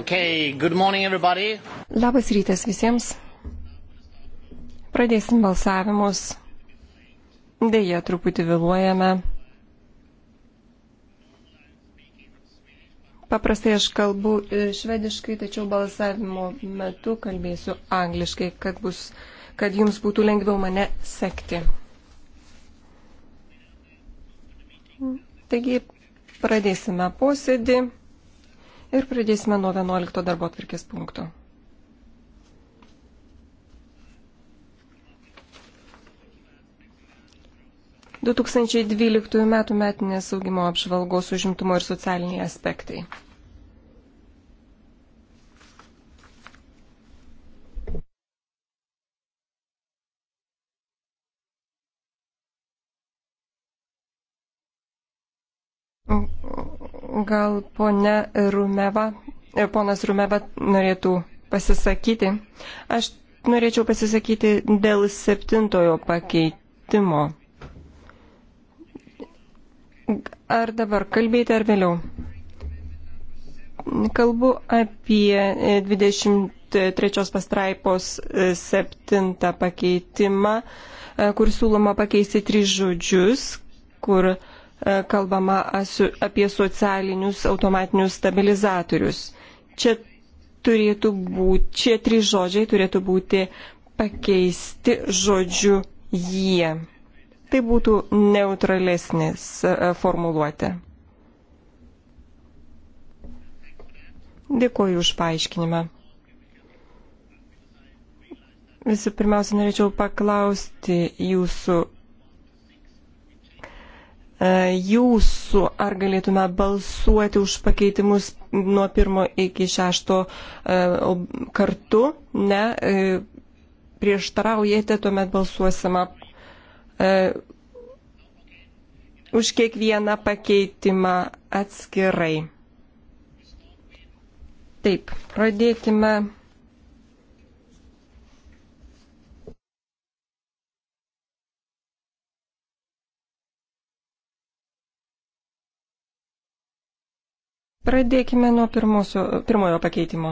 Okay, good morning everybody. Labas rytas visiems. Pradėsim balsavimus. Deja, truputį vėluojame. Paprastai aš kalbu e, švediškai, tačiau balsavimo metu kalbėsiu angliškai, kad, bus, kad jums būtų lengviau mane sekti. Taigi pradėsime posėdį ir pradėsime nuo 11 darbo atvirkės punkto. – 2012 m. metinės augimo apžvalgos užimtumo ir socialiniai aspektai. Gal ponia Rumeva, e, ponas Rumeva norėtų pasisakyti. Aš norėčiau pasisakyti dėl septintojo pakeitimo. Ar dabar kalbėti ar vėliau? Kalbu apie 23 e, pastraipos e, septintą pakeitimą, kur siūloma pakeisti tris žodžius, kur uh, E, kalbama apie socialinius automatinius stabilizatorius. Čia, turėtų būti, čia trys žodžiai turėtų būti pakeisti žodžiu jie. Tai būtų neutralesnis e, formuluotė. Dėkuoju už paaiškinimą. Visų pirmiausia, norėčiau paklausti jūsų, E, jūsų, ar galėtume balsuoti už pakeitimus nuo pirmo iki šešto e, kartu, ne, e, prieštaraujate, tuomet balsuosime už kiekvieną pakeitimą atskirai. Taip, pradėkime Pradėkime nuo pirmosio, pirmojo pakeitimo.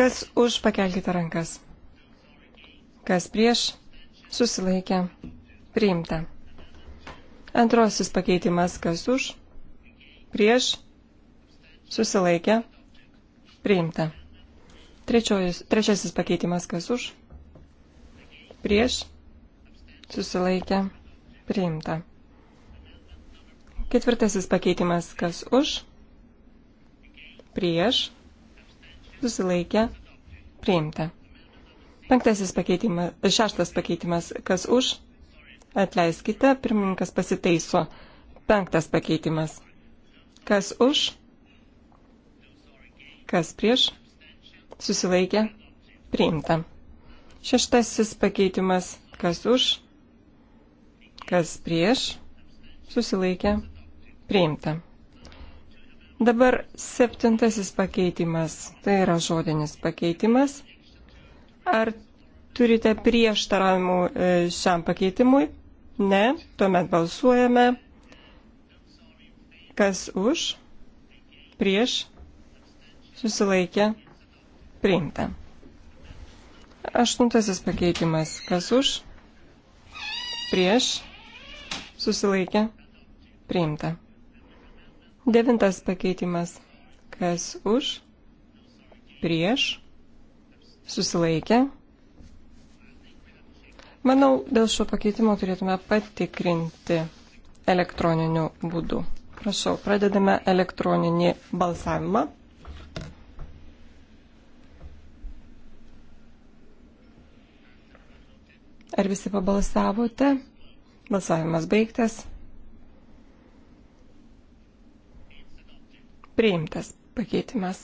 Kas už pakelkite rankas? Kas prieš? Susilaikė. Priimta. Antrosis pakeitimas. Kas už? Prieš? Susilaikė. Priimta. Trečiojus, trečiasis pakeitimas. Kas už? Prieš? Susilaikė. Priimta. Ketvirtasis pakeitimas, kas už, prieš, susilaikė, priimta. Penktasis pakeitimas, šeštas pakeitimas, kas už, atleiskite, pirmininkas pasitaiso. Penktas pakeitimas, kas už, kas prieš, susilaikė, priimta. Šeštasis pakeitimas, kas už, kas prieš, susilaikė, priimta Priimta. Dabar septintasis pakeitimas. Tai yra žodinis pakeitimas. Ar turite prieštaravimų e, šiam pakeitimui? Ne. Tuomet balsuojame. Kas už? Prieš? Susilaikė? Priimta. Aštuntasis pakeitimas. Kas už? Prieš? Susilaikė? Priimta. Devintas pakeitimas. Kas už, prieš, susilaikė. Manau, dėl šio pakeitimo turėtume patikrinti elektroniniu būdu. Prašau, pradedame elektroninį balsavimą. Ar visi pabalsavote? Balsavimas baigtas. priimtas pakeitimas.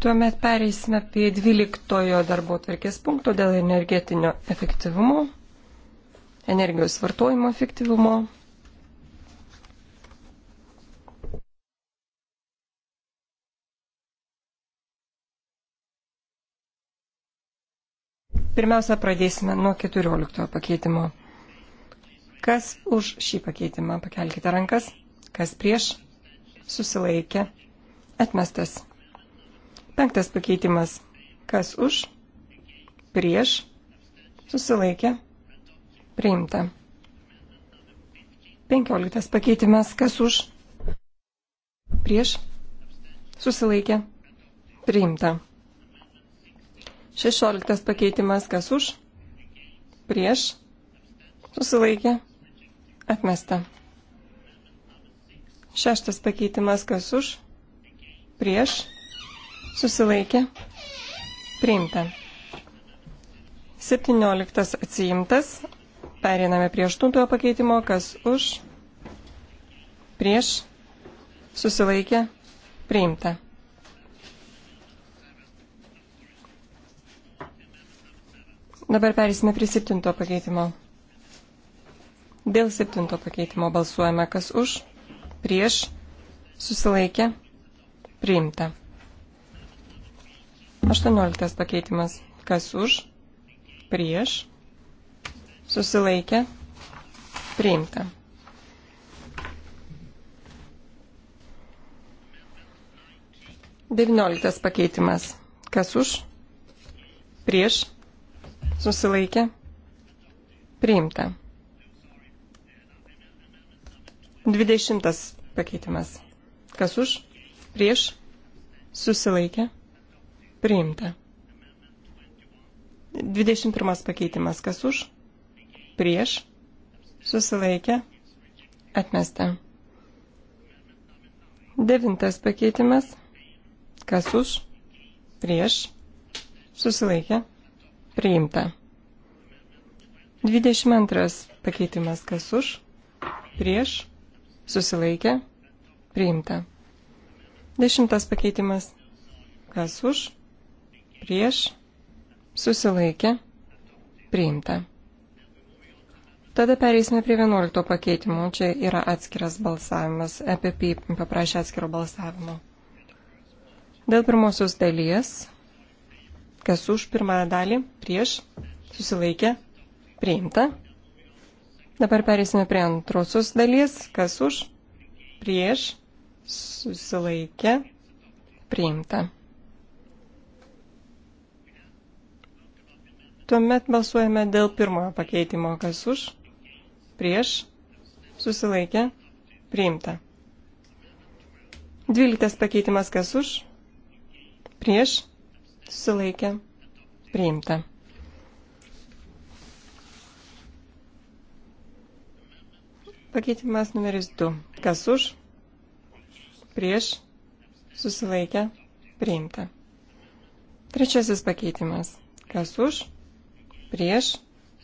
Tuomet pereisime prie 12 darbo tvarkės punkto dėl energetinio efektyvumo, energijos vartojimo efektyvumo. Pirmiausia, pradėsime nuo 14 pakeitimo. Kas už šį pakeitimą? Pakelkite rankas. Kas prieš? Susilaikė. Atmestas. Penktas pakeitimas. Kas už? Prieš? Susilaikė. Priimta. Penkioliktas pakeitimas. Kas už? Prieš? Susilaikė. Priimta. 16 pakeitimas kas už, prieš, susilaikė, atmesta. Šeštas pakeitimas kas už, prieš, susilaikė, priimta. 17 atsiimtas, periname prie 8 pakeitimo, kas už, prieš, susilaikė, priimta. Dabar perėsime prie septinto pakeitimo. Dėl septinto pakeitimo balsuojame, kas už, prieš, susilaikė, priimta. Aštuonioliktas pakeitimas, kas už, prieš, susilaikė, priimta. Devynioliktas pakeitimas, kas už, prieš, Susilaikė. Priimta. 20 pakeitimas. Kas už? Prieš? Susilaikė? Priimta. 21 pakeitimas. Kas už? Prieš? Susilaikė? Atmesta. 9 pakeitimas. Kas už? Prieš? Susilaikė? Priimta. 22 pakeitimas kas už, prieš, susilaikė, priimta. 10 pakeitimas kas už, prieš, susilaikė, priimta. Tada pereisime prie 11 pakeitimo. Čia yra atskiras balsavimas. EPP paprašė atskiro balsavimo. Dėl pirmosios dalies Kas už pirmąją dalį, prieš, susilaikė, priimta. Dabar perėsime prie antrosios dalies. Kas už, prieš, susilaikė, priimta. Tuomet balsuojame dėl pirmojo pakeitimo, kas už, prieš, susilaikė, priimta. Dvyliktas pakeitimas, kas už, prieš, susilaikė, priimta. Pakeitimas numeris 2. Kas už, prieš, susilaikė, priimta. Trečiasis pakeitimas. Kas už, prieš,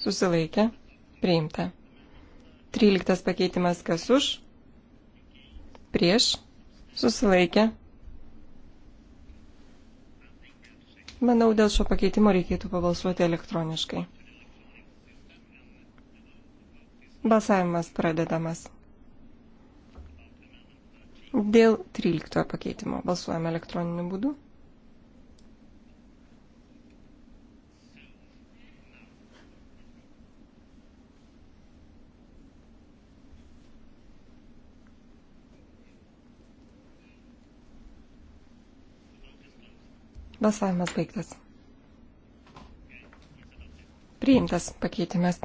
susilaikė, priimta. Tryliktas pakeitimas. Kas už, prieš, susilaikė, priimta Manau, dėl šio pakeitimo reikėtų pabalsuoti elektroniškai. Balsavimas pradedamas. Dėl 13 pakeitimo balsuojame elektroniniu būdu. Balsavimas baigtas. Priimtas pakeitimas.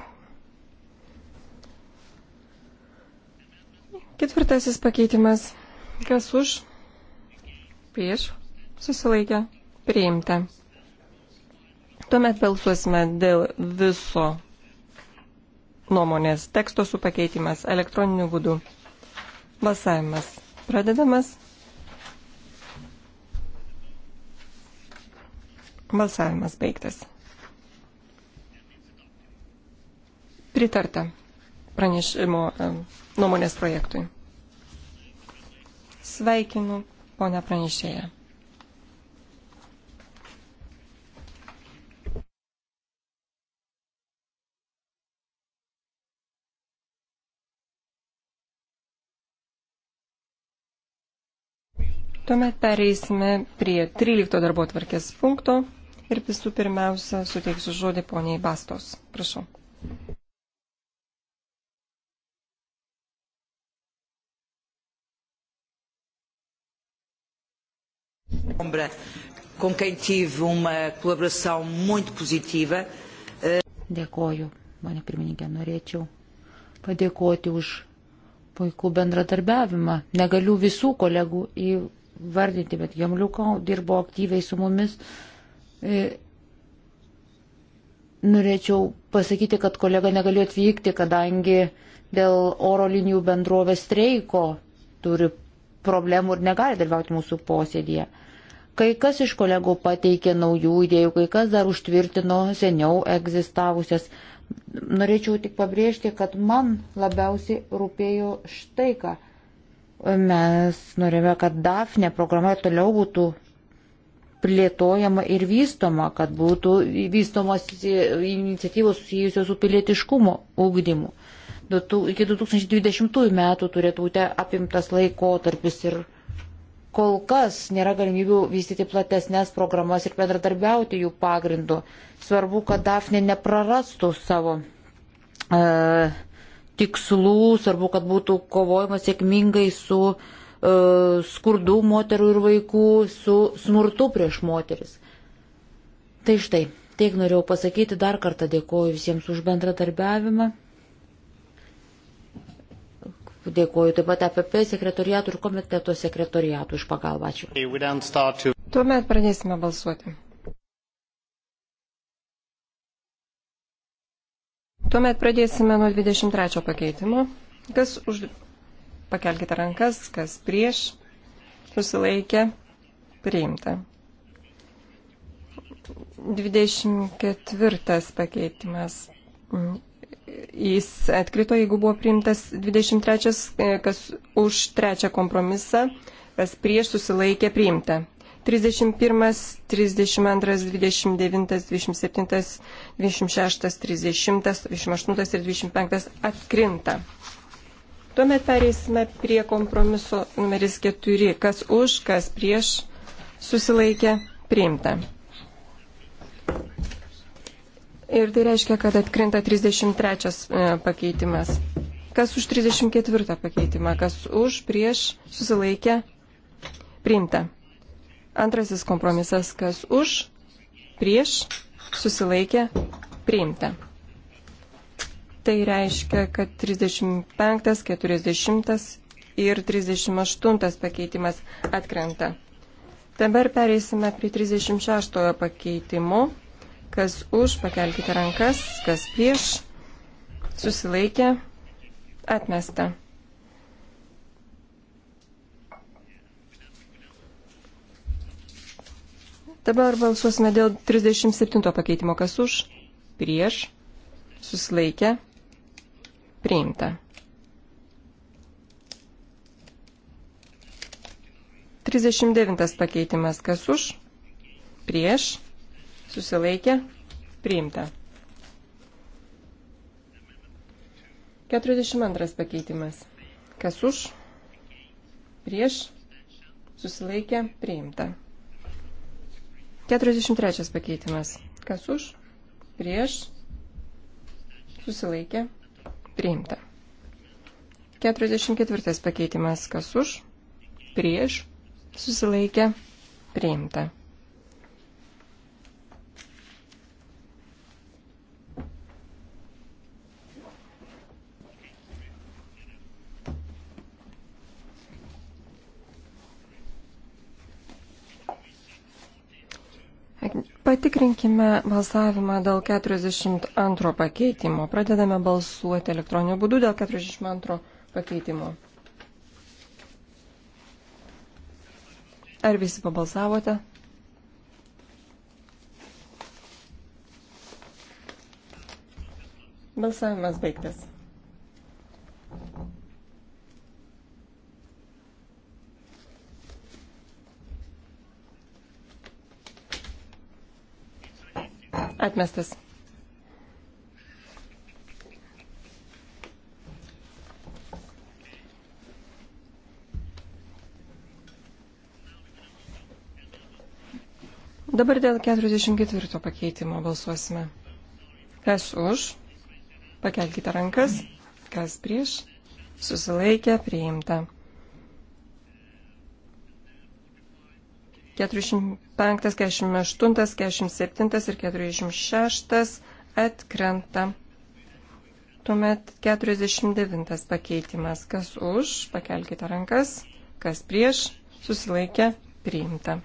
Ketvirtasis pakeitimas. Kas už? Prieš. Susilaikė. Priimta. Tuomet balsuosime dėl viso nuomonės teksto su pakeitimas elektroniniu būdu. Balsavimas pradedamas. Balsavimas baigtas. Pritarta pranešimo nuomonės projektui. Sveikinu, ponia pranešėja. Tuomet pereisime prie 13 darbo tvarkės punkto ir visų pirmiausia suteiksiu žodį poniai Bastos. Prašau. Ombra, com quem tive uma colaboração muito positiva. Eh, Dėkoju, mane pirmininkė, norėčiau padėkoti už puikų bendradarbiavimą. Negaliu visų kolegų į vardinti, bet Jamliuko dirbo aktyviai su mumis. E, norėčiau pasakyti, kad kolega negalėjo atvykti, kadangi dėl oro linijų bendrovės streiko turi problemų ir negali dalyvauti mūsų posėdėje. Kai kas iš kolegų pateikė naujų idėjų, kai kas dar užtvirtino seniau egzistavusias. Norėčiau tik pabrėžti, kad man labiausiai rūpėjo štai ką. Mes norime, kad DAFNE programa toliau būtų plėtojama ir vystoma, kad būtų vystomos iniciatyvos susijusios su pilietiškumo ugdymu. Iki 2020 metų turėtų būti apimtas laikotarpis ir kol kas nėra galimybių vystyti platesnės programas ir bendradarbiauti jų pagrindu. Svarbu, kad Dafne neprarastų savo e, tikslų, svarbu, kad būtų kovojama sėkmingai su e, skurdu moterų ir vaikų, su smurtu prieš moteris. Tai štai, tiek norėjau pasakyti, dar kartą dėkoju visiems už bendradarbiavimą. Dėkoju taip pat APP e sekretoriatų ir komiteto sekretoriatų už pagalbą. Ačiū. Tuomet pradėsime balsuoti. Tuomet pradėsime nuo 23 pakeitimo. Kas už... Pakelkite rankas, kas prieš, susilaikė, priimta. 24 pakeitimas. Jis atkrito, jeigu buvo priimtas 23, kas už trečią kompromisą, kas prieš susilaikė priimta. 31, 32, 29, 27, 26, 30, 28 ir 25 atkrinta. Tuomet pereisime prie kompromiso numeris 4, kas už, kas prieš susilaikė priimta. Ir tai reiškia, kad atkrinta 33 e, pakeitimas. Kas už 34 pakeitimą, kas už, prieš, susilaikė, priimta. Antrasis kompromisas, kas už, prieš, susilaikė, priimta. Tai reiškia, kad 35, 40 ir 38 pakeitimas atkrenta. Dabar pereisime prie 36 pakeitimo. Kas už, pakelkite rankas, kas prieš, susilaikė, atmesta. Dabar balsuosime dėl 37 pakeitimo. Kas už? Prieš. Susilaikę. Priimta. 39 pakeitimas. Kas už? Prieš. Susilaikė. Priimta. 42 pakeitimas. Kas už? Prieš. Susilaikė. Priimta. 43 pakeitimas. Kas už? Prieš? Susilaikė? Priimta. 44 pakeitimas. Kas už? Prieš? Susilaikė? Priimta. Patikrinkime balsavimą dėl 42 pakeitimo. Pradedame balsuoti elektroniniu būdu dėl 42 pakeitimo. Ar visi pabalsavote? Balsavimas baigtas. Atmestas. Dabar dėl 44 pakeitimo balsuosime. Kas už? Pakelkite rankas. Kas prieš? Susilaikė priimta. 45, 48, 47 ir 46 atkrenta. Tuomet 49 pakeitimas. Kas už, pakelkite rankas, kas prieš, susilaikė, priimta.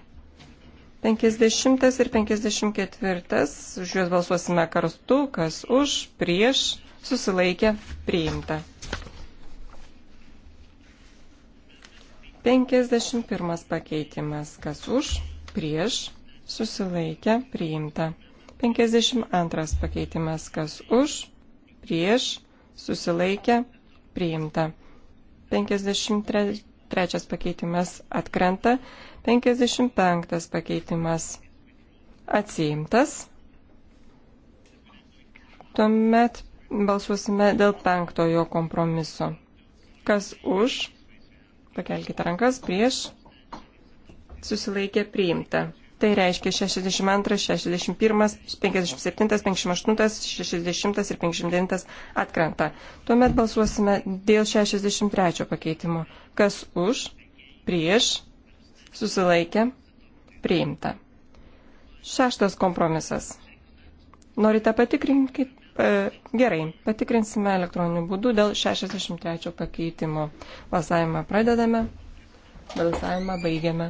50 ir 54, už juos balsuosime kartu, kas už, prieš, susilaikė, priimta. 51 pakeitimas, kas už, prieš, susilaikė, priimta. 52 pakeitimas, kas už, prieš, susilaikė, priimta. 53 pakeitimas atkrenta, 55 pakeitimas atsiimtas. Tuomet balsuosime dėl penktojo kompromiso. Kas už, Pakelkite rankas prieš. Susilaikė priimta. Tai reiškia 62, 61, 57, 58, 60 ir 59 atkrenta. Tuomet balsuosime dėl 63 pakeitimo. Kas už, prieš, susilaikė, priimta. Šeštas kompromisas. Norite patikrinkit, E, gerai, patikrinsime elektroniniu būdu dėl 63 pakeitimo. Balsavimą pradedame, balsavimą baigiame.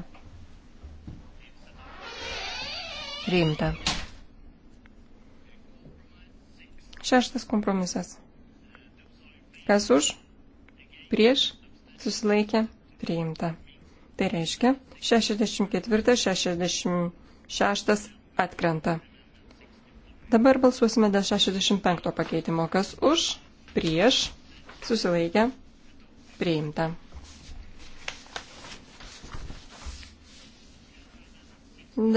Priimta. Šeštas kompromisas. Kas už, prieš, susilaikė, priimta. Tai reiškia, 64, 66 atkrenta. Dabar balsuosime dėl 65 pakeitimo. Kas už, prieš, susilaikę, priimta.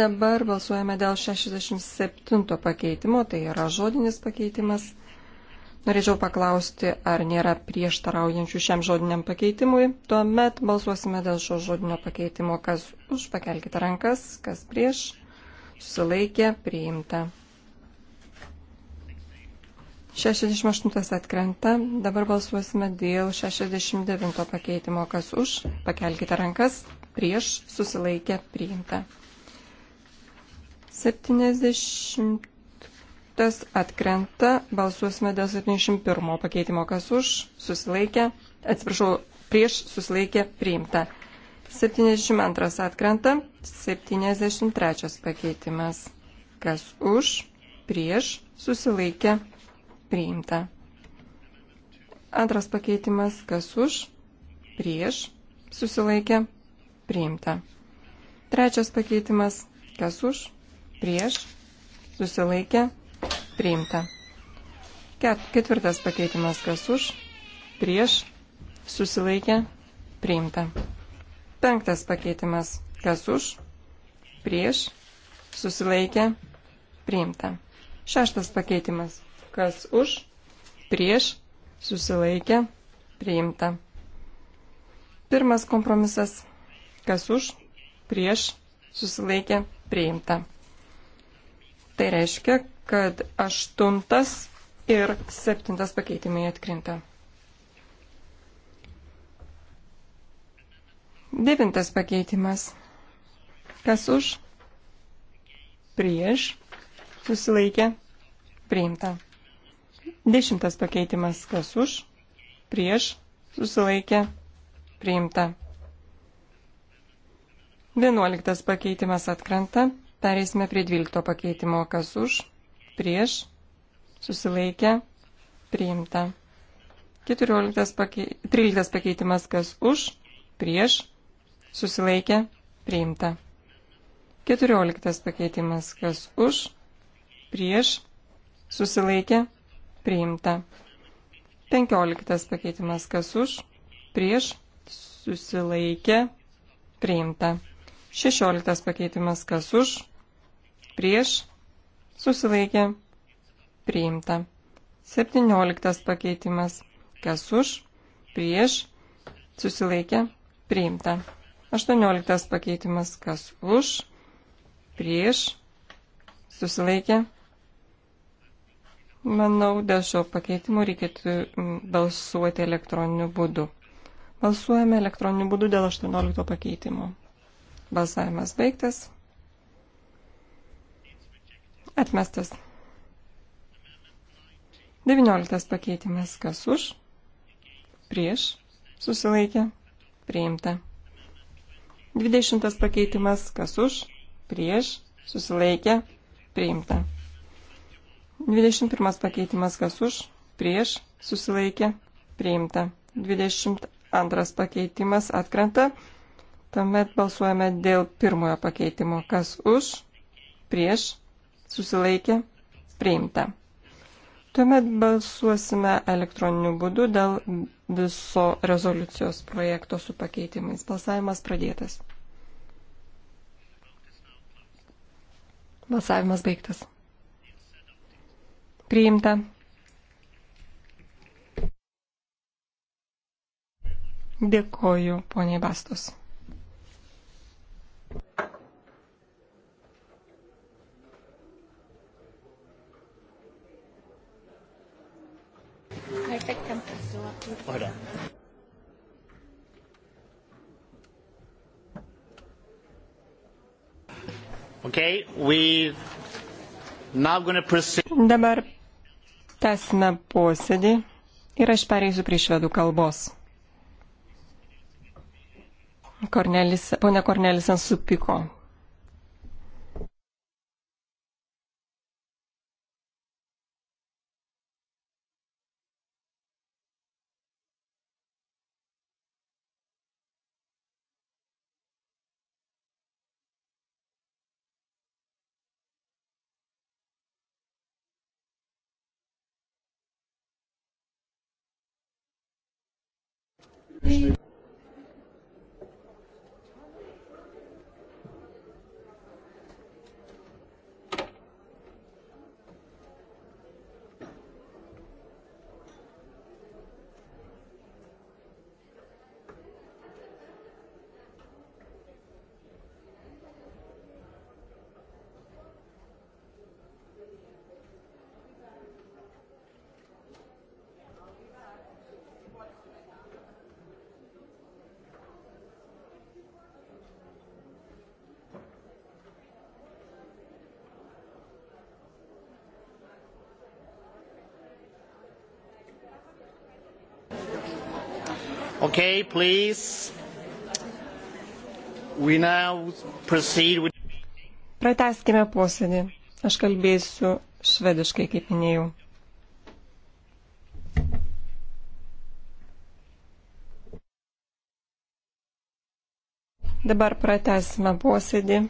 Dabar balsuojame dėl 67 pakeitimo, tai yra žodinis pakeitimas. Norėčiau paklausti, ar nėra prieštaraujančių šiam žodiniam pakeitimui. Tuomet balsuosime dėl šio žodinio pakeitimo. Kas už, pakelkite rankas, kas prieš, susilaikė, priimta. 68 atkrenta, dabar balsuosime dėl 69 pakeitimo, kas už, pakelkite rankas, prieš, susilaikė, priimta. 70 atkrenta, balsuosime dėl 71 pakeitimo, kas už, susilaikė, atsiprašau, prieš, susilaikė, priimta. 72 atkrenta, 73 pakeitimas, kas už, prieš, susilaikė, priimta priimta. Antras pakeitimas, kas už, prieš, susilaikė, priimta. Trečias pakeitimas, kas už, prieš, susilaikė, priimta. Ketvirtas pakeitimas, kas už, prieš, susilaikė, priimta. Penktas pakeitimas, kas už, prieš, susilaikė, priimta. Šeštas pakeitimas, Kas už, prieš, susilaikė, priimta. Pirmas kompromisas. Kas už, prieš, susilaikė, priimta. Tai reiškia, kad aštuntas ir septintas pakeitimai atkrinta. Devintas pakeitimas. Kas už? Prieš. Susilaikė. Priimta. Dešimtas pakeitimas kas už, prieš, susilaikė, priimta. Vienuoliktas pakeitimas atkrenta, pereisime prie dvylikto pakeitimo kas už, prieš, susilaikė, priimta. Keturioliktas pakei... tryliktas pakeitimas kas už, prieš, susilaikė, priimta. Keturioliktas pakeitimas kas už, prieš, susilaikė, priimta priimta. 15 pakeitimas kas už, prieš, susilaikė, priimta. 16 pakeitimas kas už, prieš, susilaikė, priimta. 17 pakeitimas kas už, prieš, susilaikė, priimta. 18 pakeitimas kas už, prieš, susilaikė, Manau, dėl šio pakeitimo reikėtų mm, balsuoti elektroniniu būdu. Balsuojame elektroniniu būdu dėl 18 pakeitimo. Balsavimas baigtas. Atmestas. 19 pakeitimas. Kas už? Prieš. Susilaikė. Priimta. 20 pakeitimas. Kas už? Prieš. Susilaikė. Priimta. 21 pakeitimas kas už, prieš, susilaikė, priimta. 22 pakeitimas atkrenta. Tuomet balsuojame dėl pirmojo pakeitimo. Kas už, prieš, susilaikė, priimta. Tuomet balsuosime elektroniniu būdu dėl viso rezoliucijos projekto su pakeitimais. Balsavimas pradėtas. Balsavimas baigtas priimta. Dėkoju, poniai Bastos. Voilà. Okay, we now gonna proceed. Dabar Tęsime posėdį ir aš pereisiu prie švedų kalbos. Kornelis, ponia Kornelisen supiko Okay, please. We now proceed with. Prateskime posėdį. Aš kalbėsiu švediškai, kaip minėjau. Dabar pratesime posėdį.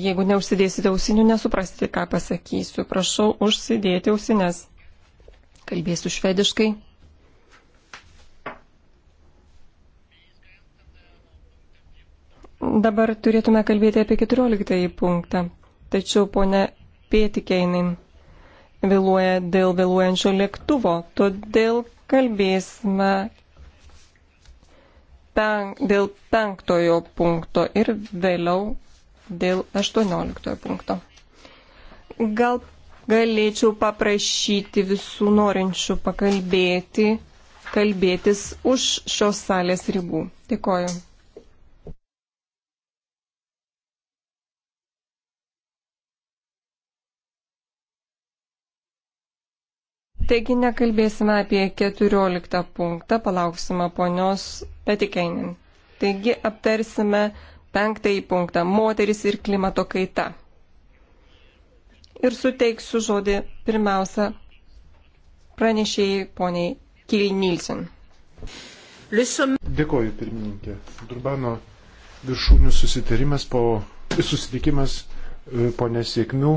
jeigu neužsidėsite ausinių, nesuprasite, ką pasakysiu. Prašau užsidėti ausinės. Kalbėsiu švediškai. Dabar turėtume kalbėti apie 14 punktą. Tačiau ponė Pėtikeinin vėluoja dėl vėluojančio lėktuvo. Todėl kalbėsime pen, dėl penktojo punkto ir vėliau dėl 18 punkto. Gal galėčiau paprašyti visų norinčių pakalbėti, kalbėtis už šios salės ribų. Dėkoju. Taigi nekalbėsime apie 14 punktą, palauksime ponios Petikeinin. Taigi aptarsime penktąjį punktą - moteris ir klimato kaita. Ir suteiksiu žodį pirmiausia pranešėjai poniai Kili Nilsen. Dėkoju, pirmininkė. Durbano viršūnių susitarimas po susitikimas e, po nesėkmių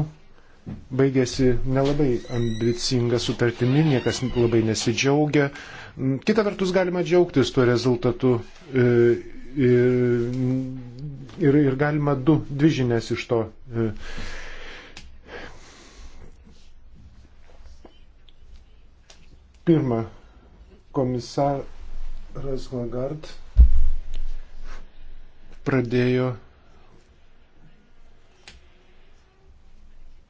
baigėsi nelabai ambicinga sutartimi, niekas labai nesidžiaugia. Kita vertus galima džiaugtis tuo rezultatu e, ir, ir galima du, dvi žinias iš to. E, Pirma, komisaras Lagard pradėjo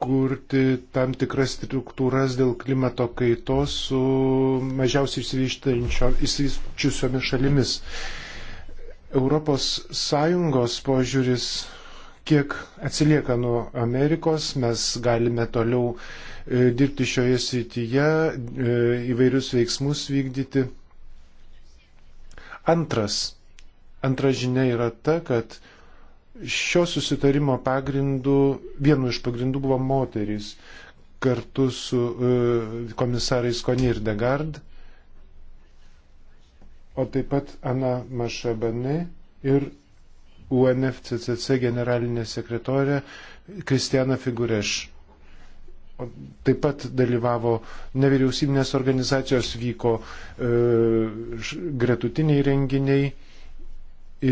kurti tam tikras struktūras dėl klimato kaitos su mažiausiai išsivyščiusiomis šalimis. Mm ES požiūris kiek atsilieka nuo Amerikos, mes galime toliau e, dirbti šioje srityje, e, įvairius veiksmus vykdyti. Antras, antra žinia yra ta, kad šio susitarimo pagrindu, vienu iš pagrindų buvo moterys kartu su e, komisarais Koni ir Degard o taip pat Ana Mašabane ir UNFCCC generalinė sekretorė Kristiana Figureš. Taip pat dalyvavo nevyriausybinės organizacijos, vyko e, gretutiniai renginiai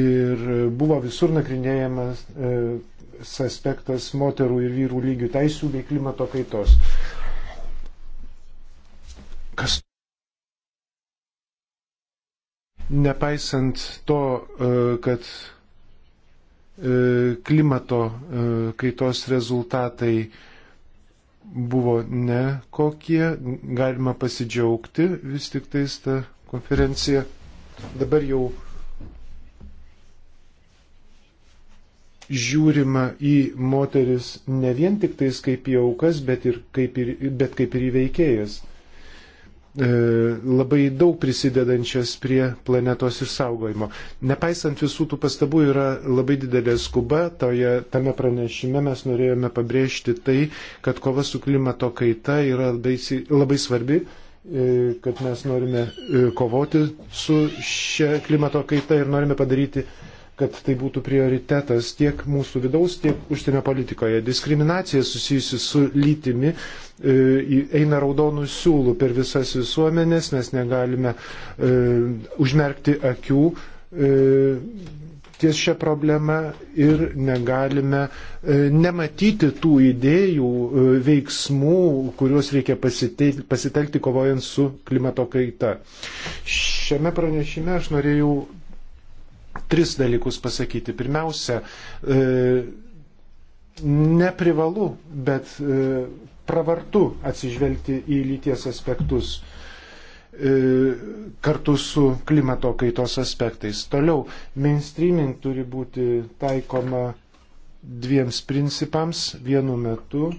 ir buvo visur nagrinėjamas e, aspektas moterų ir vyrų lygių teisų bei klimato kaitos. Kas nepaisant to, e, kad e, klimato e, kaitos rezultatai buvo nekokie, galima pasidžiaugti vis tik tais tą konferenciją. Dabar jau žiūrima į moteris ne vien tik tais kaip į aukas, bet, ir kaip, ir, bet kaip ir į veikėjas. E, labai daug prisidedančias prie planetos išsaugojimo. Nepaisant visų tų pastabų yra labai didelė skuba, toje, tame pranešime mes norėjome pabrėžti tai, kad kova su klimato kaita yra labai, labai svarbi, e, kad mes norime e, kovoti su šia klimato kaita ir norime padaryti kad tai būtų prioritetas tiek mūsų vidaus, tiek užsienio politikoje. Diskriminacija susijusi su lytimi E, eina raudonų siūlų per visas visuomenės, mes negalime e, užmerkti akių e, ties šią problemą ir negalime e, nematyti tų idėjų, e, veiksmų, kuriuos reikia pasitelkti, pasitelkti kovojant su klimato kaita. Šiame pranešime aš norėjau tris dalykus pasakyti. Pirmiausia, e, neprivalu, bet e, pravartu atsižvelgti į lyties aspektus e, kartu su klimato kaitos aspektais. Toliau, mainstreaming turi būti taikoma dviems principams vienu metu.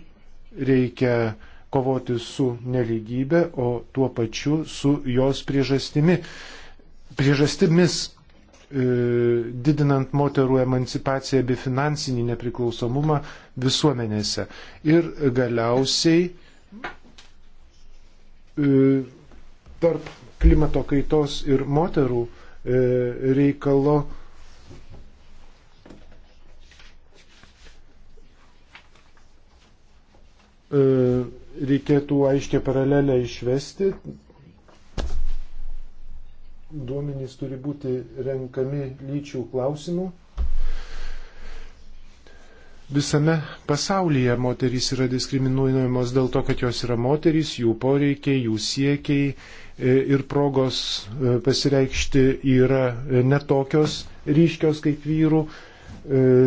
Reikia kovoti su neligybė, o tuo pačiu su jos priežastimi. Priežastimis E, didinant moterų emancipaciją bei finansinį nepriklausomumą visuomenėse. Ir galiausiai e, tarp klimato kaitos ir moterų e, reikalo reikėtų aiškiai paralelę išvesti duomenys turi būti renkami lyčių klausimų. Visame pasaulyje moterys yra diskriminuojamos dėl to, kad jos yra moterys, jų poreikiai, jų siekiai e, ir progos e, pasireikšti yra e, netokios ryškios kaip vyrų.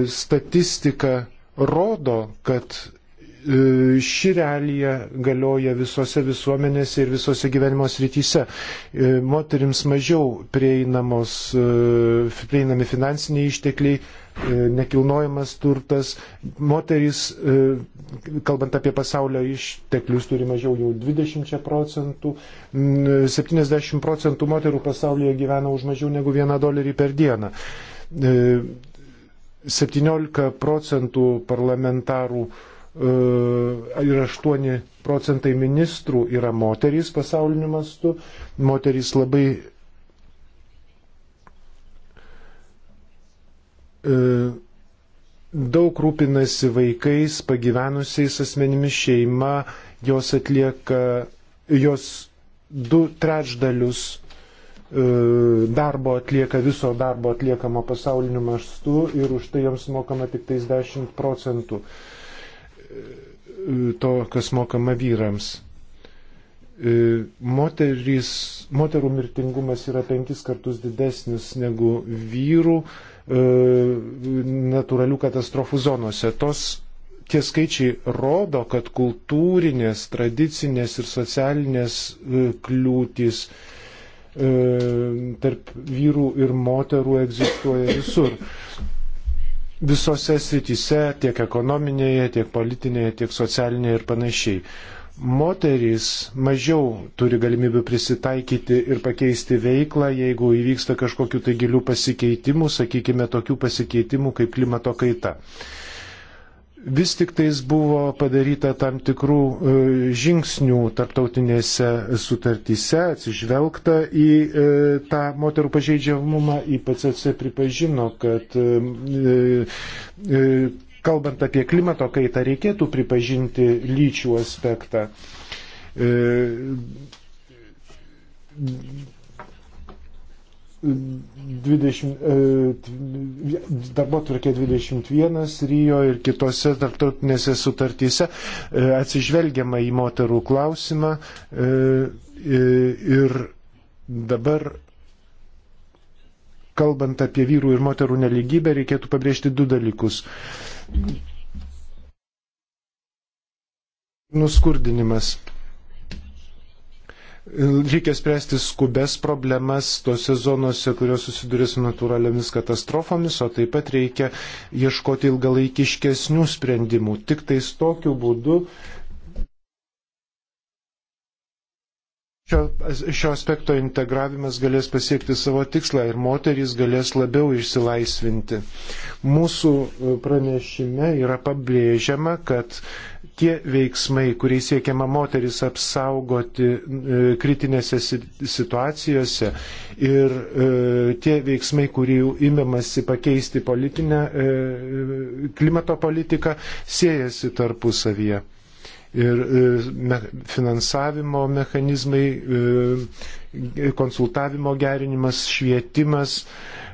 Statistika rodo, kad E, ši realija galioja visose visuomenėse ir visose gyvenimo srityse. E, moterims mažiau e, prieinami finansiniai ištekliai, nekilnojamas turtas. Moterys, kalbant apie pasaulio išteklius, turi mažiau jau 20 procentų. 70 procentų moterų pasaulyje gyvena už mažiau negu vieną dolerį per dieną. 17 procentų parlamentarų uh, ir 8 procentai ministrų yra moterys pasauliniu mastu. Moterys labai daug rūpinasi vaikais, pagyvenusiais asmenimis šeima, jos atlieka, jos du trečdalius darbo atlieka, viso darbo atliekamo pasauliniu mastu ir už tai joms mokama tik tais 10 procentų. Uh, to, kas mokama vyrams. E, moterys, moterų mirtingumas yra penkis kartus didesnis negu vyrų e, natūralių katastrofų zonose. Tos tie skaičiai rodo, kad kultūrinės, tradicinės ir socialinės e, kliūtis tarp vyrų ir moterų egzistuoja visur visose srityse, tiek ekonominėje, tiek politinėje, tiek socialinėje ir panašiai. Moterys mažiau turi galimybių prisitaikyti ir pakeisti veiklą, jeigu įvyksta kažkokiu tai gilių pasikeitimų, sakykime, tokių pasikeitimų kaip klimato kaita vis tik tais buvo padaryta tam tikrų e, žingsnių tarptautinėse sutartyse, atsižvelgta į e, tą moterų pažeidžiamumą, IPCC pripažino, kad e, kalbant apie klimato kaitą reikėtų pripažinti lyčių aspektą darbo turkė 21 Rijo ir kitose tarptautinėse sutartyse e, atsižvelgiama į moterų klausimą e, ir dabar kalbant apie vyrų ir moterų neligybę reikėtų pabrėžti du dalykus. Nuskurdinimas. Reikia spręsti skubes problemas tose zonose, kurios susiduria su natūraliomis katastrofomis, o taip pat reikia ieškoti ilgalaikiškesnių sprendimų. Tik tais tokiu būdu Šio, šio aspekto integravimas galės pasiekti savo tikslą ir moterys galės labiau išsilaisvinti. Mūsų e, pranešime yra pabrėžiama, kad tie veiksmai, kuriais siekiama moteris apsaugoti e, kritinėse situacijose ir e, tie veiksmai, kurių imamasi pakeisti politinę klimato politiką, siejasi tarpusavyje ir e, finansavimo mechanizmai, e, konsultavimo gerinimas, švietimas,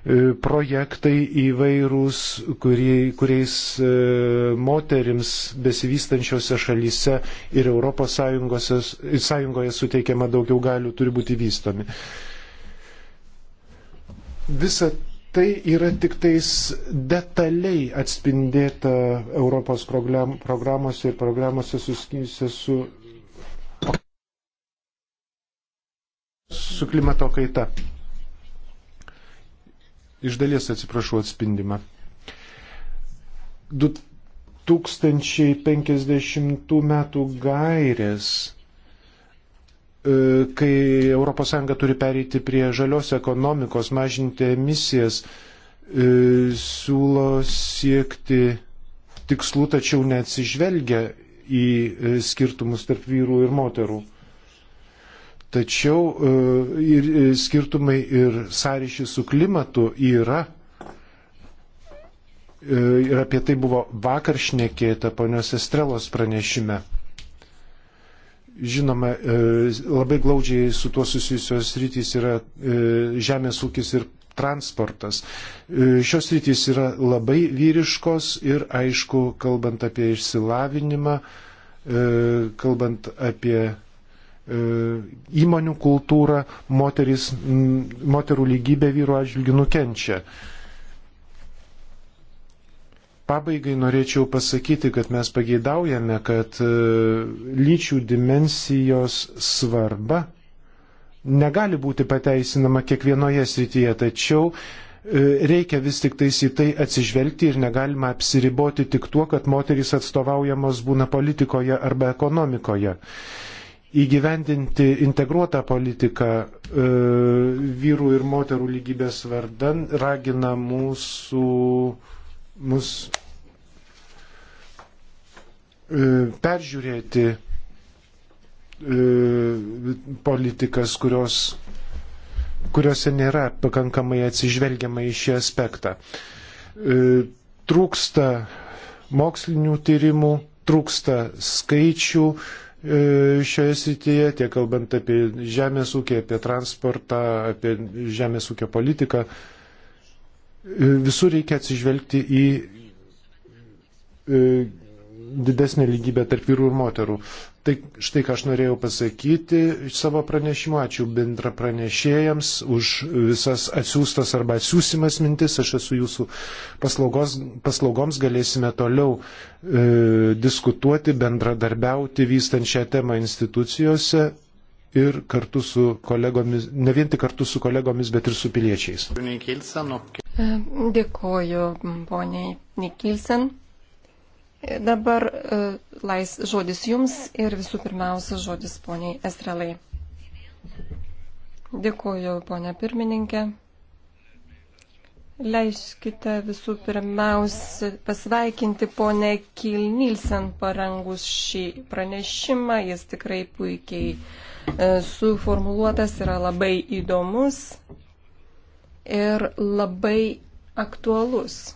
e, projektai įvairūs, kuriais moterims besivystančiose šalyse ir ES suteikiama daugiau galių turi būti vystomi. Visa tai yra tik tais detaliai atspindėta Europos program, programuose ir programuose susijusia su, su klimato kaita. Iš dalies atsiprašau atspindimą. 2050 metų gairės E, kai ES turi pereiti prie žalios ekonomikos, mažinti emisijas, e, siūlo siekti tikslų, tačiau neatsižvelgia į e, skirtumus tarp vyrų ir moterų. Tačiau ir skirtumai ir sąryšys su klimatu yra. Ir apie tai buvo vakar šnekėta ponios Estrelos pranešime. Žinoma, e, labai glaudžiai su tuo susijusios rytis yra e, žemės ūkis ir transportas. E, šios rytis yra labai vyriškos ir, aišku, kalbant apie išsilavinimą, kalbant apie įmonių kultūrą, moteris, moterų lygybė vyru atžvilgių nukenčia. Pabaigai norėčiau pasakyti, kad mes pageidaujame, kad e, lyčių dimensijos svarba negali būti pateisinama kiekvienoje srityje, tačiau e, reikia vis tik tais į tai atsižvelgti ir negalima apsiriboti tik tuo, kad moterys atstovaujamos būna politikoje arba ekonomikoje įgyvendinti integruotą politiką e, vyrų ir moterų lygybės vardan ragina mūsų e, mus e, peržiūrėti e, politikas, kurios, kuriuose nėra pakankamai atsižvelgiama į šį aspektą. E, trūksta mokslinių tyrimų, trūksta skaičių šioje srityje, tiek kalbant apie žemės ūkį, apie transportą, apie žemės ūkio politiką. E, visur reikia atsižvelgti į e, didesnė lygybė tarp vyrų ir moterų. Tai štai ką aš norėjau pasakyti iš savo pranešimo. Ačiū bendra pranešėjams už visas atsiūstas arba atsiūsimas mintis. Aš esu jūsų paslaugos, paslaugoms, galėsime toliau e, diskutuoti, bendradarbiauti, vystant šią temą institucijose ir kartu su kolegomis, ne vien tik kartu su kolegomis, bet ir su piliečiais. Dėkoju poniai Nikilsen. Dabar e, lais žodis jums ir visų pirmiausia žodis poniai Estrelai. Dėkoju ponia pirmininkė. Leiskite visų pirmiausia pasveikinti ponę Kil Nilsen parangus šį pranešimą. Jis tikrai puikiai e, suformuluotas, yra labai įdomus ir labai aktualus.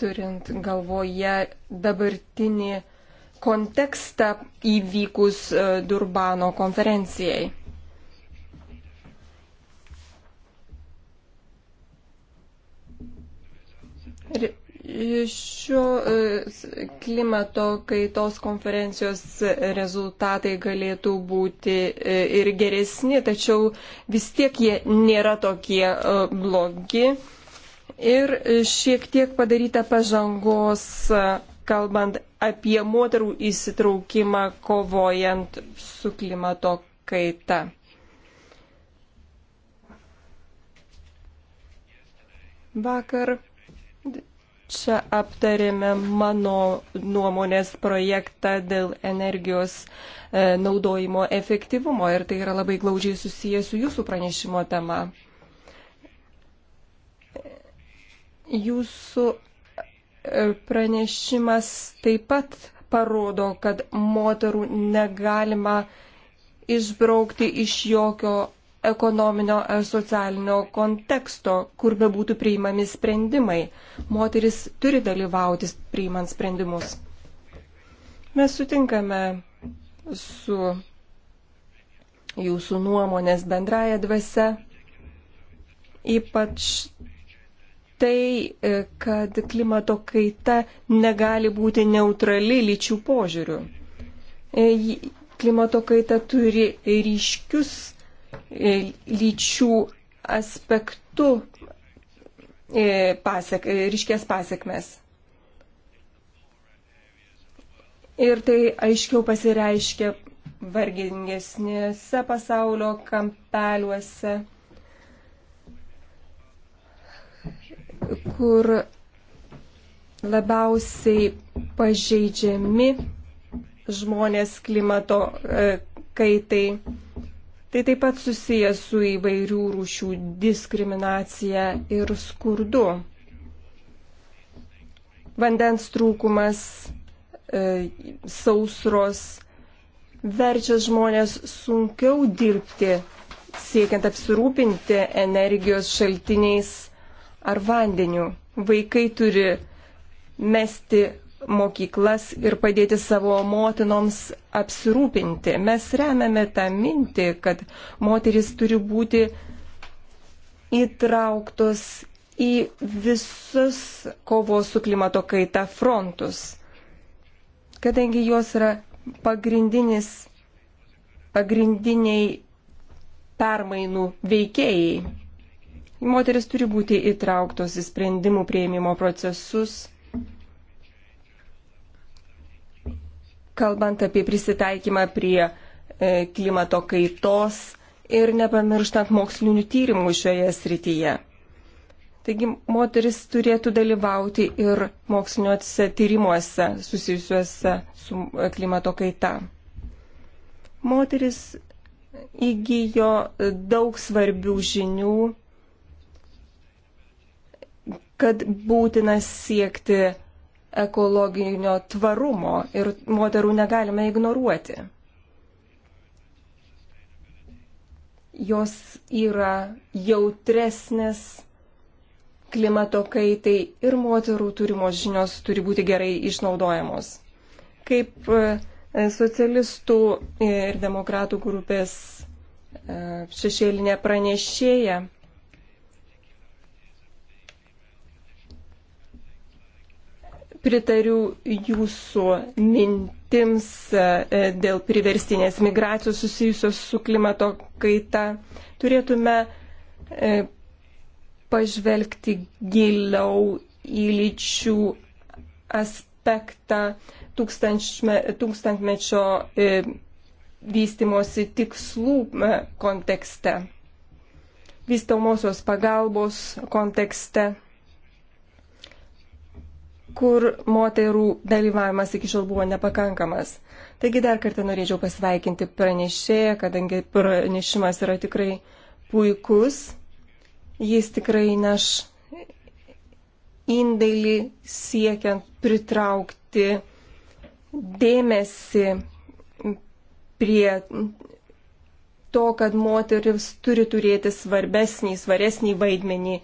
Turint galvoje dabartinį kontekstą įvykus e, Durbano konferencijai. Ir Šio e, klimato kaitos konferencijos rezultatai galėtų būti e, ir geresni, tačiau vis tiek jie nėra tokie e, blogi. Ir šiek tiek padaryta pažangos, kalbant apie moterų įsitraukimą kovojant su klimato kaita. Vakar Čia aptarėme mano nuomonės projektą dėl energijos e, naudojimo efektyvumo ir tai yra labai glaudžiai susijęs su jūsų pranešimo tema. Jūsų e, pranešimas taip pat parodo, kad moterų negalima išbraukti iš jokio ekonominio ar e, socialinio konteksto, kur bebūtų priimami sprendimai. Moteris turi dalyvauti priimant sprendimus. Mes sutinkame su jūsų nuomonės bendraja dvasia, ypač tai, e, kad klimato kaita negali būti neutrali lyčių požiūrių e, klimato kaita turi ryškius E, lyčių aspektu e, pasiek, e, ryškės pasiekmes. Ir tai aiškiau pasireiškia vargingesnėse pasaulio kampeliuose, kur labiausiai pažeidžiami žmonės klimato kaitai. Tai taip pat susijęs su įvairių rūšių diskriminacija ir skurdu. Vandens trūkumas, e, sausros verčia žmonės sunkiau dirbti, siekiant apsirūpinti energijos šaltiniais ar vandeniu. Vaikai turi mesti mokyklas ir padėti savo motinoms apsirūpinti. Mes remiame tą mintį, kad moteris turi būti įtrauktos į visus kovos su klimato kaita frontus, kadangi jos yra pagrindinis, pagrindiniai permainų veikėjai. Moteris turi būti įtrauktos į sprendimų prieimimo procesus kalbant apie prisitaikymą prie e, klimato kaitos ir nepamirštant mokslinių tyrimų šioje srityje. Taigi moteris turėtų dalyvauti ir moksliniuose tyrimuose susijusiuose su e, klimato kaita. Moteris įgyjo daug svarbių žinių, kad būtina siekti ekologinio tvarumo ir moterų negalime ignoruoti. Jos yra jautresnės klimato kaitai ir moterų turimos žinios turi būti gerai išnaudojamos. Kaip e, socialistų ir demokratų grupės e, šešėlinė pranešėja pritariu jūsų mintims e, dėl priverstinės migracijos susijusios su klimato kaita. Turėtume e, pažvelgti giliau į lyčių aspektą tūkstantmečio e, vystimosi tikslų kontekste, vystomosios pagalbos kontekste kur moterų dalyvavimas iki šiol buvo nepakankamas. Taigi dar kartą norėčiau pasveikinti pranešėją, kadangi pranešimas yra tikrai puikus. Jis tikrai neš indėlį siekiant pritraukti dėmesį prie to, kad moteris turi turėti svarbesnį, svaresnį vaidmenį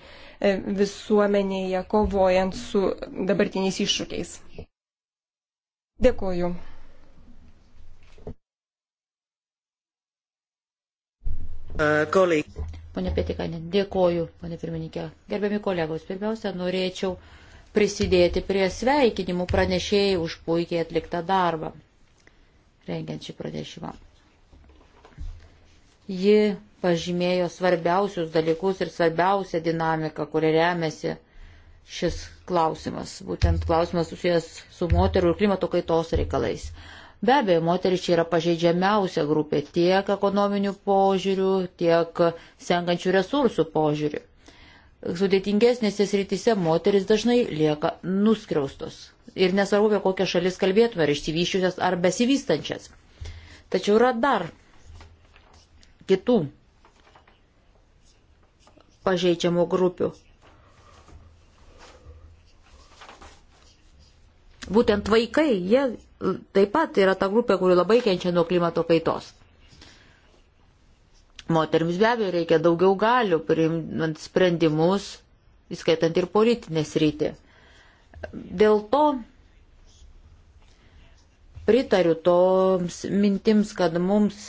E, visuomenėje, kovojant su dabartiniais iššūkiais. Dėkoju. Uh, Pone Pietikainė, dėkoju, pone pirmininkė. Gerbiami kolegos, pirmiausia, norėčiau prisidėti prie sveikinimų pranešėjai už puikiai atliktą darbą, rengiant šį pranešimą. Ji pažymėjo svarbiausius dalykus ir svarbiausią dinamiką, kuria remiasi šis klausimas. Būtent klausimas susijęs su moterų ir klimato kaitos reikalais. Be abejo, moteris čia yra pažeidžiamiausia grupė tiek ekonominių požiūrių, tiek senkančių resursų požiūrių. Sudėtingesnėse srityse moteris dažnai lieka nuskriaustos. Ir nesvarbu, apie kokią šalis kalbėtume, ar išsivyščiusias, ar besivystančias. Tačiau yra dar kitų pažeidžiamų grupių. Būtent vaikai, jie taip pat yra ta grupė, kuri labai kenčia nuo klimato kaitos. Moterims be abejo reikia daugiau galių priimant sprendimus, įskaitant ir politinės rytį. Dėl to pritariu toms mintims, kad mums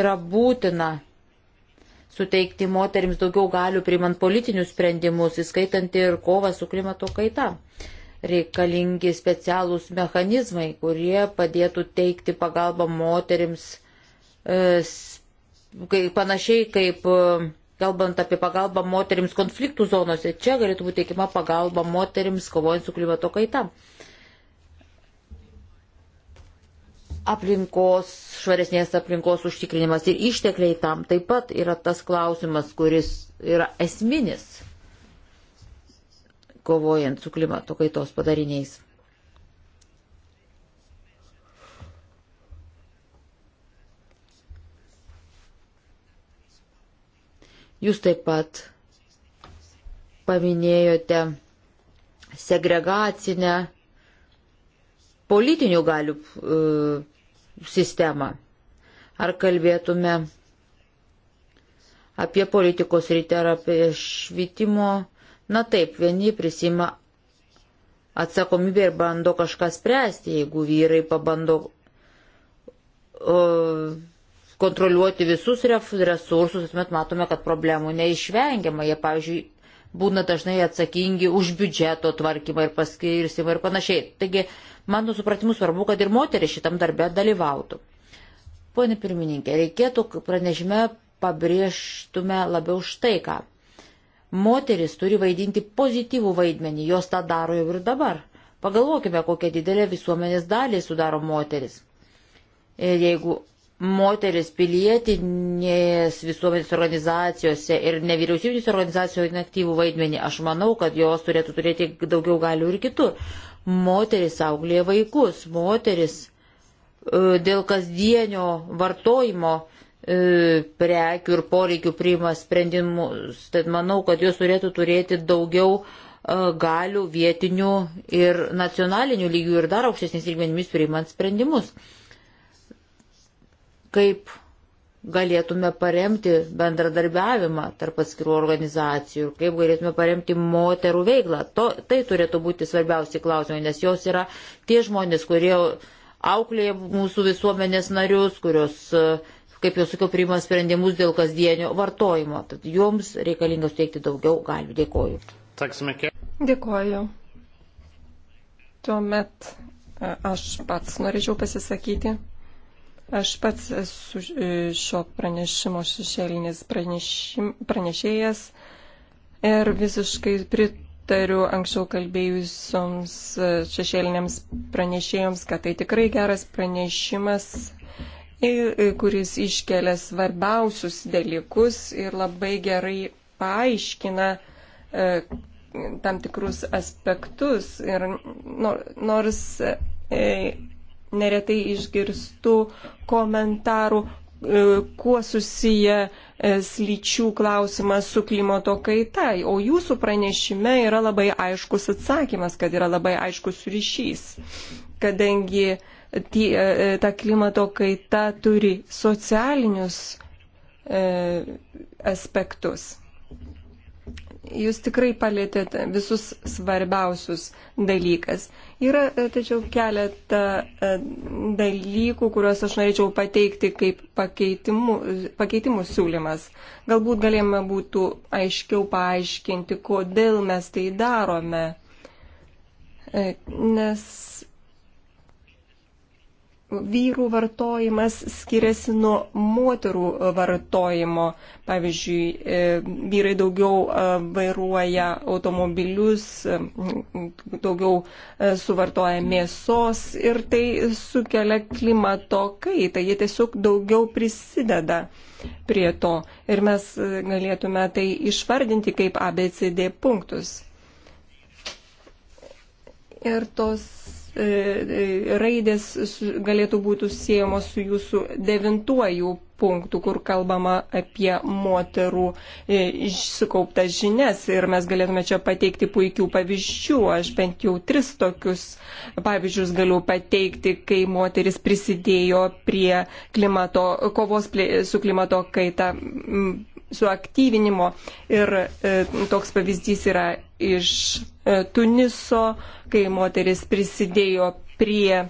yra būtina suteikti moterims daugiau galių priimant politinius sprendimus, įskaitant ir kovą su klimato kaita. Reikalingi specialūs mechanizmai, kurie padėtų teikti pagalbą moterims, e, kai, panašiai kaip e, kalbant apie pagalbą moterims konfliktų zonose, čia galėtų būti teikima pagalba moterims kovojant su klimato kaita. aplinkos, švaresnės aplinkos užtikrinimas ir ištekliai tam taip pat yra tas klausimas, kuris yra esminis kovojant su klimato kaitos padariniais. Jūs taip pat paminėjote segregacinę politinių galių e, sistemą, ar kalbėtume apie politikos rytę ar apie švietimo, na taip, vieni prisima atsakomybę ir bando kažką spręsti, jeigu vyrai pabando o, kontroliuoti visus resursus, mes matome, kad problemų neišvengiama. Jie, pavyzdžiui, būna dažnai atsakingi už biudžeto tvarkymą ir paskirstimą ir panašiai. Taigi Mano supratimu svarbu, kad ir moteris šitam darbę dalyvautų. Pone pirmininkė, reikėtų pranešime pabrėžtume labiau štai ką. Moteris turi vaidinti pozityvų vaidmenį, jos tą daro jau ir dabar. Pagalvokime, kokią didelę visuomenės dalį sudaro moteris. Ir e, jeigu moteris pilietinės visuomenės organizacijose ir nevyriausybinės organizacijos aktyvų vaidmenį, aš manau, kad jos turėtų turėti daugiau galių ir kitur. Moteris auklėja vaikus, moteris e, dėl kasdienio vartojimo e, prekių ir poreikių priima sprendimus. Tad manau, kad jos turėtų turėti daugiau e, galių vietinių ir nacionalinių lygių ir dar aukštesnis lygmenimis priimant sprendimus. Kaip galėtume paremti bendradarbiavimą tarp atskirų organizacijų ir kaip galėtume paremti moterų veiklą. To, tai turėtų būti svarbiausi klausimai, nes jos yra tie žmonės, kurie auklėja mūsų visuomenės narius, kurios, e, kaip jau sakiau, priima sprendimus dėl kasdienio vartojimo. Tad joms reikalinga suteikti daugiau galių. Dėkoju. Dėkoju. Tuomet e, aš pats norėčiau pasisakyti. Aš pats esu e, šio pranešimo šešėlinis pranešėjas ir visiškai pritariu anksčiau kalbėjusioms e, šešėliniams pranešėjams, kad tai tikrai geras pranešimas, kuris iškelia svarbiausius dalykus ir labai gerai paaiškina e, tam tikrus aspektus. Ir nors. E, neretai išgirstu komentarų, e, kuo susiję e, slyčių klausimas su klimato kaita. O jūsų pranešime yra labai aiškus atsakymas, kad yra labai aiškus ryšys, kadangi e, ta klimato kaita turi socialinius aspektus. Jūs tikrai palėtėte visus svarbiausius dalykas. Yra e, tačiau keletą e, dalykų, kuriuos aš norėčiau pateikti kaip pakeitimų, pakeitimų siūlymas. Galbūt galėjome būtų aiškiau paaiškinti, kodėl mes tai darome. E, nes vyrų vartojimas skiriasi nuo moterų vartojimo. Pavyzdžiui, e, vyrai daugiau e, vairuoja automobilius, e, daugiau suvartoja mėsos ir tai sukelia klimato kaitą. Jie tiesiog daugiau prisideda prie to. Ir mes galėtume tai išvardinti kaip ABCD punktus. Ir tos E, e, raidės galėtų būti siejamos su jūsų devintuoju punktu, kur kalbama apie moterų e, sukauptas žinias ir mes galėtume čia pateikti puikių pavyzdžių. Aš bent jau tris tokius pavyzdžius galiu pateikti, kai moteris prisidėjo prie klimato, kovos su klimato kaita suaktyvinimo ir toks pavyzdys yra iš E, Tuniso, kai moteris prisidėjo prie e,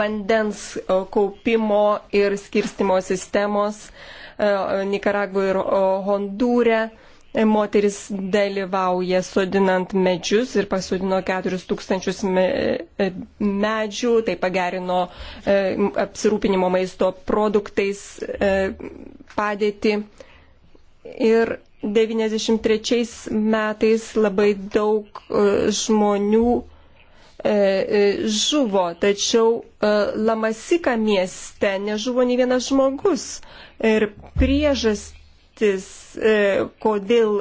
vandens e, kaupimo ir skirstimo sistemos Nikaragvoje ir Hondūre. Moteris dalyvauja sodinant medžius ir pasodino 4000 medžių, tai pagerino apsirūpinimo maisto produktais padėti. Ir 93 metais labai daug e, žmonių e, e, žuvo, tačiau Lamasika mieste nežuvo nei vienas žmogus. Ir priežastis, kodėl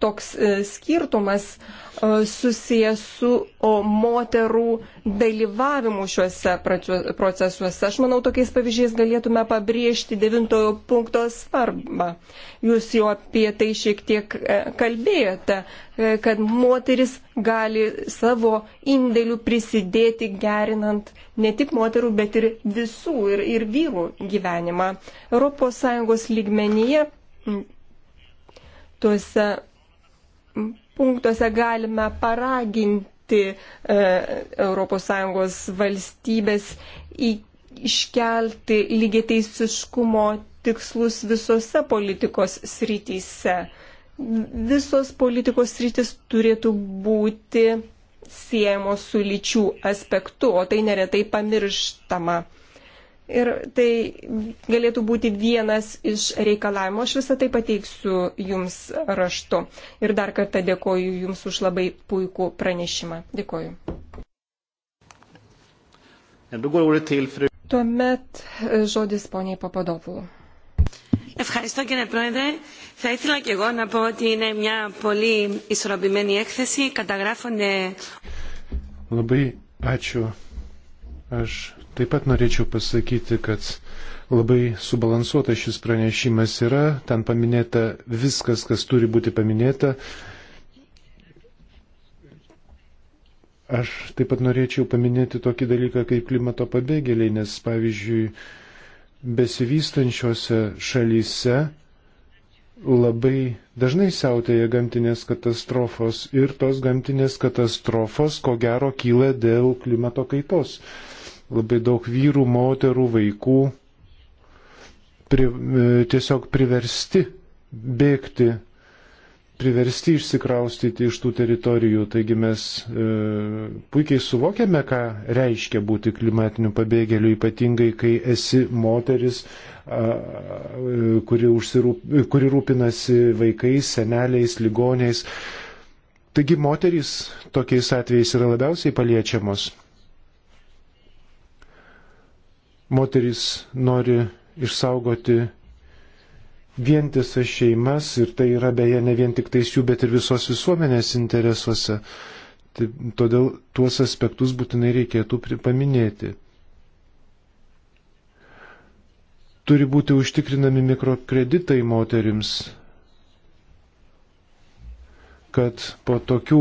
toks skirtumas susijęs su moterų dalyvavimu šiuose procesuose. Aš manau, tokiais pavyzdžiais galėtume pabrėžti devintojo punkto svarbą. Jūs jau apie tai šiek tiek e, kalbėjote, e, kad moteris gali savo indėlių prisidėti gerinant ne tik moterų, bet ir visų ir, ir vyrų gyvenimą. ES lygmenyje tuose punktuose galime paraginti kviesti ES valstybės į, iškelti lygiateisiškumo tikslus visose politikos srityse. Visos politikos sritis turėtų būti siejamos su lyčių aspektu, o tai neretai pamirštama. Ir tai galėtų būti vienas iš reikalavimo. Aš visą tai pateiksiu Jums raštu. Ir dar kartą dėkoju Jums už labai puikų pranešimą. Dėkoju. Tuomet e, žodis poniai Papadopulų. Ευχαριστώ κύριε Πρόεδρε. Θα ήθελα και εγώ να πω ότι είναι μια πολύ ισορροπημένη έκθεση. Καταγράφονται... Labai ačiū. Aš Taip pat norėčiau pasakyti, kad labai subalansuotas šis pranešimas yra, ten paminėta viskas, kas turi būti paminėta. Aš taip pat norėčiau paminėti tokį dalyką kaip klimato pabėgėliai, nes pavyzdžiui, besivystančiose šalyse labai dažnai siautėja gamtinės katastrofos ir tos gamtinės katastrofos, ko gero, kyla dėl klimato kaitos. Labai daug vyrų, moterų, vaikų pri, e, tiesiog priversti bėgti, priversti išsikraustyti iš tų teritorijų. Taigi mes e, puikiai suvokiame, ką reiškia būti klimatiniu pabėgėliu, ypatingai kai esi moteris, a, kuri, užsirūp, kuri rūpinasi vaikais, seneliais, ligoniais. Taigi moterys tokiais atvejais yra labiausiai paliečiamos. Moterys nori išsaugoti vientisas šeimas ir tai yra beje ne vien tik tais jų, bet ir visos visuomenės interesuose. Tai, todėl tuos aspektus būtinai reikėtų paminėti. Turi būti užtikrinami mikrokreditai moterims, kad po tokių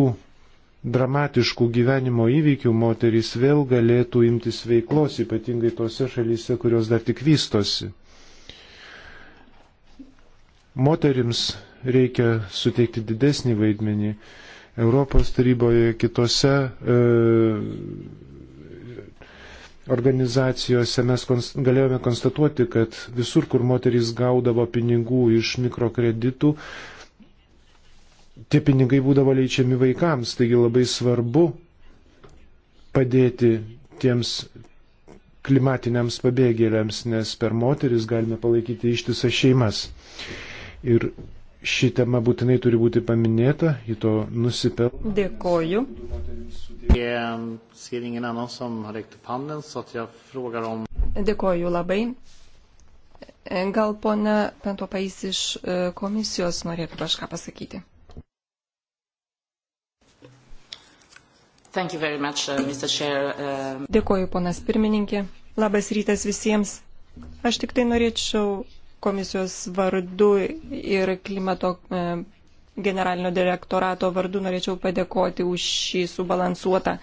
dramatiškų gyvenimo įvykių moterys vėl galėtų imtis veiklos, ypatingai tose šalyse, kurios dar tik vystosi. Moterims reikia suteikti didesnį vaidmenį. Europos taryboje, kitose e, organizacijose mes konst, galėjome konstatuoti, kad visur, kur moterys gaudavo pinigų iš mikrokreditų, e, tie pinigai būdavo leidžiami vaikams, taigi labai svarbu padėti tiems klimatiniams pabėgėliams, nes per moteris galime palaikyti ištisas šeimas. Ir ši tema būtinai turi būti paminėta, ji to nusipelno. Dėkoju. Dėkoju labai. Gal ponia Pentopais iš eh, komisijos norėtų kažką pasakyti? Much, uh, um... Dėkoju, ponas pirmininkė. Labas rytas visiems. Aš tik tai norėčiau komisijos vardu ir klimato e, generalinio direktorato vardu norėčiau padėkoti už šį subalansuotą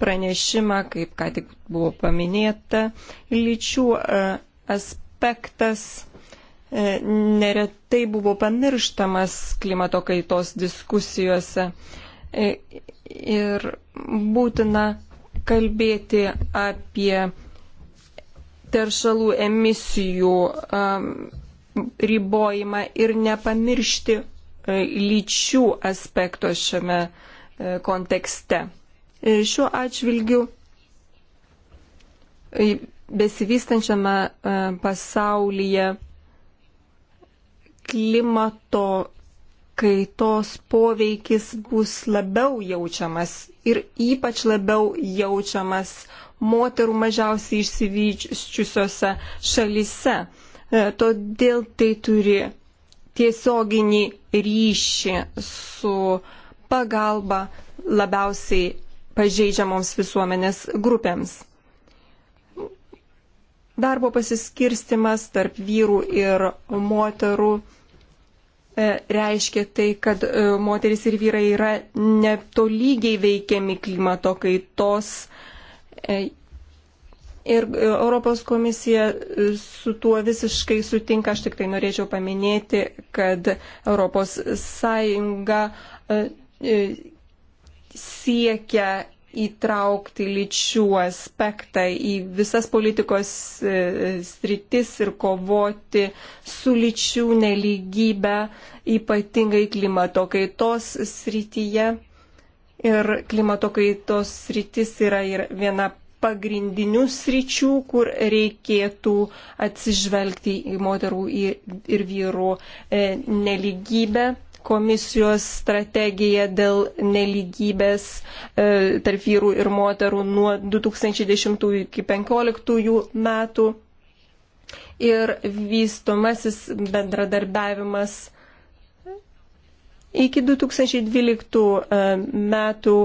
pranešimą, kaip ką tik buvo paminėta. Lyčių e, aspektas e, neretai buvo pamirštamas klimato kaitos diskusijose ir būtina kalbėti apie teršalų emisijų um, ribojimą ir nepamiršti e, lyčių aspekto šiame e, kontekste. E, šiuo atžvilgiu besivystančiame pasaulyje klimato kaitos poveikis bus labiau jaučiamas ir ypač labiau jaučiamas moterų mažiausiai išsivyščiusiose šalise. E, todėl tai turi tiesioginį ryšį su pagalba labiausiai pažeidžiamoms visuomenės grupėms. Darbo pasiskirstimas tarp vyrų ir moterų E, reiškia tai, kad e, moteris ir vyrai yra netolygiai veikiami klimato kaitos. E, ir Europos komisija su tuo visiškai sutinka. Aš tik tai norėčiau paminėti, kad Europos Sąjunga siekia įtraukti lyčių aspektą į visas politikos e, sritis ir kovoti su lyčių neligybė, ypatingai klimato kaitos srityje. Ir klimato kaitos sritis yra ir viena pagrindinių sričių, kur reikėtų atsižvelgti į moterų ir vyrų e, neligybę komisijos strategija dėl neligybės e, tarp vyrų ir moterų nuo 2010 iki 2015 metų ir vystomasis bendradarbiavimas iki 2012 e, metų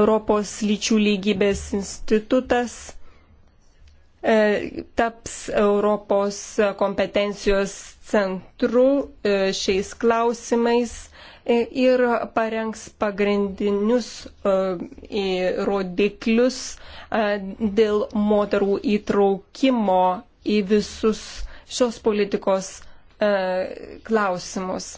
Europos lyčių lygybės institutas E, taps Europos kompetencijos centru e, šiais klausimais e, ir parengs pagrindinius rodiklius dėl moterų įtraukimo į visus šios politikos klausimus.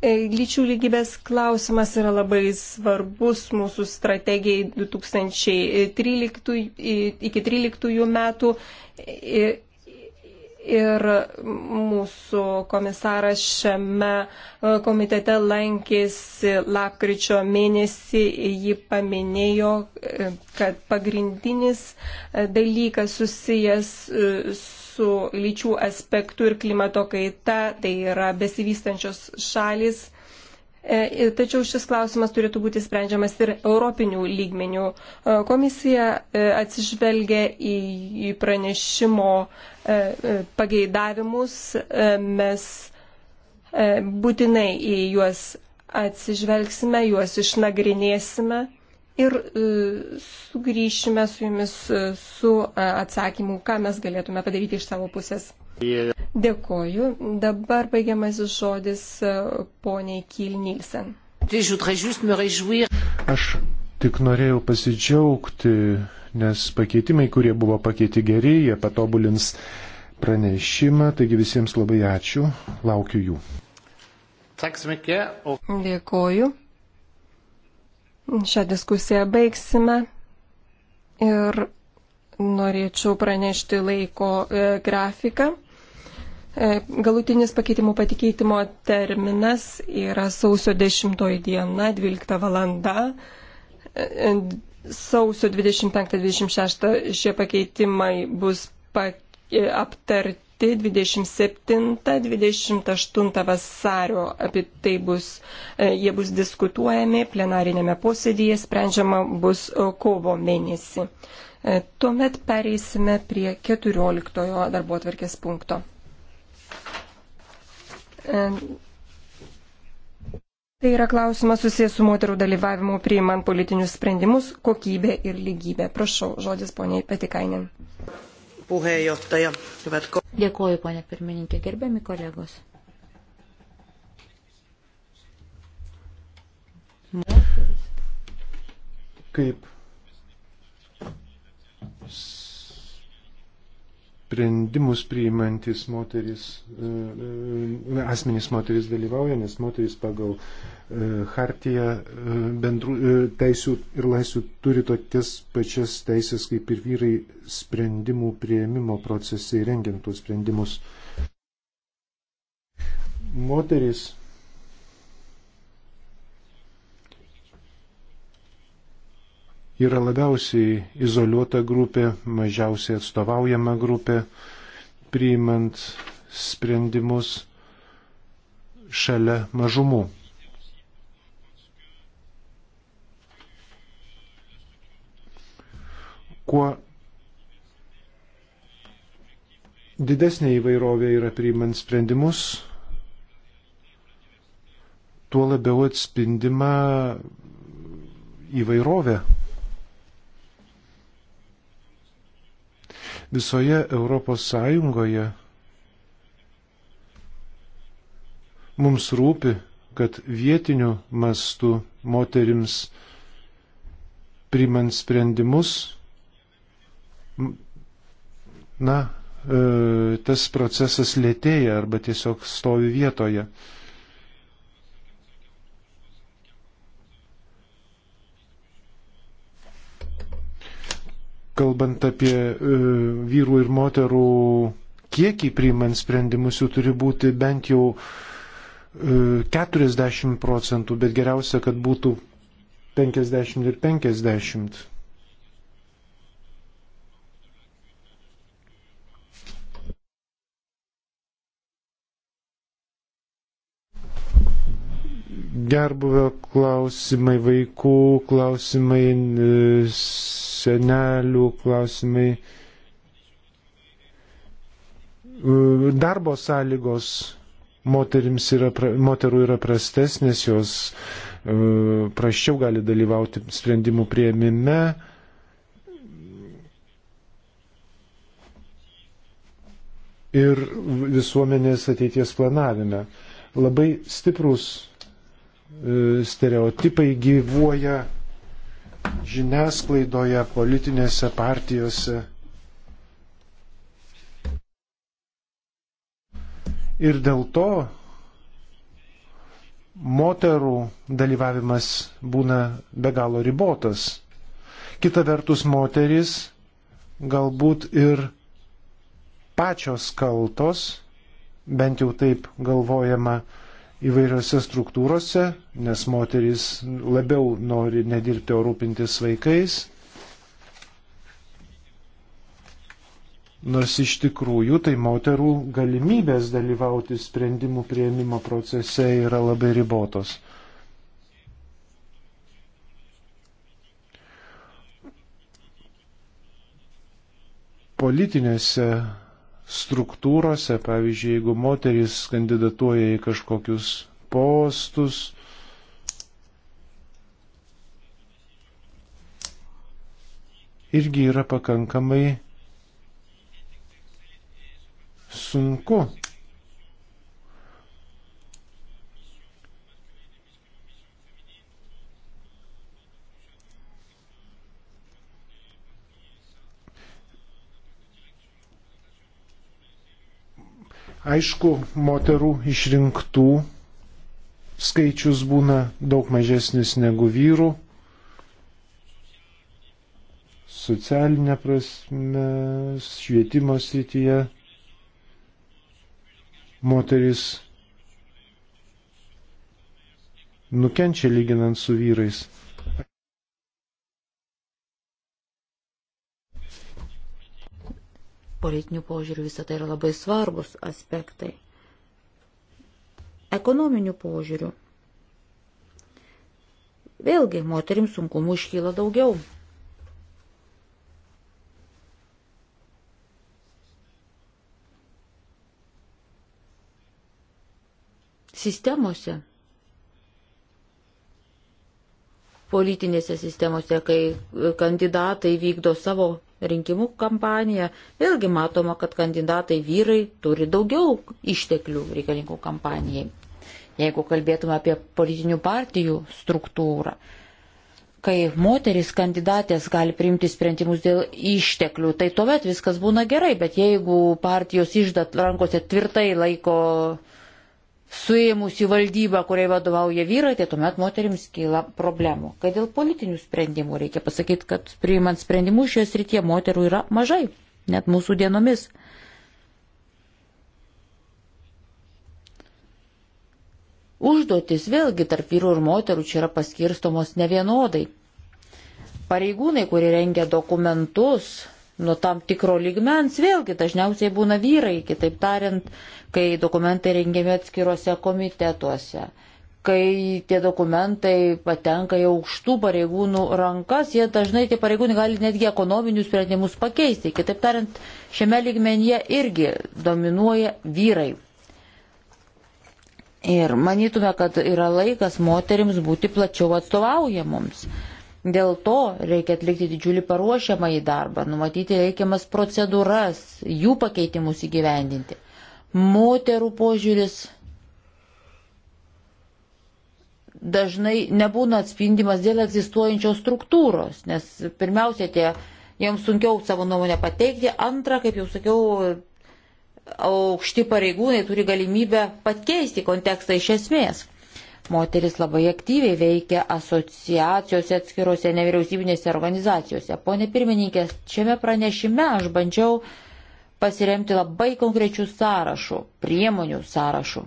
E, lyčių lygybės klausimas yra labai svarbus mūsų strategijai 2013 iki 2013 metų ir mūsų komisaras šiame e, komitete lankėsi lapkričio mėnesį, ji paminėjo, e, kad pagrindinis dalykas susijęs su su lyčių aspektu ir klimato kaita, tai yra besivystančios šalis. E, tačiau šis klausimas turėtų būti sprendžiamas ir europinių lygmenių. E, komisija e, atsižvelgia į pranešimo pageidavimus. Mes būtinai į juos atsižvelgsime, juos išnagrinėsime ir e, sugrįšime su jumis e, su e, atsakymu, ką mes galėtume padaryti iš savo pusės. Dėkoju. Dabar baigiamasis žodis poniai Kyl Nilsen. Tai Aš tik norėjau pasidžiaugti, nes pakeitimai, kurie buvo pakeiti geri, jie patobulins pranešimą, taigi visiems labai ačiū, laukiu jų. Dėkoju. Šią diskusiją baigsime ir norėčiau pranešti laiko e, grafiką. E, galutinis pakeitimų patikėtimo terminas yra sausio 10 diena, 12 valanda. E, sausio 25-26 šie pakeitimai bus aptarti 27-28 vasario apie tai bus, e, jie bus diskutuojami plenarinėme posėdėje, sprendžiama bus e, kovo mėnesį. E, tuomet pereisime prie 14 darbo atvarkės punkto. Tai yra klausimas susijęs su moterų dalyvavimu priimant politinius sprendimus, kokybė ir lygybė. Prašau, žodis poniai Petikainin puheenjohtaja. Hyvät ko- Dėkuoju, ponė pirmininkė, gerbiami kolegos. Kaip sprendimus priimantis moteris, e, e, asmenys moteris dalyvauja, nes moteris pagal E, hartija e, bendrų e, teisių ir laisvių turi tokias pačias teisės kaip ir vyrai sprendimų prieimimo procese įrengiant tuos sprendimus. Moteris yra labiausiai izoliuota grupė, mažiausiai atstovaujama grupė, priimant sprendimus šalia mažumų. kuo didesnė įvairovė yra priimant sprendimus, tuo labiau atspindima įvairovė. Visoje Europos Sąjungoje mums rūpi, kad vietiniu mastu moterims primant sprendimus na, e, tas procesas lėtėja arba tiesiog stovi vietoje. Kalbant apie e, vyrų ir moterų kiekį priimant sprendimus, jų turi būti bent jau 40 e, procentų, bet geriausia, kad būtų 50 ir 50. gerbuvio klausimai, vaikų klausimai, senelių klausimai, darbo sąlygos moterims yra, moterų yra prastesnės, jos e, praščiau gali dalyvauti sprendimų prieimime. Ir visuomenės ateities planavime. Labai stiprus E, stereotipai gyvuoja žiniasklaidoje, politinėse partijose. Ir dėl to moterų dalyvavimas būna be galo ribotas. Kita vertus, moteris galbūt ir pačios kaltos, bent jau taip galvojama, įvairiose struktūrose, nes moteris labiau nori nedirbti, o rūpintis vaikais. Nors iš tikrųjų tai moterų galimybės dalyvauti sprendimų prieimimo procese yra labai ribotos. Politinėse struktūrose, pavyzdžiui, jeigu moteris kandidatuoja į kažkokius postus, irgi yra pakankamai sunku Aišku, moterų išrinktų skaičius būna daug mažesnis negu vyrų. Socialinė prasme, švietimo srityje moteris nukenčia lyginant su vyrais. Politinių požiūrių visą tai yra labai svarbus aspektai. Ekonominių požiūrių. Vėlgi, moterims sunkumų iškyla daugiau. Sistemose politinėse sistemose, kai kandidatai vykdo savo rinkimų kampaniją, vėlgi matoma, kad kandidatai vyrai turi daugiau išteklių reikalingų kampanijai. Jeigu kalbėtume apie politinių partijų struktūrą, kai moteris kandidatės gali priimti sprendimus dėl išteklių, tai tuomet viskas būna gerai, bet jeigu partijos išdat rankose tvirtai laiko uh, suėmusi valdybą, kuriai vadovauja vyrai, tai tuomet moteriams kyla problemų. Kai dėl politinių sprendimų reikia pasakyti, kad priimant sprendimus šioje srityje moterų yra mažai, net mūsų dienomis. Užduotis vėlgi tarp vyrų ir moterų čia yra paskirstomos nevienodai. Pareigūnai, kurie rengia dokumentus, nuo tam tikro lygmens, vėlgi dažniausiai būna vyrai, kitaip tariant, kai dokumentai rengiami atskiruose komitetuose, kai tie dokumentai patenka į aukštų pareigūnų rankas, jie dažnai tie pareigūnai gali netgi ekonominius sprendimus pakeisti. Kitaip tariant, šiame lygmenyje irgi dominuoja vyrai. Ir manytume, kad yra laikas moterims būti plačiau atstovaujamoms. Dėl to reikia atlikti didžiulį paruošiamą į darbą, numatyti reikiamas procedūras, jų pakeitimus įgyvendinti. Moterų požiūris dažnai nebūna atspindimas dėl egzistuojančios struktūros, nes pirmiausia, tie, jiems sunkiau savo nuomonę pateikti, antra, kaip jau sakiau, aukšti pareigūnai turi galimybę pakeisti kontekstą iš esmės. Moteris labai aktyviai veikia asociacijose atskirose nevyriausybinėse organizacijose. Pone pirmininkė, šiame pranešime aš bandžiau pasiremti labai konkrečių sąrašų, priemonių sąrašų.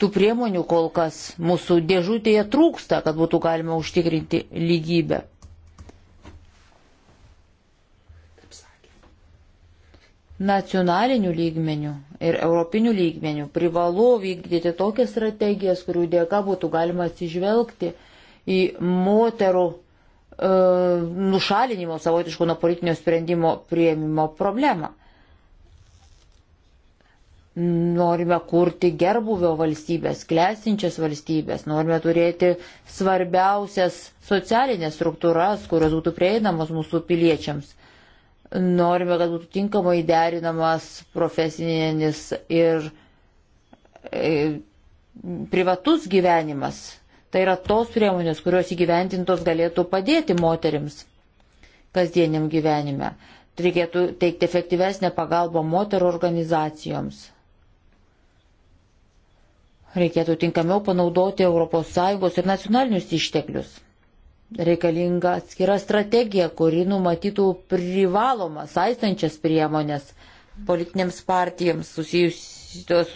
Tų priemonių kol kas mūsų dėžutėje trūksta, kad būtų galima užtikrinti lygybę. nacionalinių lygmenių ir europinių lygmenių privalu vykdyti tokias strategijas, kurių dėka būtų galima atsižvelgti į moterų e, nušalinimo savotiškų nuo politinio sprendimo prieimimo problemą. Norime kurti gerbuvio valstybės, klesinčias valstybės, norime turėti svarbiausias socialinės struktūras, kurios būtų prieinamos mūsų piliečiams norime, kad būtų tinkamai derinamas profesinis ir e, privatus gyvenimas. Tai yra tos priemonės, kurios įgyventintos galėtų padėti moterims kasdieniam gyvenime. Reikėtų teikti efektyvesnę pagalbą moterų organizacijoms. Reikėtų tinkamiau panaudoti ES ir nacionalinius išteklius reikalinga atskira strategija, kuri numatytų privalomas, aistančias priemonės politinėms partijams susijusios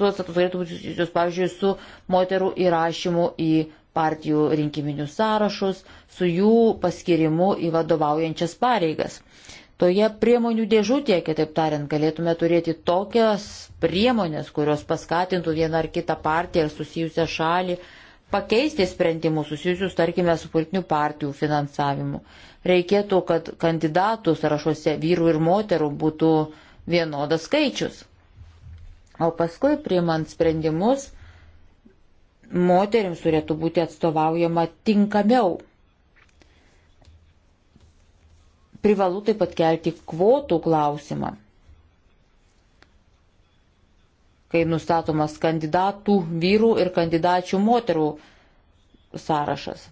nuostatos galėtų būti susijusios, pavyzdžiui, su moterų įrašymu į partijų rinkiminius sąrašus, su jų paskirimu į vadovaujančias pareigas. Toje priemonių dėžutėje, kitaip tariant, galėtume turėti tokias priemonės, kurios paskatintų vieną ar kitą partiją ar susijusią šalį pakeisti sprendimus susijusius, tarkime, su politinių partijų finansavimu. Reikėtų, kad kandidatų sąrašuose vyrų ir moterų būtų vienodas skaičius. O paskui, priimant sprendimus, moteriams turėtų būti atstovaujama tinkamiau. Privalu taip pat kelti kvotų klausimą kai nustatomas kandidatų vyrų ir kandidačių moterų sąrašas.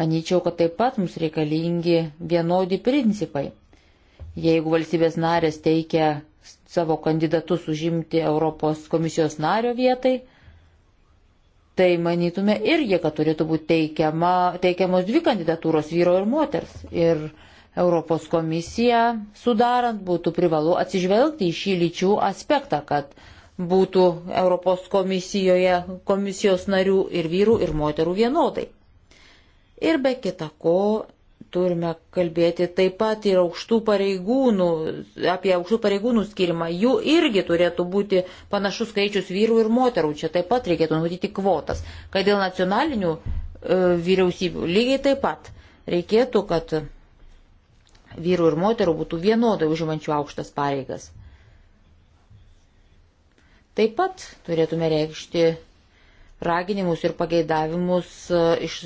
Manyčiau, kad taip pat mums reikalingi vienodi principai. Jeigu valstybės narės teikia savo kandidatus užimti Europos komisijos nario vietai, tai manytume irgi, kad turėtų būti teikiama, teikiamos dvi kandidatūros vyro ir moters. Ir uh, Europos komisiją sudarant būtų privalu atsižvelgti į šį lyčių aspektą, kad būtų Europos komisijoje komisijos narių ir vyrų ir moterų vienodai. Ir be kita ko turime kalbėti taip pat ir aukštų pareigūnų, apie aukštų pareigūnų skirimą. Jų irgi turėtų būti panašus skaičius vyrų ir moterų. Čia taip pat reikėtų numatyti kvotas. Kad dėl nacionalinių e, vyriausybių lygiai taip pat reikėtų, kad vyrų ir moterų būtų vienodai užimančių aukštas pareigas. Taip pat turėtume reikšti raginimus ir pageidavimus, e, iš,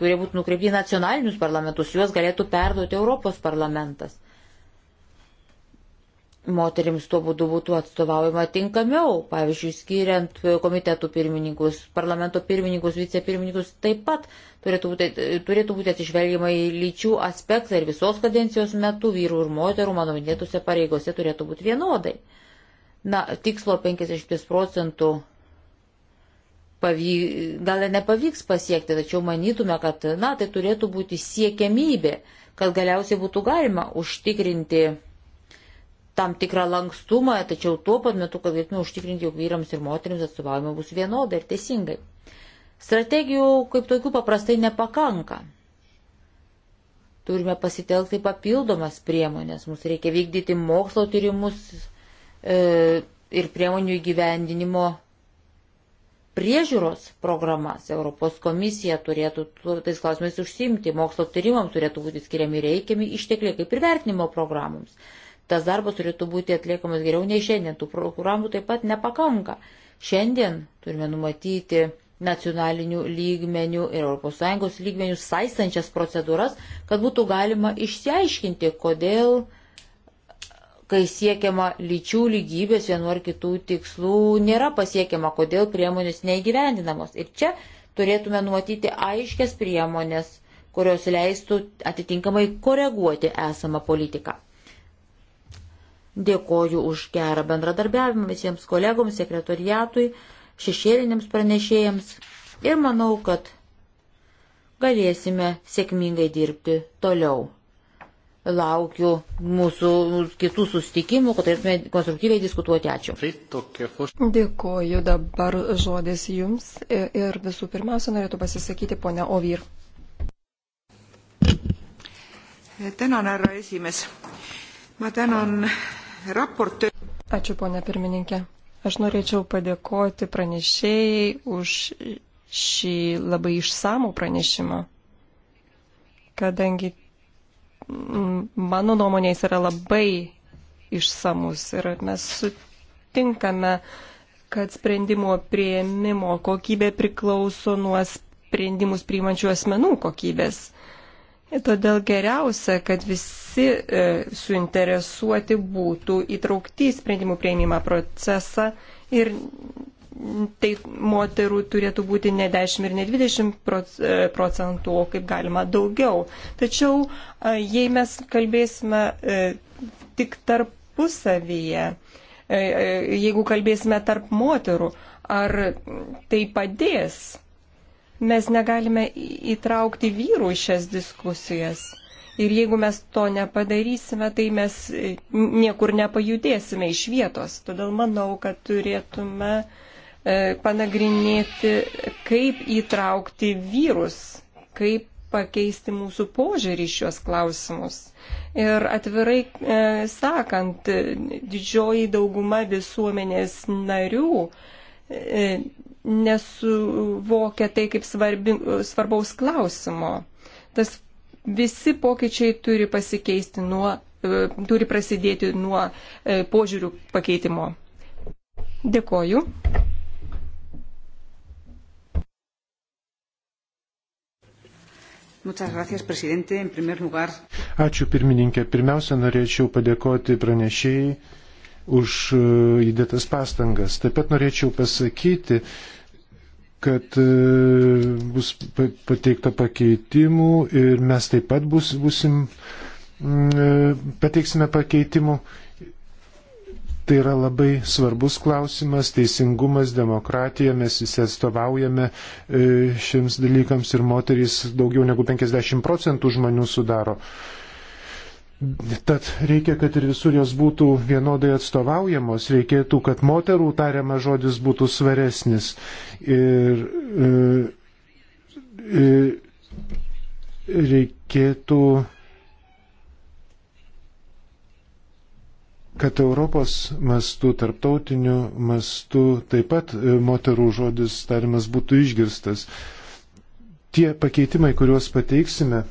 kurie būtų nukreipti į nacionalinius parlamentus, juos galėtų perduoti Europos parlamentas moterims tuo būdu būtų atstovaujama tinkamiau, pavyzdžiui, skiriant komitetų pirmininkus, parlamento pirmininkus, vicepirmininkus, taip pat turėtų būti, turėtų būti atsižvelgiama į lyčių aspektą ir visos kadencijos metu vyrų ir moterų mano minėtose pareigose turėtų būti vienodai. Na, tikslo 50 procentų pavy... gal ir nepavyks pasiekti, tačiau manytume, kad, na, tai turėtų būti siekiamybė, kad galiausiai būtų galima užtikrinti tam tikrą lankstumą, tačiau tuo pat metu, kad galėtume užtikrinti, jog vyrams ir moteriams atstovavimai bus vienodai ir teisingai. Strategijų kaip tokių paprastai nepakanka. Turime pasitelkti papildomas priemonės, mums reikia vykdyti mokslo tyrimus e, ir priemonių įgyvendinimo priežiūros programas. Europos komisija turėtų tais klausimais užsimti, mokslo tyrimams turėtų būti skiriami reikiami ištekliai, kaip ir vertinimo programams tas darbas turėtų būti atliekamas geriau nei šiandien. Tų programų taip pat nepakanka. Šiandien turime numatyti nacionalinių lygmenių ir ES lygmenių saistančias procedūras, kad būtų galima išsiaiškinti, kodėl, kai siekiama lyčių lygybės vienu ar kitų tikslų, nėra pasiekiama, kodėl priemonės neįgyvendinamos. Ir čia turėtume numatyti aiškias priemonės, kurios leistų atitinkamai koreguoti esamą politiką. Dėkoju už gerą bendradarbiavimą visiems kolegoms, sekretoriatui, šešėliniams pranešėjams ir manau, kad galėsime sėkmingai dirbti toliau. Laukiu mūsų kitų sustikimų, kad galėtume konstruktyviai diskutuoti. Ačiū. Dėkoju dabar žodis jums ir visų pirmiausia norėtų pasisakyti ponia Ovir. Tänan, härra esimees. Ma tänan raportė. Ačiū, ponė pirmininkė. Aš norėčiau padėkoti pranešėjai už šį labai išsamų pranešimą, kadangi mano nuomonė jis yra labai išsamus ir mes sutinkame, kad sprendimo prieimimo kokybė priklauso nuo sprendimus priimančių asmenų kokybės. Todėl geriausia, kad visi e, suinteresuoti būtų įtraukti į sprendimų prieimimą procesą ir tai moterų turėtų būti ne 10 ir ne 20 e, procentų, o kaip galima daugiau. Tačiau e, jei mes kalbėsime tik tarpusavyje, jeigu kalbėsime tarp moterų, ar tai padės? mes negalime įtraukti vyrų į šias diskusijas. Ir jeigu mes to nepadarysime, tai mes e, niekur nepajudėsime iš vietos. Todėl manau, kad turėtume e, panagrinėti, kaip įtraukti vyrus, kaip pakeisti mūsų požiūrį šios klausimus. Ir atvirai e, sakant, didžioji dauguma visuomenės narių e, nesuvokia tai kaip svarbi, svarbaus klausimo. Tas visi pokyčiai turi pasikeisti nuo, e, turi prasidėti nuo e, požiūrių pakeitimo. Dėkoju. Ačiū pirmininkė. Pirmiausia, norėčiau padėkoti pranešėjai už e, įdėtas pastangas. Taip pat norėčiau pasakyti, kad e, bus pateikta pakeitimų ir mes taip pat bus, busim, mm, e, pateiksime pakeitimų. Tai yra labai svarbus klausimas - teisingumas, demokratija, mes visi atstovaujame e, šiems dalykams ir moterys daugiau negu 50 procentų žmonių sudaro. Tad reikia, kad ir visur jos būtų vienodai atstovaujamos, reikėtų, kad moterų tariamas žodis būtų svaresnis. Ir, ir e, e, reikėtų, kad Europos mastu, tarptautiniu mastu taip pat e, moterų žodis tariamas būtų išgirstas. Tie pakeitimai, kuriuos pateiksime,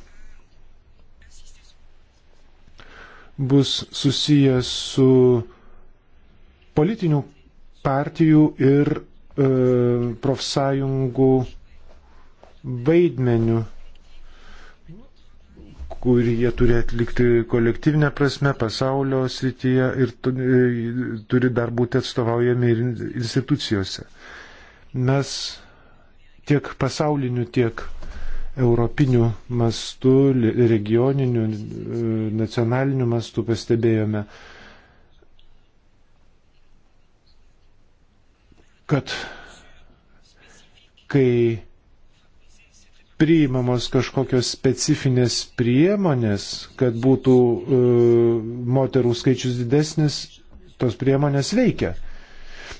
bus susijęs su politinių partijų ir e, profsąjungų vaidmeniu, kurį jie turi atlikti kolektyvinę prasme, pasaulio srityje ir e, turi dar būti atstovaujami ir institucijose. Mes tiek pasauliniu, tiek europiniu mastu, regioniniu, e, nacionaliniu mastu pastebėjome, kad kai priimamos kažkokios specifinės priemonės, kad būtų e, moterų skaičius didesnis, tos priemonės veikia.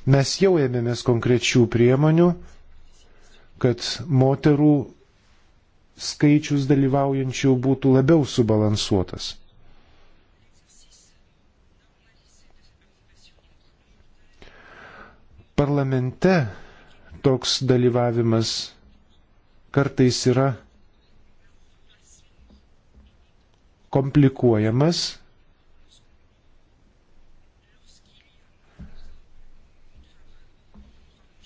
Mes jau ėmėmės konkrečių priemonių, kad moterų skaičius dalyvaujančių būtų labiau subalansuotas. Parlamente toks dalyvavimas kartais yra komplikuojamas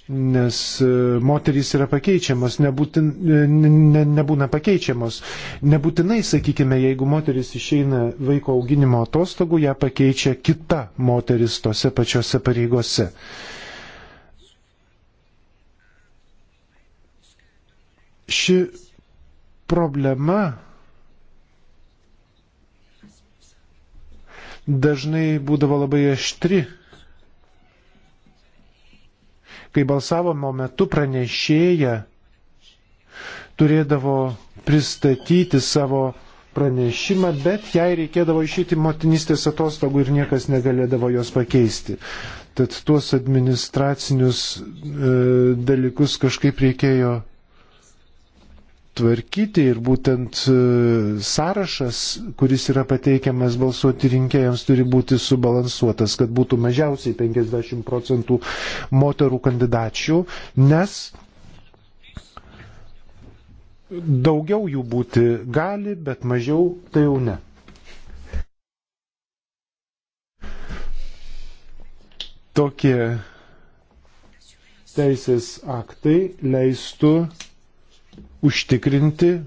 nes e, moterys yra pakeičiamos, nebūtin, e, ne, nebūna pakeičiamos. Nebūtinai, sakykime, jeigu moteris išeina vaiko auginimo atostogų, ją pakeičia kita moteris tose pačiose pareigose. Ši problema dažnai būdavo labai aštri kai balsavimo metu pranešėja turėdavo pristatyti savo pranešimą, bet jai reikėdavo išėti motinystės atostogų ir niekas negalėdavo jos pakeisti. Tad tuos administracinius e, dalykus kažkaip reikėjo tvarkyti ir būtent e, sąrašas, kuris yra pateikiamas balsuoti rinkėjams, turi būti subalansuotas, kad būtų mažiausiai 50 procentų moterų kandidačių, nes daugiau jų būti gali, bet mažiau tai jau ne. Tokie teisės aktai leistų užtikrinti e,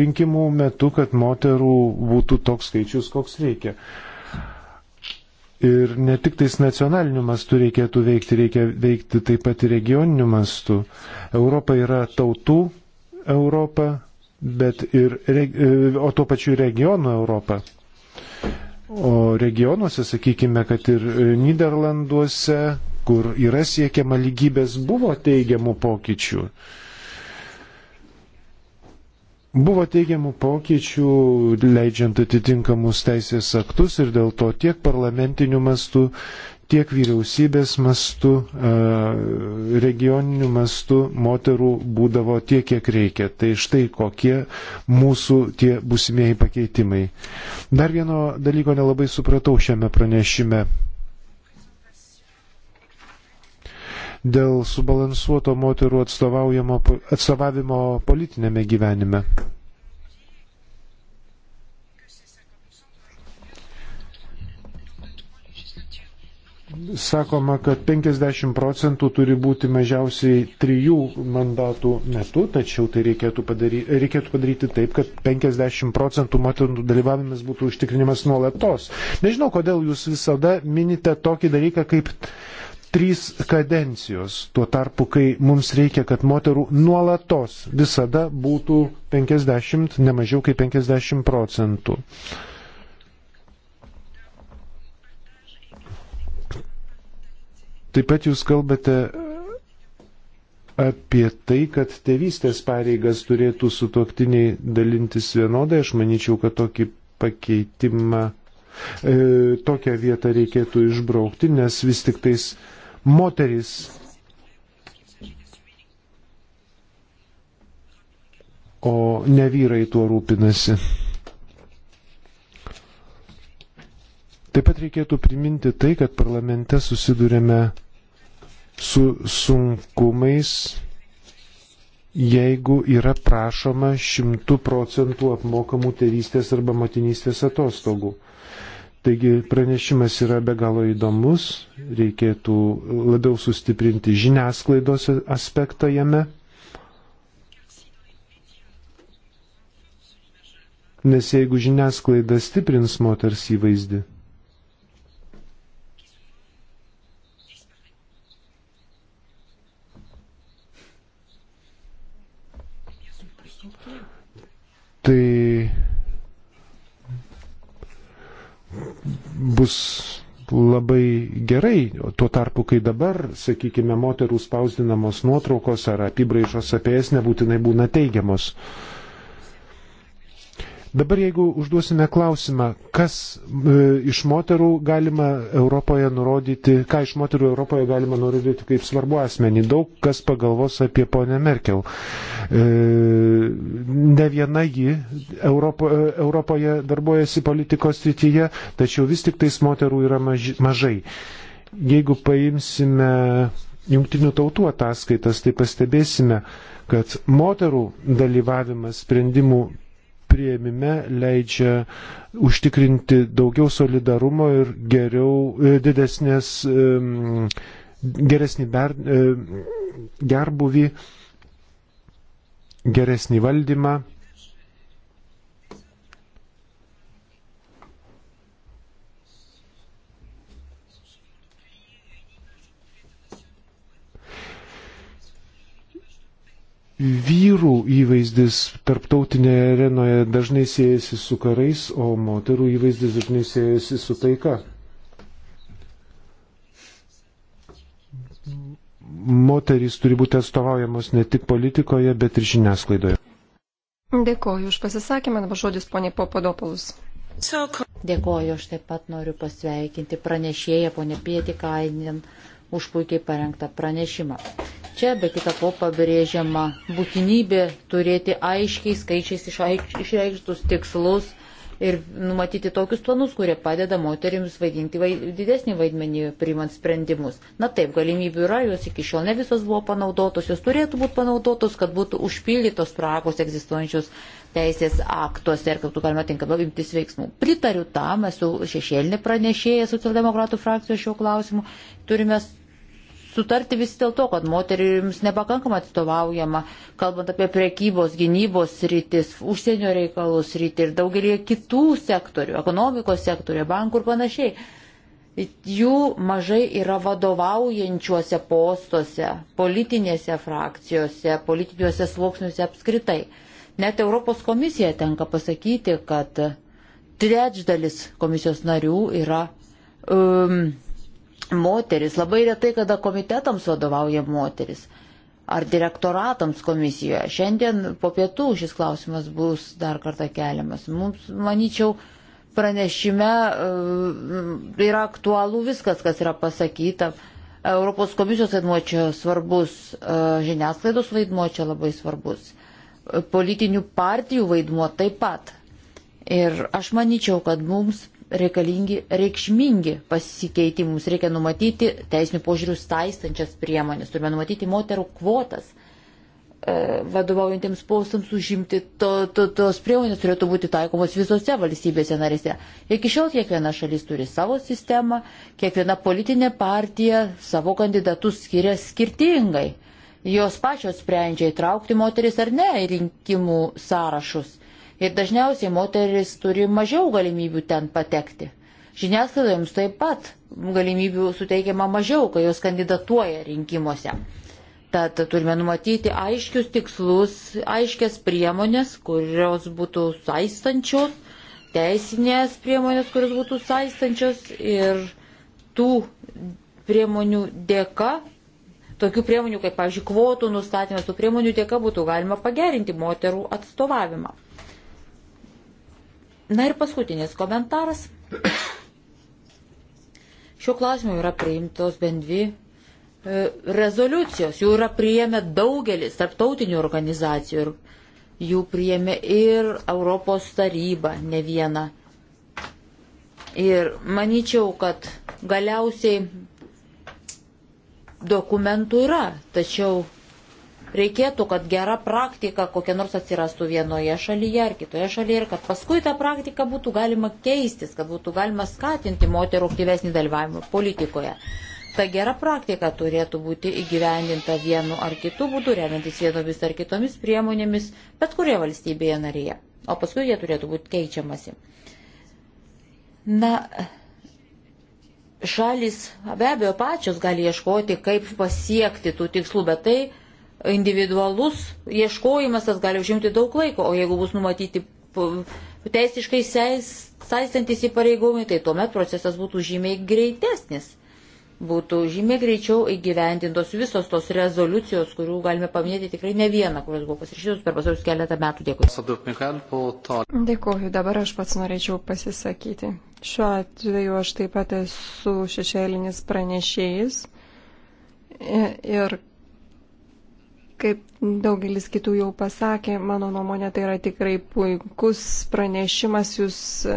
rinkimų metu, kad moterų būtų toks skaičius, koks reikia. Ir ne tik tais nacionaliniu mastu reikėtų veikti, reikia veikti taip pat ir regioniniu mastu. Europa yra tautų Europa, bet ir, e, o tuo pačiu regionų Europa. O regionuose, sakykime, kad ir e, Niderlanduose, kur yra siekiama lygybės, buvo teigiamų pokyčių. Uh, Buvo teigiamų pokyčių, leidžiant atitinkamus teisės aktus ir dėl to tiek parlamentiniu mastu, tiek vyriausybės mastu, e, regioniniu mastu moterų būdavo tiek, kiek reikia. Tai štai kokie mūsų tie busimieji pakeitimai. Dar vieno dalyko nelabai supratau šiame pranešime. dėl subalansuoto moterų atstovavimo politinėme gyvenime. Sakoma, kad 50 procentų turi būti mažiausiai trijų mandatų metu, tačiau tai reikėtų padaryti, reikėtų padaryti taip, kad 50 procentų moterų dalyvavimas būtų užtikrinimas nuolatos. Nežinau, kodėl jūs visada minite tokį dalyką kaip trys kadencijos, tuo tarpu, kai mums reikia, kad moterų nuolatos visada būtų 50, nemažiau kaip 50 procentų. Taip pat jūs kalbate apie tai, kad tėvystės pareigas turėtų sutoktiniai dalintis vienodai. Aš manyčiau, kad tokį pakeitimą E, tokią vietą reikėtų išbraukti, nes vis tik tais moteris o ne vyrai tuo rūpinasi. Taip pat reikėtų priminti tai, kad parlamente susidurėme su sunkumais, jeigu yra prašoma šimtų procentų apmokamų tėvystės arba motinystės atostogų. Taigi pranešimas yra be galo įdomus, reikėtų labiau sustiprinti žiniasklaidos aspektą jame, nes jeigu žiniasklaida stiprins moters įvaizdį, tai bus labai gerai. Tuo tarpu, kai dabar, sakykime, moterų spausdinamos nuotraukos ar apibraižos apie jas nebūtinai būna teigiamos. Uh, Dabar jeigu užduosime klausimą, kas e, iš moterų galima Europoje nurodyti, ką iš moterų Europoje galima nurodyti kaip svarbu asmenį, daug kas pagalvos apie ponę Merkel. E, ne viena ji Europo, e, Europoje darbuojasi politikos srityje, tačiau vis tik tais moterų yra maži, mažai. Jeigu paimsime jungtinių tautų ataskaitas, tai pastebėsime, kad moterų dalyvavimas sprendimų prieimime leidžia užtikrinti daugiau solidarumo ir geriau, e, didesnės, geresnį ber, e, gerbuvį, geresnį valdymą vyrų įvaizdis tarptautinėje arenoje dažnai siejasi su karais, o moterų įvaizdis dažnai siejasi su taika. Moterys turi būti atstovaujamos ne tik politikoje, bet ir žiniasklaidoje. Dėkoju už pasisakymą, dabar žodis ponė Popadopolus. Dėkoju, aš taip pat noriu pasveikinti pranešėją ponę Pietikainin už puikiai parengtą pranešimą. Čia be kita ko pabrėžiama būtinybė turėti aiškiai skaičiais išreikštus tikslus ir numatyti tokius planus, kurie padeda moterims vaidinti vaid, didesnį vaidmenį priimant sprendimus. Na taip, galimybių yra, jos iki šiol ne visos buvo panaudotos, jos turėtų būti panaudotos, kad būtų užpildytos spragos egzistuojančios teisės aktuose ir kad būtų galima tinkamai imtis veiksmų. Pritariu tam, esu šešėlinė pranešėja socialdemokratų frakcijos šiuo klausimu. Turime sutarti vis dėl to, kad moterims nepakankama atstovaujama, kalbant apie priekybos, gynybos rytis, užsienio reikalus rytį ir daugelį kitų sektorių, ekonomikos sektorių, bankų ir panašiai. Jų mažai yra vadovaujančiuose postuose, politinėse frakcijose, politiniuose sluoksniuose apskritai. Net Europos komisija tenka pasakyti, kad trečdalis komisijos narių yra um, moteris. Labai retai, kada komitetams vadovauja moteris ar direktoratams komisijoje. Šiandien po pietų šis klausimas bus dar kartą keliamas. Mums, manyčiau, pranešime e, yra aktualu viskas, kas yra pasakyta. Europos komisijos vaidmuo čia svarbus, e, žiniasklaidos vaidmuo čia labai svarbus, e, politinių partijų vaidmuo taip pat. Ir aš manyčiau, kad mums reikalingi reikšmingi pasikeitimai. Mums reikia numatyti teisinių požiūrių staistančias priemonės, turime numatyti moterų kvotas e, vadovaujantiems postams užimti, to, to, tos priemonės turėtų būti taikomos visose valstybėse narėse. Iki šiol kiekviena šalis turi savo sistemą, kiekviena politinė partija savo kandidatus skiria skirtingai. Jos pačios sprendžia įtraukti moteris ar ne į rinkimų sąrašus. Ir dažniausiai moteris turi mažiau galimybių ten patekti. Žiniasklaidoms taip pat galimybių suteikiama mažiau, kai jos kandidatuoja rinkimuose. Tad turime numatyti aiškius tikslus, aiškias priemonės, kurios būtų saistančios, teisinės priemonės, kurios būtų saistančios ir tų priemonių dėka tokių priemonių kaip, pavyzdžiui, kvotų nustatymas, tų priemonių dėka būtų galima pagerinti moterų atstovavimą. Na ir paskutinis komentaras. Šiuo klausimu yra priimtos bendvi e, rezoliucijos, jų yra priėmę daugelis tarptautinių organizacijų ir jų priėmė ir Europos taryba ne vieną. Ir manyčiau, kad galiausiai dokumentų yra, tačiau reikėtų, kad gera praktika kokia nors atsirastų vienoje šalyje ar kitoje šalyje ir kad paskui tą praktiką būtų galima keistis, kad būtų galima skatinti moterų aktyvesnį dalyvavimą politikoje. Ta gera praktika turėtų būti įgyvendinta vienu ar kitu būdu, remiantis vienomis ar kitomis priemonėmis, bet kurioje valstybėje narėje. O paskui jie turėtų būti keičiamasi. Na, šalis be abejo pačios gali ieškoti, kaip pasiekti tų tikslų, bet tai individualus ieškojimas tas gali užimti daug laiko, o jeigu bus numatyti teisiškai saistantis įpareigojimai, tai tuomet procesas būtų žymiai greitesnis. Būtų žymiai greičiau įgyvendintos visos tos rezoliucijos, kurių galime paminėti tikrai ne vieną, kurios buvo pasirašytos per pasaulius keletą metų. Dėkui. Dėkuoju, dabar aš pats norėčiau pasisakyti. Šiuo atveju aš taip pat esu šešėlinis pranešėjas ir Kaip daugelis kitų jau pasakė, mano nuomonė tai yra tikrai puikus pranešimas. Jūs e,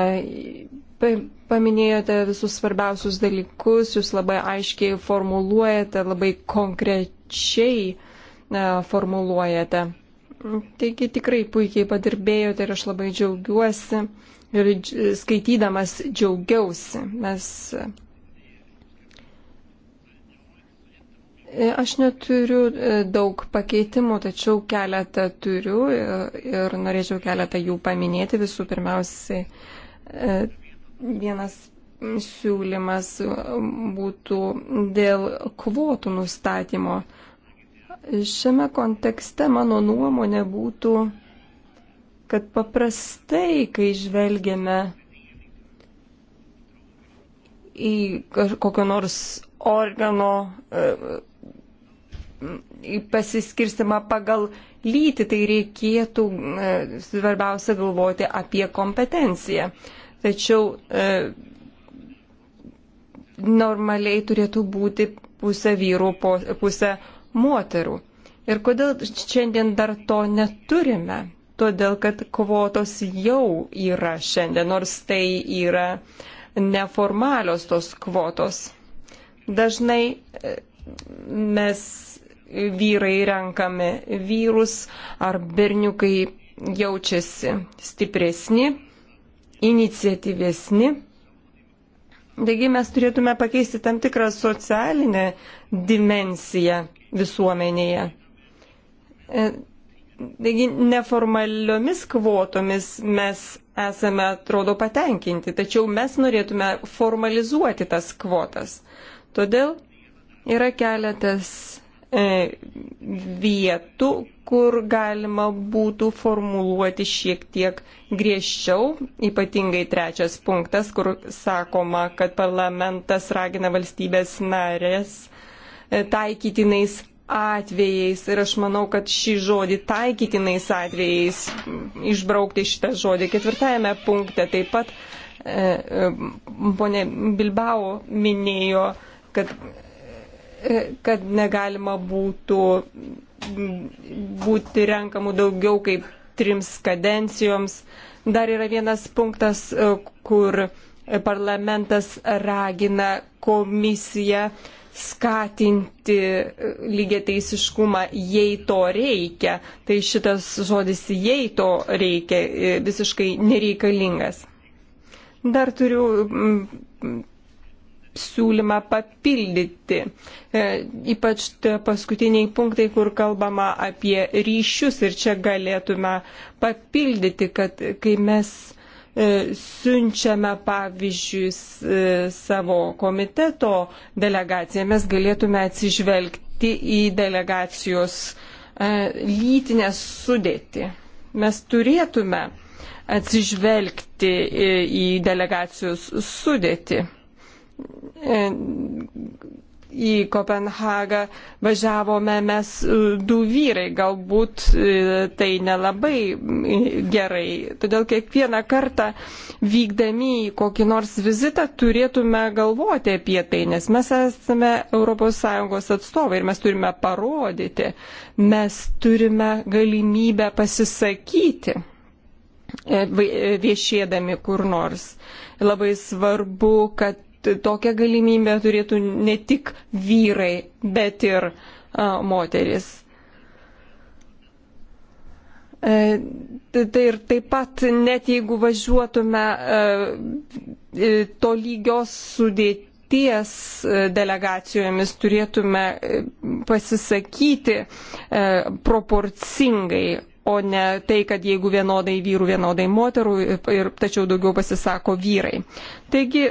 e, paminėjote visus svarbiausius dalykus, jūs labai aiškiai formuluojate, labai konkrečiai e, formuluojate. Taigi tikrai puikiai padirbėjote ir aš labai džiaugiuosi ir skaitydamas džiaugiausi. Mes E, aš neturiu e, daug pakeitimų, tačiau keletą turiu e, ir norėčiau keletą jų paminėti. Visų pirmiausiai vienas siūlymas būtų dėl kvotų nustatymo. Šiame kontekste mano nuomonė būtų, kad paprastai, kai žvelgiame į kokio nors organo pasiskirstimą pagal lytį, tai reikėtų e, svarbiausia galvoti apie kompetenciją. Tačiau e, normaliai turėtų būti pusę vyrų, pusę moterų. Ir kodėl šiandien dar to neturime? Todėl, kad kvotos jau yra šiandien, nors tai yra neformalios tos kvotos. Dažnai e, mes vyrai renkami vyrus, ar berniukai jaučiasi stipresni, iniciatyvesni. Taigi mes turėtume pakeisti tam tikrą socialinę dimensiją visuomenėje. E, taigi neformaliomis kvotomis mes esame, atrodo, patenkinti, tačiau mes norėtume formalizuoti tas kvotas. Todėl yra keletas E, vietų, kur galima būtų formuluoti šiek tiek griežčiau, ypatingai trečias punktas, kur sakoma, kad parlamentas ragina valstybės narės e, taikytinais atvejais ir aš manau, kad šį žodį taikytinais atvejais išbraukti šitą žodį ketvirtajame punkte taip pat e, e, ponė Bilbao minėjo, kad E, kad negalima būtų būti renkamų daugiau kaip trims kadencijoms. Dar yra vienas punktas, e, kur parlamentas ragina komisiją skatinti e, lygiai teisiškumą, jei to reikia. Tai šitas žodis, jei to reikia, visiškai nereikalingas. Dar turiu siūlymą papildyti. E, ypač paskutiniai punktai, kur kalbama apie ryšius ir čia galėtume papildyti, kad kai mes e, siunčiame pavyzdžiui e, savo komiteto delegaciją, mes galėtume atsižvelgti į delegacijos lytinę sudėtį. Mes turėtume atsižvelgti į delegacijos sudėtį. E, į Kopenhagą važiavome mes e, du vyrai, galbūt e, tai nelabai gerai. Todėl kiekvieną kartą vykdami į kokį nors vizitą turėtume galvoti apie tai, nes mes esame ES atstovai ir mes turime parodyti, mes turime galimybę pasisakyti viešėdami kur nors. Labai svarbu, kad tokią galimybę turėtų ne tik vyrai, bet ir a, moteris. E, tai ir taip pat net jeigu važiuotume e, e to lygios sudėties e, delegacijomis, turėtume e, pasisakyti e, proporcingai o ne tai, kad jeigu vienodai vyrų, vienodai moterų, ir, tačiau daugiau pasisako vyrai. Taigi e,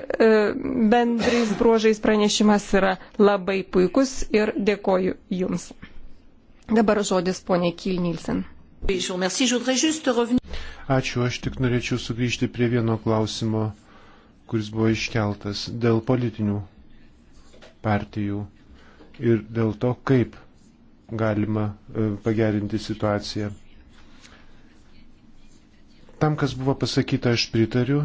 bendrais bruožais pranešimas yra labai puikus ir dėkoju Jums. Dabar žodis ponė Kilnilsen. Ačiū, aš tik norėčiau sugrįžti prie vieno klausimo, kuris buvo iškeltas dėl politinių partijų ir dėl to, kaip galima e, pagerinti situaciją. Tam, kas buvo pasakyta, aš pritariu.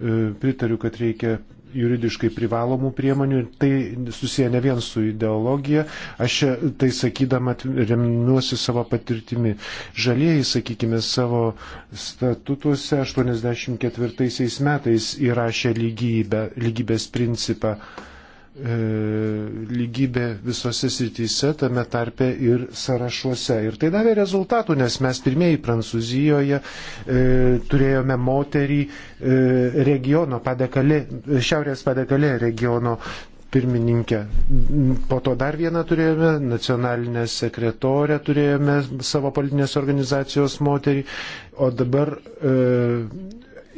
E, pritariu, kad reikia juridiškai privalomų priemonių ir tai susiję ne vien su ideologija. Aš tai sakydama remiuosi savo patirtimi. Žalieji, sakykime, savo statutuose 84 metais įrašė lygybę, lygybės principą. E, lygybė visose srityse, tame tarpe ir sąrašuose. Ir tai davė rezultatų, nes mes pirmieji Prancūzijoje e, turėjome moterį e, regiono padekalė, šiaurės padekalė regiono pirmininkę. Po to dar vieną turėjome, nacionalinę sekretorę turėjome savo politinės organizacijos moterį, o dabar e,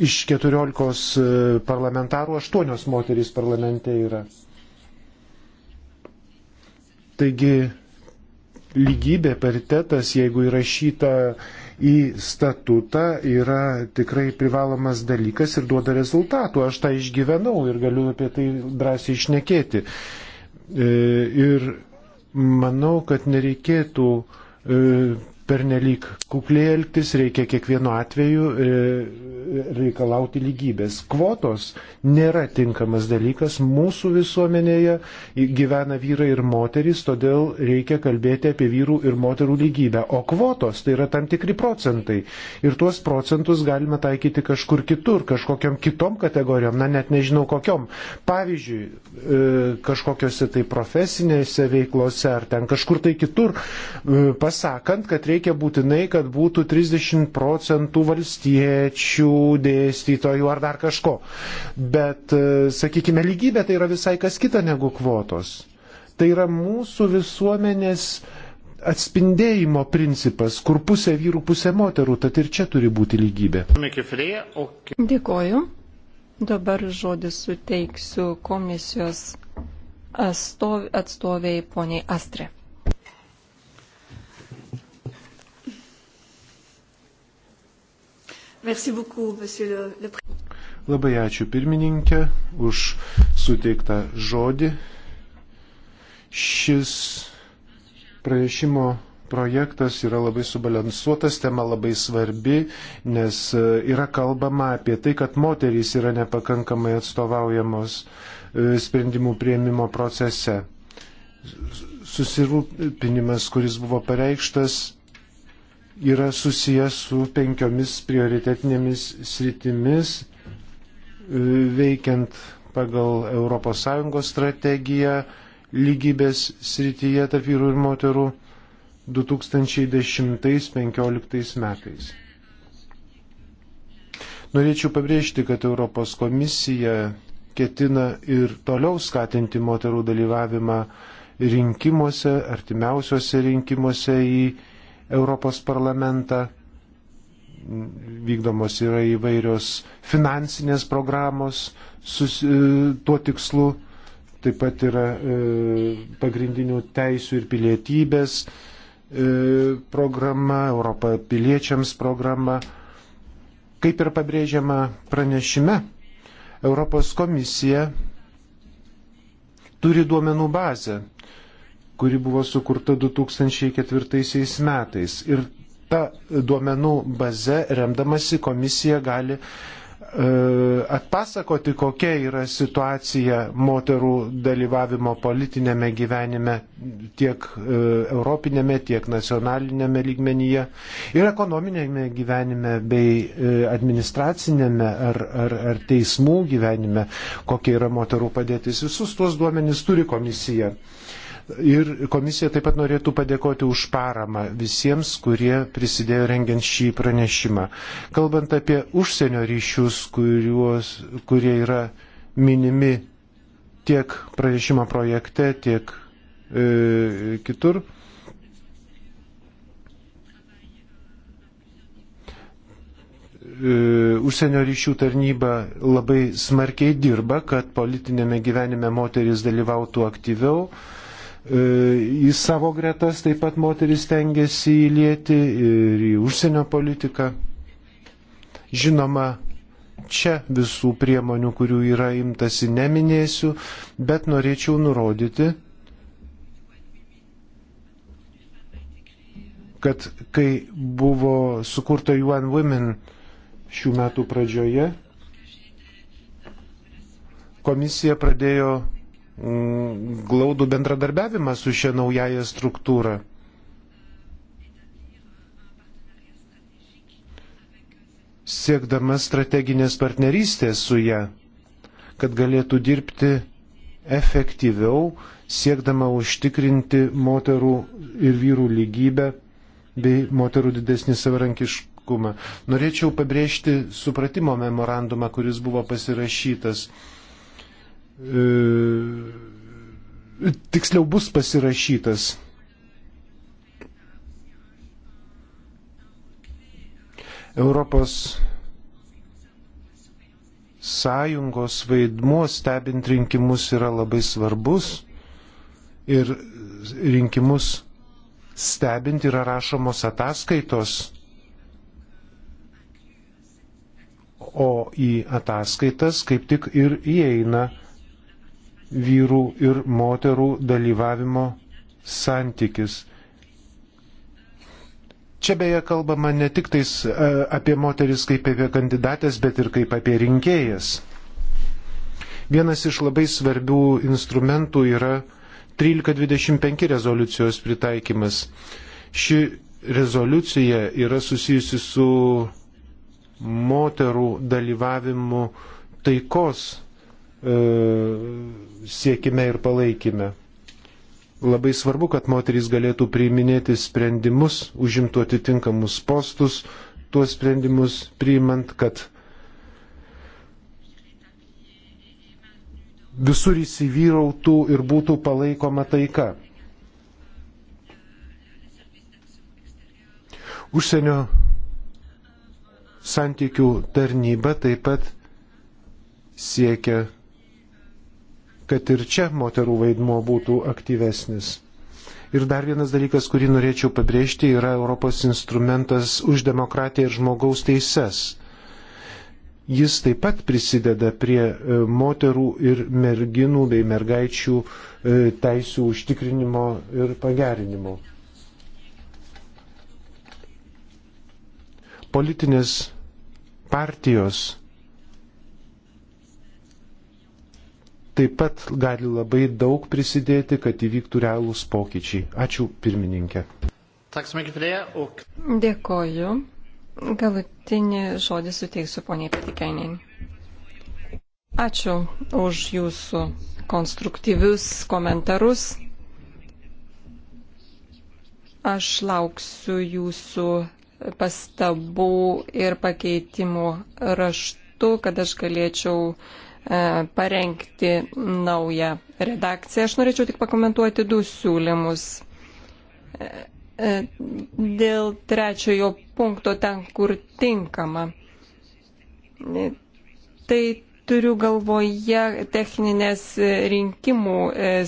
iš 14 e, parlamentarų 8 moterys parlamente yra. Taigi lygybė, paritetas, jeigu įrašyta į statutą, yra tikrai privalomas dalykas ir duoda rezultatų. Aš tą išgyvenau ir galiu apie tai drąsiai išnekėti. E, ir manau, kad nereikėtų e, pernelyg kukliai elgtis, reikia kiekvienu atveju e, reikalauti lygybės. Kvotos nėra tinkamas dalykas mūsų visuomenėje, gyvena vyrai ir moterys, todėl reikia kalbėti apie vyrų ir moterų lygybę. O kvotos tai yra tam tikri procentai. Ir tuos procentus galime taikyti kažkur kitur, kažkokiam kitom kategorijom, na net nežinau kokiom. Pavyzdžiui, e, kažkokiose tai profesinėse veiklose ar ten kažkur tai kitur, e, pasakant, kad reikia būtinai, kad būtų 30 procentų valstiečių, mokytojų, dėstytojų ar dar kažko. Bet, e, sakykime, lygybė tai yra visai kas kita negu kvotos. Tai yra mūsų visuomenės atspindėjimo principas, kur pusė vyrų, pusė moterų, tad ir čia turi būti lygybė. Dėkoju. Dabar žodį suteiksiu komisijos atstoviai poniai Astre. Beaucoup, le, le... Labai ačiū pirmininkė už suteiktą žodį. Šis pranešimo projektas yra labai subalansuotas, tema labai svarbi, nes e, yra kalbama apie tai, kad moterys yra nepakankamai atstovaujamos e, sprendimų prieimimo procese. Susirūpinimas, kuris buvo pareikštas, yra susijęs su penkiomis prioritetinėmis sritimis e, veikiant pagal ES strategiją lygybės srityje tarp vyrų ir moterų 2010-2015 metais. Norėčiau pabrėžti, kad Europos komisija ketina ir toliau skatinti moterų dalyvavimą rinkimuose, artimiausiuose rinkimuose į Europos parlamentą. Vykdomos yra įvairios finansinės programos sus, e, tuo tikslu. Taip pat yra e, pagrindinių teisų ir pilietybės e, programa, Europa piliečiams programa. Kaip ir pabrėžiama pranešime, Europos komisija turi duomenų bazę, kuri buvo sukurta 2004 metais. Ir ta duomenų baze remdamasi komisija gali e, atpasakoti, kokia yra situacija moterų dalyvavimo politinėme gyvenime tiek e, europinėme, tiek nacionalinėme lygmenyje ir ekonominėme gyvenime bei e, administracinėme ar, ar, ar teismų gyvenime, kokia yra moterų padėtis. Visus tuos duomenys turi komisija. Ir komisija taip pat norėtų padėkoti už paramą visiems, kurie prisidėjo rengiant šį pranešimą. Kalbant apie užsienio ryšius, kuriuos, kurie yra minimi tiek pranešimo projekte, tiek e, kitur. E, užsienio ryšių tarnyba labai smarkiai dirba, kad politinėme gyvenime moteris dalyvautų aktyviau. E, E, į savo gretas taip pat moteris tengiasi įlieti ir į užsienio politiką. Žinoma, čia visų priemonių, kurių yra imtasi, neminėsiu, bet norėčiau nurodyti, kad kai buvo sukurta UN Women šių metų pradžioje, komisija pradėjo glaudų bendradarbiavimą su šia naujaja struktūra. Siekdama strateginės partnerystės su ją, kad galėtų dirbti efektyviau, siekdama užtikrinti moterų ir vyrų lygybę bei moterų didesnį savarankiškumą. Norėčiau pabrėžti supratimo memorandumą, kuris buvo pasirašytas E, tiksliau bus pasirašytas. Europos sąjungos vaidmuo stebint rinkimus yra labai svarbus ir rinkimus stebint yra rašomos ataskaitos, o į ataskaitas kaip tik ir įeina vyrų ir moterų dalyvavimo santykis. Čia beje kalbama ne tik tais e, apie moteris kaip apie kandidatės, bet ir kaip apie rinkėjas. Vienas iš labai svarbių instrumentų yra 1325 rezoliucijos pritaikymas. Ši rezoliucija yra susijusi su moterų dalyvavimu taikos E, siekime ir palaikime. Labai svarbu, kad moterys galėtų priiminėti sprendimus, užimtų atitinkamus postus, tuos sprendimus priimant, kad visur įsivyrautų ir būtų palaikoma taika. Užsienio santykių tarnyba taip pat siekia kad ir čia moterų vaidmuo būtų aktyvesnis. Ir dar vienas dalykas, kurį norėčiau pabrėžti, yra Europos instrumentas už demokratiją ir žmogaus teises. Jis taip pat prisideda prie e, moterų ir merginų bei mergaičių e, teisų užtikrinimo ir pagerinimo. Politinės partijos taip pat gali labai daug prisidėti, kad įvyktų realūs pokyčiai. Ačiū pirmininkė. Dėkoju. Galutinį žodį suteiksiu poniai Petikeinin. Ačiū už jūsų konstruktyvius komentarus. Aš lauksiu jūsų pastabų ir pakeitimų raštu, kad aš galėčiau uh, E, parengti naują redakciją. Aš norėčiau tik pakomentuoti du siūlymus. E, e, dėl trečiojo punkto ten, kur tinkama. Tai turiu galvoje techninės rinkimų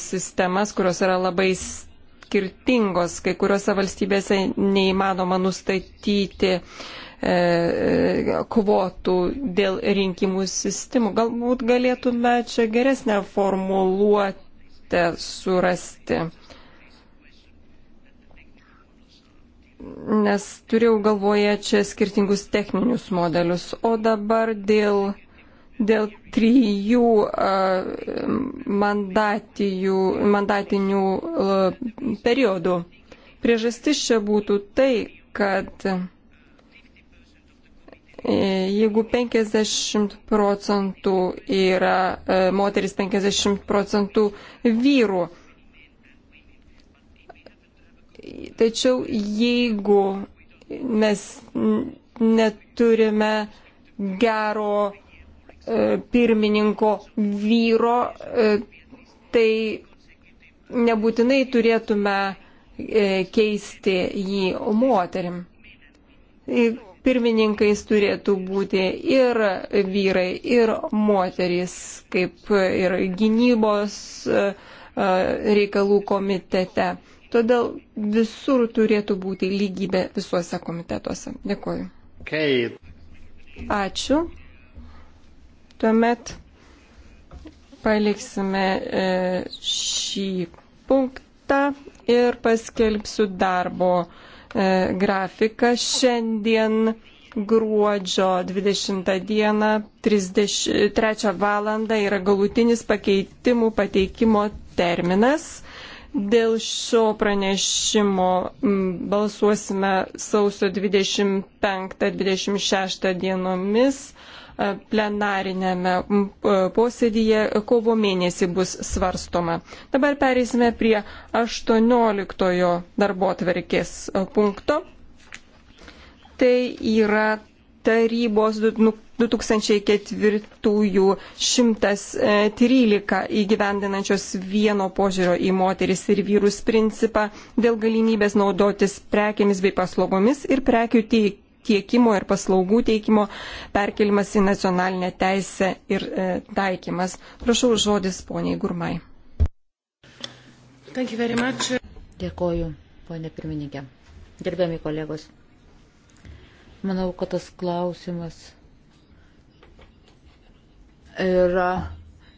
sistemas, kurios yra labai skirtingos. Kai kuriuose valstybėse neįmanoma nustatyti uh, E, e, kvotų dėl rinkimų sistemų. Galbūt galėtume čia geresnę formuluotę surasti. Nes turėjau galvoje čia skirtingus techninius modelius. O dabar dėl, dėl trijų uh, mandatinių uh, periodų. Priežastis čia būtų tai, kad uh, E, jeigu 50 procentų yra e, moteris, 50 procentų vyrų. Tačiau jeigu mes neturime gero e, pirmininko vyro, tai nebūtinai turėtume keisti jį moterim pirmininkais turėtų būti ir vyrai, ir moterys, kaip ir gynybos e, e, reikalų komitete. Todėl visur turėtų būti lygybė visuose komitetuose. Dėkuoju. Okay. Ačiū. Tuomet paliksime e, šį punktą ir paskelbsiu darbo E, grafiką šiandien gruodžio 20 dieną 3 valandą yra galutinis pakeitimų pateikimo terminas. Dėl šio pranešimo balsuosime sausio 25-26 dienomis. E, plenarinėme posėdyje kovo mėnesį bus svarstoma. Dabar pereisime prie 18 darbo atverkės punkto. Tai yra tarybos 2004-113 nu, e, įgyvendinančios vieno požiūrio į moteris ir vyrus principą dėl galimybės naudotis prekėmis bei paslaugomis ir prekių teik tiekimo ir paslaugų teikimo perkelimas į nacionalinę teisę ir e, taikymas. Prašau žodis poniai Gurmai. Dėkoju, ponė pirmininkė. Gerbiami kolegos. Manau, kad tas klausimas yra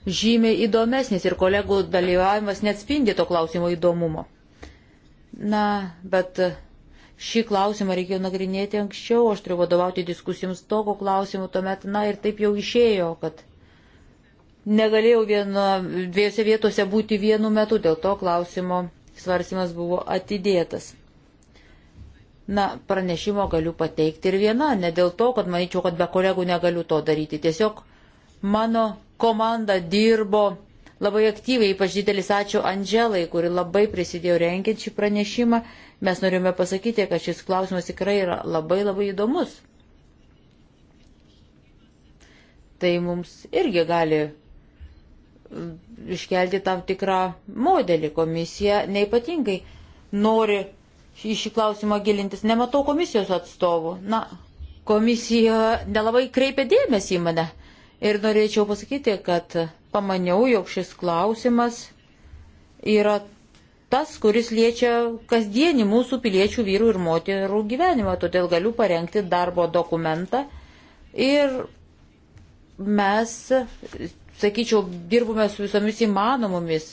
žymiai įdomesnis ir kolegų dalyvavimas neatspindi to klausimo įdomumo. Na, bet šį klausimą reikėjo nagrinėti anksčiau, aš turiu vadovauti diskusijoms toko klausimu, tuomet, na ir taip jau išėjo, kad negalėjau vieno, dviejose vietose būti vienu metu, dėl to klausimo svarsimas buvo atidėtas. Na, pranešimo galiu pateikti ir viena, ne dėl to, kad manyčiau, kad be kolegų negaliu to daryti, tiesiog mano komanda dirbo labai aktyviai, ypač didelis ačiū Andželai, kuri labai prisidėjo rengiant šį pranešimą. Mes norime pasakyti, kad šis klausimas tikrai yra labai labai įdomus. Tai mums irgi gali mm, iškelti tam tikrą modelį. Komisija neipatingai nori į šį klausimą gilintis. Nematau komisijos atstovų. Na, komisija nelabai kreipia dėmesį į mane. Ir norėčiau pasakyti, kad pamaniau, jog šis klausimas yra tas, kuris liečia kasdienį mūsų piliečių vyrų ir moterų gyvenimą. Todėl galiu parengti darbo dokumentą. Ir mes, sakyčiau, dirbome su visomis įmanomomis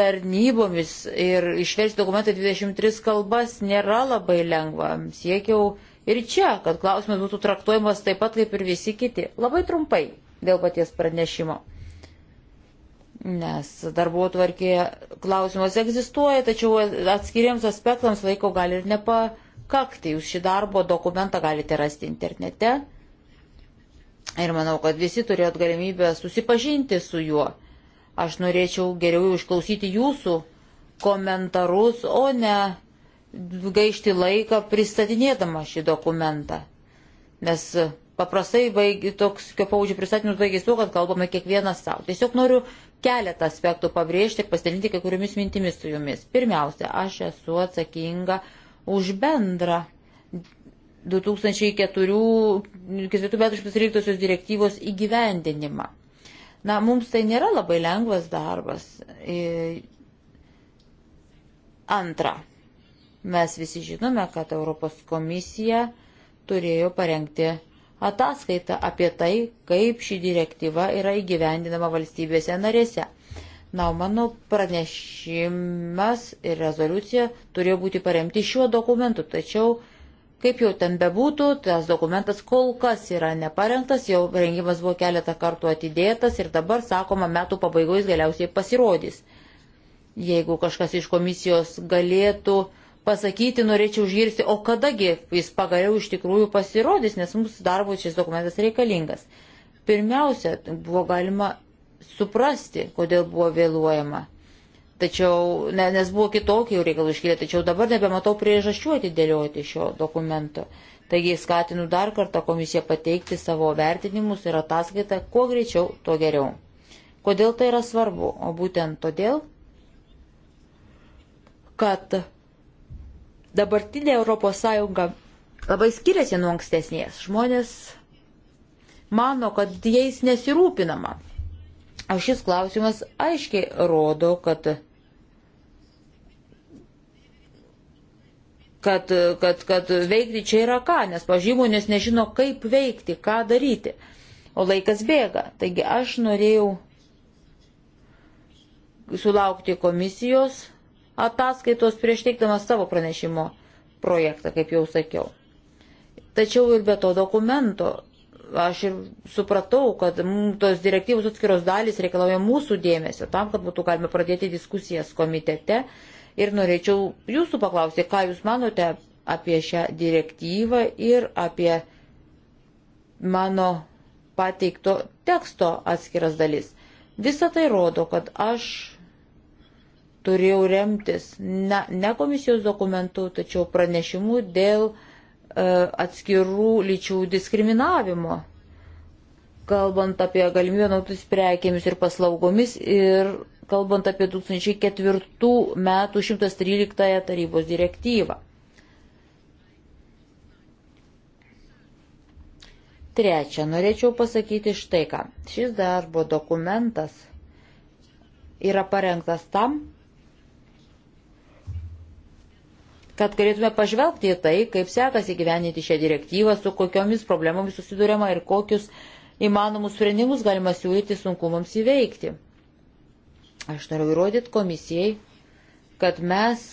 tarnybomis ir išversti dokumentą 23 kalbas nėra labai lengva. Siekiau ir čia, kad klausimas būtų traktuojamas taip pat kaip ir visi kiti. Labai trumpai dėl paties pranešimo. Nes darbo tvarkėje klausimas egzistuoja, tačiau atskiriems aspektams laiko gali ir nepakakti. Jūs šį darbo dokumentą galite rasti internete. Ir manau, kad visi turėjot galimybę susipažinti su juo. Aš norėčiau geriau išklausyti jūsų komentarus, o ne gaišti laiką pristatinėdama šį dokumentą. Nes paprastai baigi, toks paudžių pristatymus baigės tuo, kad kalbame kiekvienas savo. Tiesiog noriu keletą aspektų pabrėžti ir pasidalinti kai kuriomis mintimis su jumis. Pirmiausia, aš esu atsakinga už bendrą 2004 metų 13 direktyvos įgyvendinimą. Na, mums tai nėra labai lengvas darbas. E, antra, Mes visi žinome, kad Europos komisija turėjo parengti ataskaitą apie tai, kaip ši direktyva yra įgyvendinama valstybėse narėse. Na, mano pranešimas ir rezoliucija turėjo būti paremti šiuo dokumentu, tačiau, kaip jau ten bebūtų, tas dokumentas kol kas yra neparengtas, jau rengimas buvo keletą kartų atidėtas ir dabar, sakoma, metų pabaigoje galiausiai pasirodys. Jeigu kažkas iš komisijos galėtų pasakyti, norėčiau užgirsti, o kadagi jis pagaliau iš tikrųjų pasirodys, nes mums darbo šis dokumentas reikalingas. Pirmiausia, buvo galima suprasti, kodėl buvo vėluojama. Tačiau, ne, nes buvo kitokių jau reikalų iškilę, tačiau dabar nebematau priežasčių atidėlioti šio dokumento. Taigi skatinu dar kartą komisiją pateikti savo vertinimus ir ataskaitą, kuo greičiau, tuo geriau. Kodėl tai yra svarbu? O būtent todėl, kad dabartinė ES labai skiriasi nuo ankstesnės. Žmonės mano, kad jais nesirūpinama. O šis klausimas aiškiai rodo, kad, kad, kad, kad veikti čia yra ką, nes pažymonės nežino, kaip veikti, ką daryti. O laikas bėga. Taigi aš norėjau sulaukti komisijos ataskaitos prieš teikdamas savo pranešimo projektą, kaip jau sakiau. Tačiau ir be to dokumento aš ir supratau, kad tos direktyvos atskiros dalys reikalauja mūsų dėmesio tam, kad būtų galima pradėti diskusijas komitete. Ir norėčiau jūsų paklausti, ką jūs manote apie šią direktyvą ir apie mano pateikto teksto atskiras dalis. Visą tai rodo, kad aš turėjau remtis ne, ne komisijos dokumentų, tačiau pranešimų dėl e, atskirų lyčių diskriminavimo, kalbant apie galimybę naudotis prekėmis ir paslaugomis ir kalbant apie 2004 metų 113 tarybos direktyvą. Trečia, norėčiau pasakyti štai ką. Šis darbo dokumentas yra parengtas tam, kad galėtume pažvelgti į tai, kaip sekasi gyveninti šią direktyvą, su kokiomis problemomis susidurėma ir kokius įmanomus sprendimus galima siūlyti sunkumams įveikti. Aš noriu įrodyti komisijai, kad mes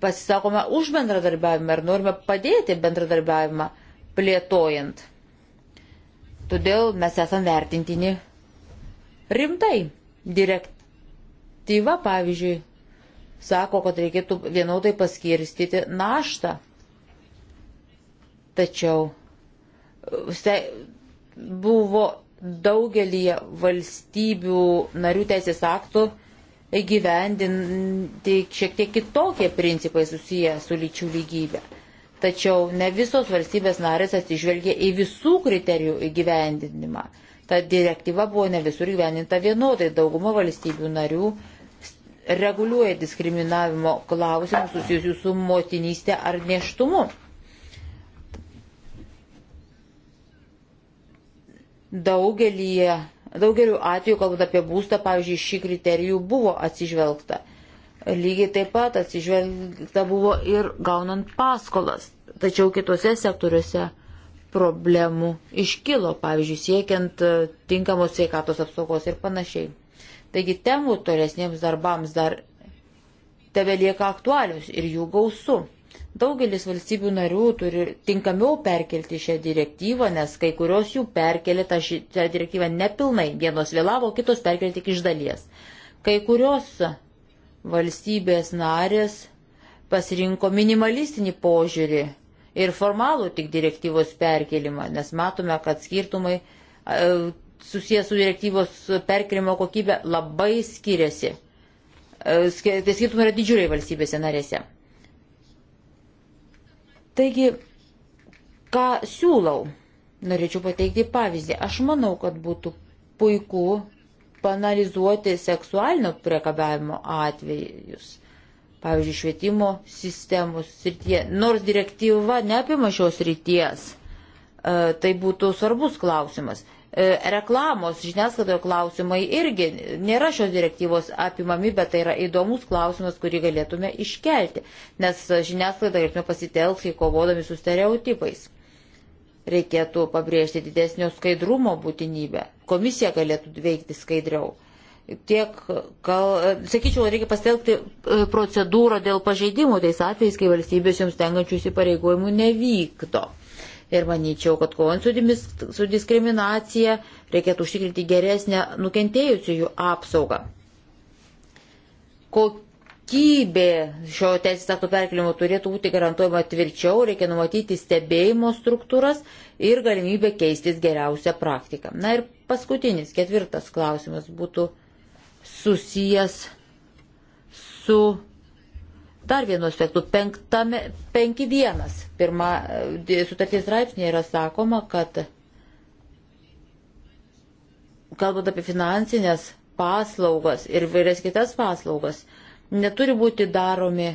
pasisakome už bendradarbiavimą ir norime padėti bendradarbiavimą plėtojant. Todėl mes esame vertintini rimtai. Direktyva, pavyzdžiui, sako, kad reikėtų vienodai paskirstyti naštą. Tačiau buvo daugelį valstybių narių teisės aktų įgyvendinti šiek tiek kitokie principai susiję su lyčių lygybė. Tačiau ne visos valstybės narės atsižvelgia į visų kriterijų įgyvendinimą. Ta direktyva buvo ne visur įgyvendinta vienodai. Dauguma valstybių narių reguliuoja diskriminavimo klausimus susijusius su motinystė ar neštumu. Daugelį, daugeliu atveju, kalbant apie būstą, pavyzdžiui, šį kriterijų buvo atsižvelgta. Lygiai taip pat atsižvelgta buvo ir gaunant paskolas. Tačiau kitose sektoriuose problemų iškilo, pavyzdžiui, siekiant tinkamos sveikatos apsaugos ir panašiai. Taigi temų tolesniems darbams dar tebe lieka aktualius ir jų gausu. Daugelis valstybių narių turi tinkamiau perkelti šią direktyvą, nes kai kurios jų perkelė tą, šį, tą direktyvą nepilnai, vienos vėlavo, kitos perkelė tik iš dalies. Kai kurios valstybės narės pasirinko minimalistinį požiūrį ir formalų tik direktyvos perkelimą, nes matome, kad skirtumai e, susijęs su direktyvos perkelimo kokybė labai skiriasi. E, tai skirtumai yra didžiuliai valstybėse narėse. Taigi, ką siūlau? Norėčiau pateikti pavyzdį. Aš manau, kad būtų puiku panalizuoti seksualinio priekabiavimo atvejus. Pavyzdžiui, švietimo sistemos srityje. Nors direktyva neapima šios ryties, e, tai būtų svarbus klausimas. E, reklamos žiniasklaidoje klausimai irgi nėra šios direktyvos apimami, bet tai yra įdomus klausimas, kurį galėtume iškelti, nes žiniasklaidą galėtume pasitelkti kovodami su stereotipais. Reikėtų pabrėžti didesnio skaidrumo būtinybę. Komisija galėtų veikti skaidriau. Tiek, kal, sakyčiau, reikia pasitelkti e, procedūrą dėl pažeidimų tais atvejais, kai valstybės jums tenkančių įsipareigojimų nevykdo Ir manyčiau, kad kovant su, su diskriminacija reikėtų užtikrinti geresnę nukentėjusiųjų apsaugą. Kokybė šio teisės akto perkelimo turėtų būti garantuojama tvirčiau, reikia numatyti stebėjimo struktūras ir galimybę keistis geriausią praktiką. Na ir paskutinis, ketvirtas klausimas būtų susijęs su dar vienu aspektu. Penktame, penki vienas. Pirma, e, sutarties straipsnėje yra sakoma, kad kalbant apie finansinės paslaugas ir vairias kitas paslaugas, neturi būti daromi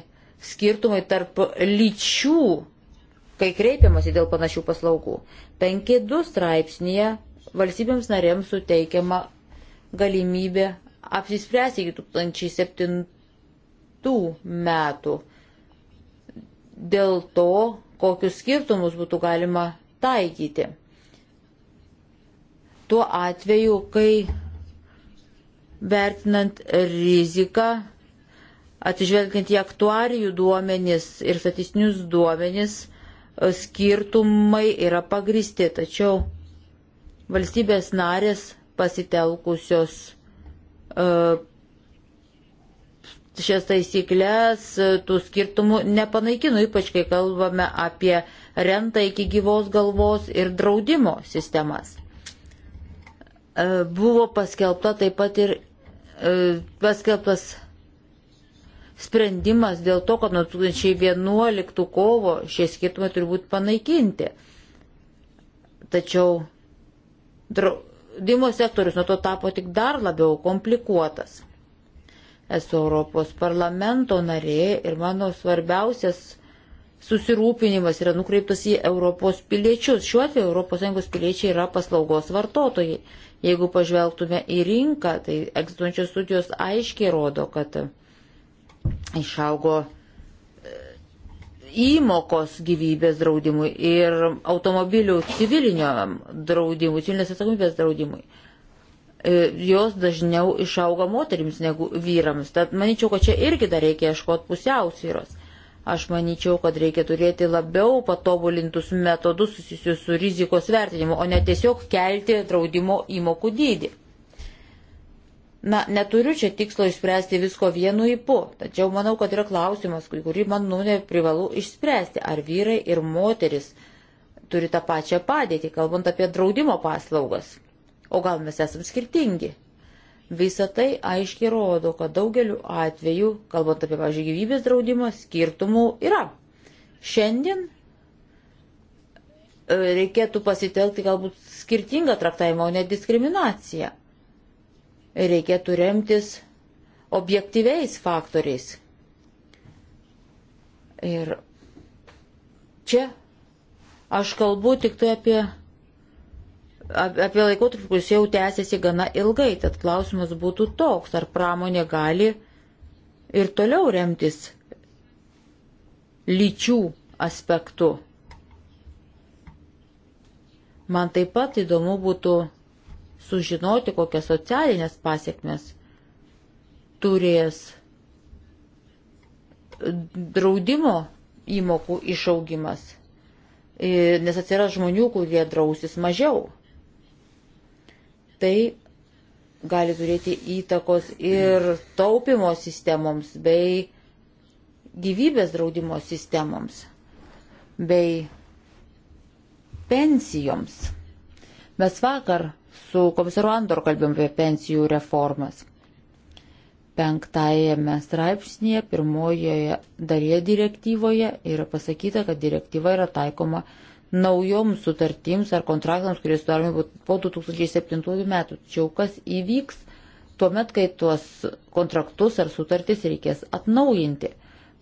skirtumai tarp lyčių, kai kreipiamasi dėl panašių paslaugų. 5.2 straipsnėje valstybėms narėms suteikiama galimybė apsispręsti iki 2007 kitų metų dėl to, kokius skirtumus būtų galima taikyti. Tuo atveju, kai vertinant riziką, atsižvelgiant į aktuarijų duomenis ir statistinius duomenis, skirtumai yra pagristi, tačiau valstybės narės pasitelkusios uh, šias taisyklės e, tų skirtumų nepanaikino, ypač kai kalbame apie rentą iki gyvos galvos ir draudimo sistemas. E, buvo paskelbta taip pat ir e, paskelbtas sprendimas dėl to, kad nuo 2011 kovo šie skirtumai turi būti panaikinti. Tačiau draudimo sektorius nuo to tapo tik dar labiau komplikuotas. Esu Europos parlamento narė ir mano svarbiausias susirūpinimas yra nukreiptas į Europos piliečius. Šiuo atveju ES piliečiai yra paslaugos vartotojai. Jeigu pažvelgtume į rinką, tai egzistuojančios studijos aiškiai rodo, kad išaugo e, įmokos gyvybės draudimui ir automobilių civilinio draudimui, civilinės atsakomybės draudimui. E, jos dažniau išauga moterims negu vyrams. Tad manyčiau, kad čia irgi dar reikia ieškoti pusiausvyros. Aš manyčiau, kad reikia turėti labiau patobulintus metodus susijusius su rizikos vertinimu, o ne tiesiog kelti draudimo įmokų dydį. Na, neturiu čia tikslo išspręsti visko vienu įpu, tačiau manau, kad yra klausimas, kurį man nuonė privalu išspręsti, ar vyrai ir moteris turi tą pačią padėtį, kalbant apie draudimo paslaugas o gal mes esam skirtingi. Visą tai aiškiai rodo, kad daugeliu atveju, kalbant apie, pavyzdžiui, gyvybės draudimą, skirtumų yra. Šiandien e, reikėtų pasitelkti galbūt skirtingą traktavimą, o ne diskriminaciją. Reikėtų remtis objektyviais faktoriais. Ir čia aš kalbu tik tai apie apie laikotarpius jau tęsiasi gana ilgai, tad klausimas būtų toks, ar pramonė gali ir toliau remtis lyčių aspektu. Man taip pat įdomu būtų sužinoti, kokias socialinės pasiekmes turės draudimo įmokų išaugimas, nes atsiras žmonių, kurie drausis mažiau tai gali turėti įtakos ir taupimo sistemoms bei gyvybės draudimo sistemoms bei pensijoms. Mes vakar su komisaru Andor kalbėjom apie pensijų reformas. Penktajame straipsnėje, pirmojoje dalyje direktyvoje yra pasakyta, kad direktyva yra taikoma naujoms sutartims ar kontraktams, kurie sudaromi po 2007 metų. Tačiau kas įvyks tuomet, kai tuos kontraktus ar sutartis reikės atnaujinti.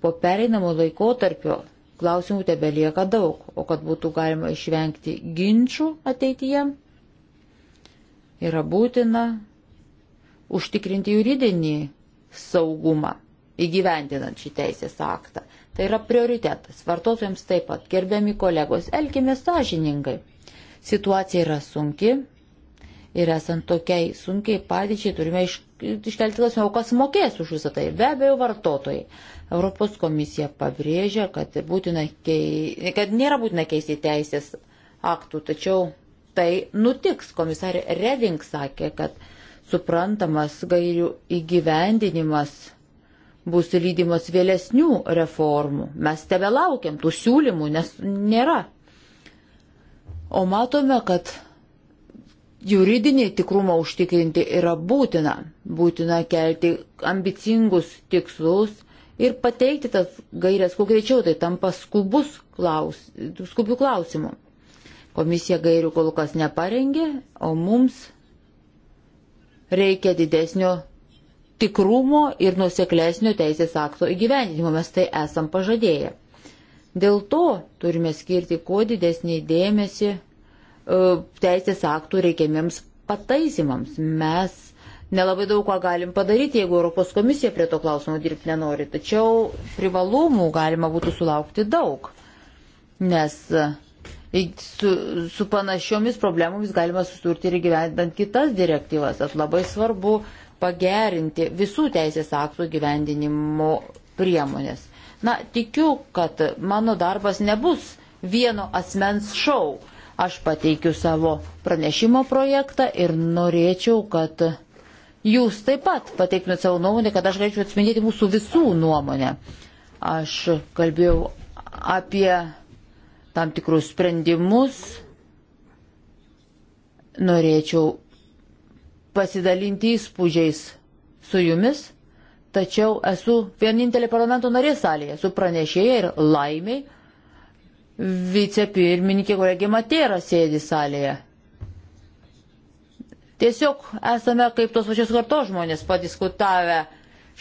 Po pereinamo laikotarpio klausimų tebelieka daug, o kad būtų galima išvengti ginčių ateityje, yra būtina užtikrinti juridinį saugumą įgyvendinant šį teisės aktą. Tai yra prioritetas. Vartotojams taip pat, gerbiami kolegos, elkime sąžiningai. Situacija yra sunki ir esant tokiai sunkiai padėčiai turime iš, iškelti klausimą, o kas mokės už visą tai? Be abejo, vartotojai. Europos komisija pabrėžia, kad, būtina kei, kad nėra būtina keisti teisės aktų, tačiau tai nutiks. Komisarė Reding sakė, kad suprantamas gairių įgyvendinimas bus lydimas vėlesnių reformų. Mes tebe laukiam tų siūlymų, nes nėra. O matome, kad juridinį tikrumą užtikrinti yra būtina. Būtina kelti ambicingus tikslus ir pateikti tas gairias kuo greičiau, tai tampa skubus klaus, skubių klausimų. Komisija gairių kol kas neparengė, o mums reikia didesnio tikrumo ir nuseklesnio teisės akto įgyvendinimo. Mes tai esam pažadėję. Dėl to turime skirti kuo didesnį dėmesį e, teisės aktų reikiamiems pataisimams. Mes nelabai daug ką galim padaryti, jeigu Europos komisija prie to klausimo dirbti nenori. Tačiau privalumų galima būtų sulaukti daug, nes e, su, su panašiomis problemomis galima susidurti ir gyvendant kitas direktyvas. Tad labai svarbu pagerinti visų teisės aktų gyvendinimo priemonės. Na, tikiu, kad mano darbas nebus vieno asmens šau. Aš pateikiu savo pranešimo projektą ir norėčiau, kad jūs taip pat pateiktumėt savo nuomonę, kad aš galėčiau atspindėti mūsų visų nuomonę. Aš kalbėjau apie tam tikrus sprendimus, norėčiau pasidalinti įspūdžiais su jumis, tačiau esu vienintelė parlamento narė salėje, esu pranešėja ir laimiai vicepirmininkė kolegė Matėra sėdi salėje. Tiesiog esame kaip tos pačios kartos žmonės padiskutavę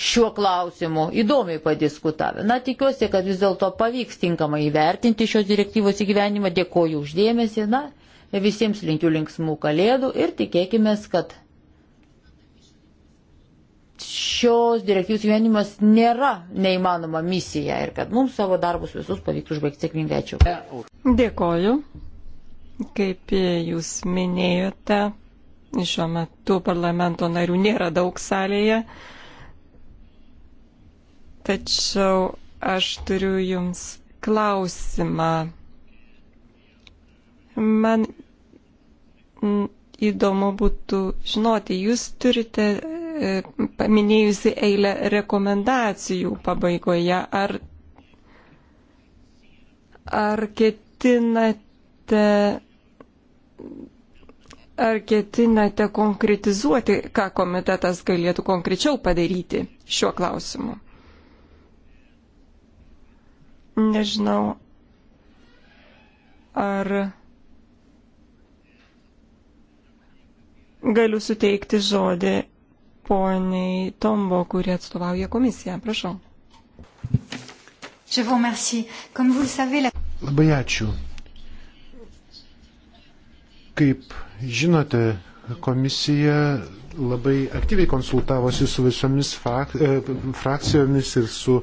šiuo klausimu, įdomiai padiskutavę. Na, tikiuosi, kad vis dėlto pavyks tinkamai įvertinti šios direktyvos įgyvenimą. Dėkoju uždėmesi, na, visiems linkiu linksmų kalėdų ir tikėkime, kad šios direktyvos gyvenimas nėra neįmanoma misija ir kad mums savo darbus visus pavyktų užbaigti sėkmingai. Ačiū. Dėkoju. Kaip jūs minėjote, šiuo metu parlamento narių nėra daug salėje, tačiau aš turiu jums klausimą. Man įdomu būtų žinoti, jūs turite E, paminėjusi eilę rekomendacijų pabaigoje. Ar, ar ketinate. Ar ketinate konkretizuoti, ką komitetas galėtų konkrečiau padaryti šiuo klausimu? Nežinau, ar galiu suteikti žodį poniai Tombo, kuri atstovauja komisiją. Prašau. Labai ačiū. Kaip žinote, komisija labai aktyviai konsultavosi su visomis frak, e, frakcijomis ir su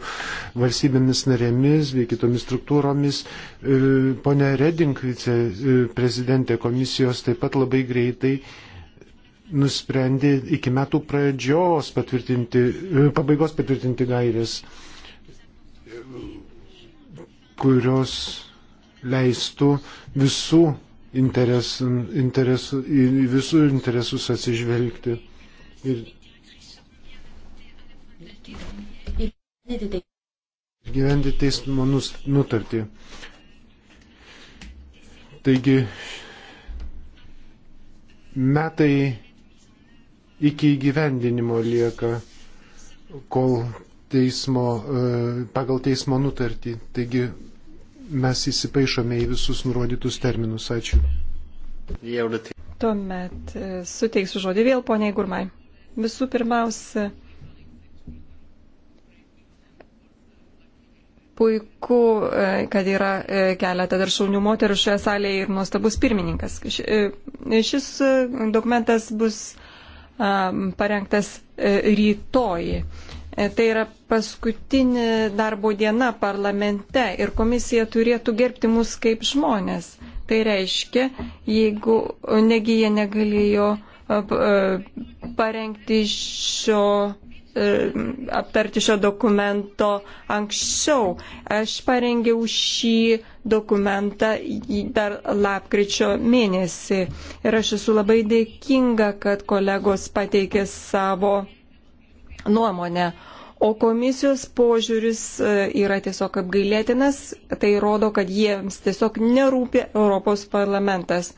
valstybėmis narėmis bei kitomis struktūromis. E, pone Reding, viceprezidentė komisijos, taip pat labai greitai e, nusprendė iki metų pradžios patvirtinti, e, pabaigos patvirtinti gairės, kurios leistų visų interesų, interesų, į visų interesus atsižvelgti. Ir gyventi teismo nutartį. Taigi metai iki įgyvendinimo lieka, kol teismo, e, pagal teismo nutartį. Taigi mes įsipaišome į visus nurodytus terminus. Ačiū. Tuomet e, suteiksiu žodį vėl poniai Gurmai. Visų pirmausia, puiku, e, kad yra keletą dar šaunių moterų šioje salėje ir nuostabus pirmininkas. Šis dokumentas bus parengtas e, rytoj. E, tai yra paskutinė darbo diena parlamente ir komisija turėtų gerbti mus kaip žmonės. Tai reiškia, jeigu negi jie negalėjo e, parengti šio E, aptarti šio dokumento anksčiau. Aš parengiau šį dokumentą dar lapkričio mėnesį ir aš esu labai dėkinga, kad kolegos pateikė savo nuomonę. O komisijos požiūris e, yra tiesiog apgailėtinas, tai rodo, kad jiems tiesiog nerūpi Europos parlamentas.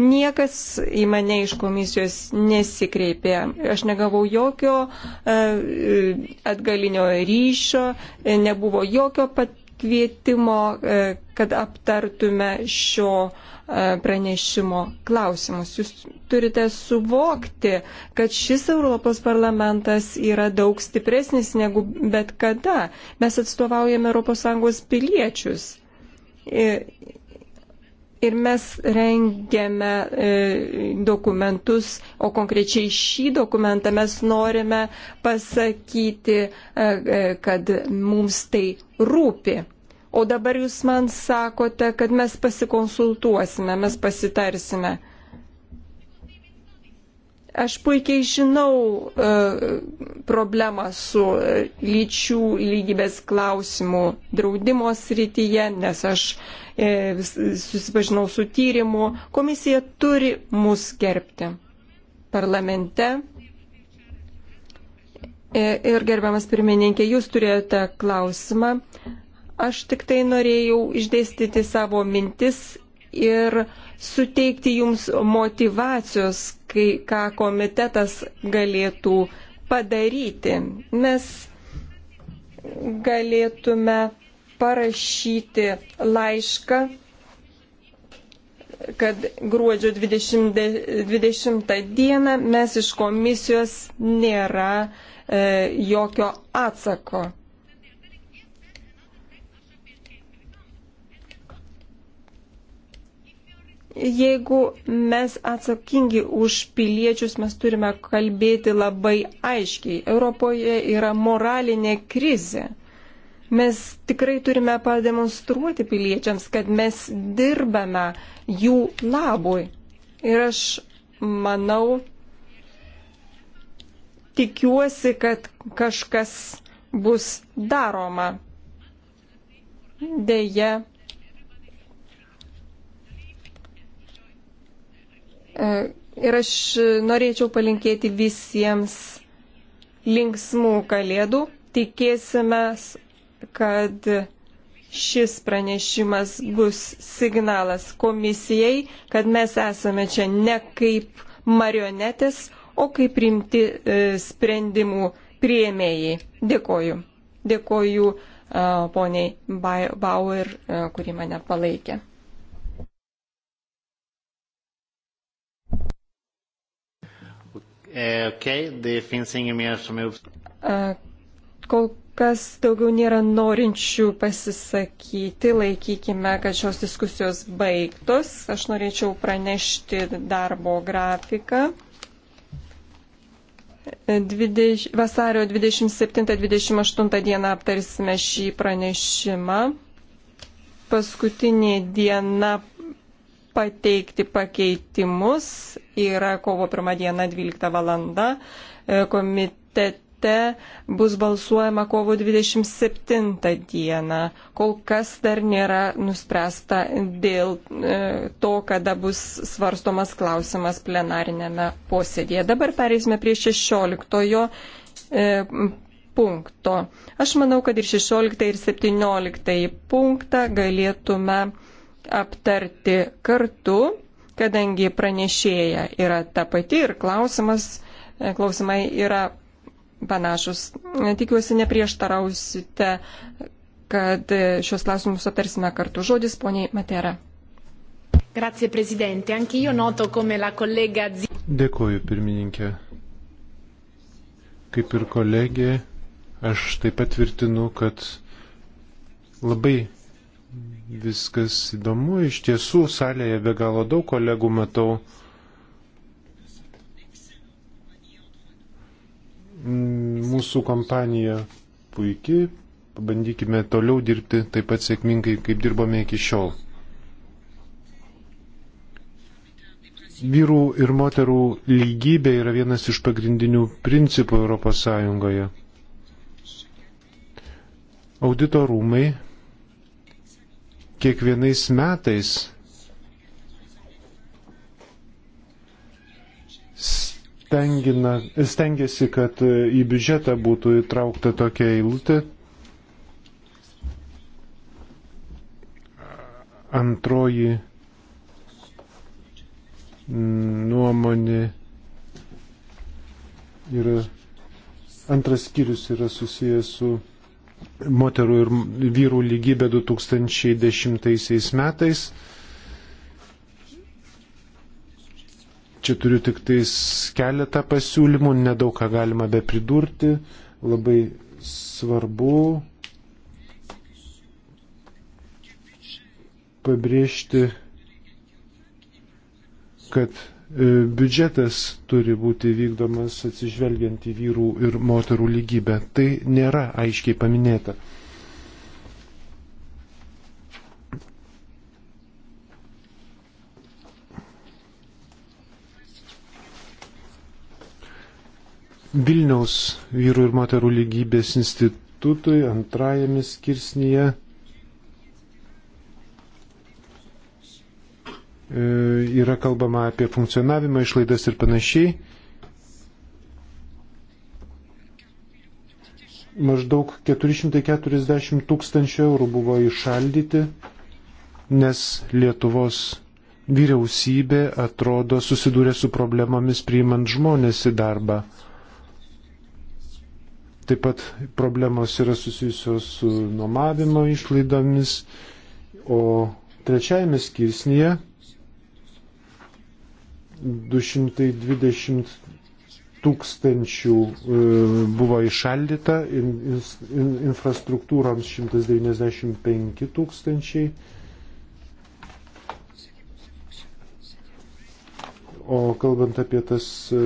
Niekas į mane iš komisijos nesikreipė. Aš negavau jokio e, atgalinio ryšio, e, nebuvo jokio pakvietimo, e, kad aptartume šio pranešimo klausimus. Jūs turite suvokti, kad šis Europos parlamentas yra daug stipresnis negu bet kada. Mes atstovaujame ES piliečius. Ir mes rengiame e, dokumentus, o konkrečiai šį dokumentą mes norime pasakyti, e, e, kad mums tai rūpi. O dabar jūs man sakote, kad mes pasikonsultuosime, mes pasitarsime. Aš puikiai žinau e, problemą su e, lyčių lygybės klausimu draudimo srityje, nes aš e, susipažinau su tyrimu. Komisija turi mus gerbti parlamente. E, ir gerbiamas pirmininkė, jūs turėjote klausimą. Aš tik tai norėjau išdėstyti savo mintis ir e, suteikti jums motivacijos, kai, ką komitetas galėtų padaryti. Mes galėtume parašyti laišką, kad gruodžio 20, 20 dieną mes iš komisijos nėra e, jokio atsako. Jeigu mes atsakingi už piliečius, mes turime kalbėti labai aiškiai. Europoje yra moralinė krizė. Mes tikrai turime pademonstruoti piliečiams, kad mes dirbame jų labui. Ir aš manau, tikiuosi, kad kažkas bus daroma. Deja, E, ir aš norėčiau palinkėti visiems linksmų kalėdų. Tikėsime, kad šis pranešimas bus signalas komisijai, kad mes esame čia ne kaip marionetės, o kaip rimti e, sprendimų prieimėjai. Dėkoju. Dėkoju e, poniai Bauer, e, kuri mane palaikė. Eh, eh, kol kas daugiau nėra norinčių pasisakyti, laikykime, kad šios diskusijos baigtos. Aš norėčiau pranešti darbo grafiką. 20, vasario 27-28 dieną aptarsime šį pranešimą. Paskutinė diena pateikti pakeitimus yra kovo pirmą dieną 12 val. E, komitete bus balsuojama kovo 27 dieną. Kol kas dar nėra nuspręsta dėl e, to, kada bus svarstomas klausimas plenarinėme posėdėje. Dabar pereisime prie 16 e, punkto. Aš manau, kad ir 16 ir 17 punktą galėtume aptarti kartu, kadangi pranešėja yra ta pati ir klausimas, e, klausimai yra panašus. Tikiuosi, neprieštarausite, kad e, šios klausimus aptarsime kartu. Žodis poniai Matera. Grazie Presidente, anch'io noto come la collega Zimmer. Dėkuoju pirmininkė. Kaip ir kolegė, aš taip pat tvirtinu, kad labai Viskas įdomu, iš tiesų salėje be galo daug kolegų matau. Mūsų kompanija puikiai, pabandykime toliau dirbti taip pat sėkmingai, kaip dirbome iki šiol. Vyrų ir moterų lygybė yra vienas iš pagrindinių principų ES. Audito rūmai kiekvienais metais stengina, stengiasi, kad į biudžetą būtų įtraukta tokia eilutė. Antroji nuomonė yra, antras skyrius yra susijęs su moterų ir vyrų lygybę 2010 metais. Čia turiu tik tais keletą pasiūlymų, nedaug ką galima be pridurti. Labai svarbu pabrėžti, kad E, biudžetas turi būti vykdomas atsižvelgiant į vyrų ir moterų lygybę. Tai nėra aiškiai paminėta. Vilniaus vyrų ir moterų lygybės institutui antrajame skirsnyje E, yra kalbama apie funkcionavimą, išlaidas ir panašiai. Maždaug 440 tūkstančių eurų buvo išaldyti, nes Lietuvos vyriausybė atrodo susidūrė su problemomis priimant žmonės į darbą. Taip pat problemos yra susijusios su nuomavimo išlaidomis, o trečiajame skirsnyje 220 tūkstančių e, buvo išaldyta, infrastruktūroms 195 tūkstančiai, o kalbant apie tas e,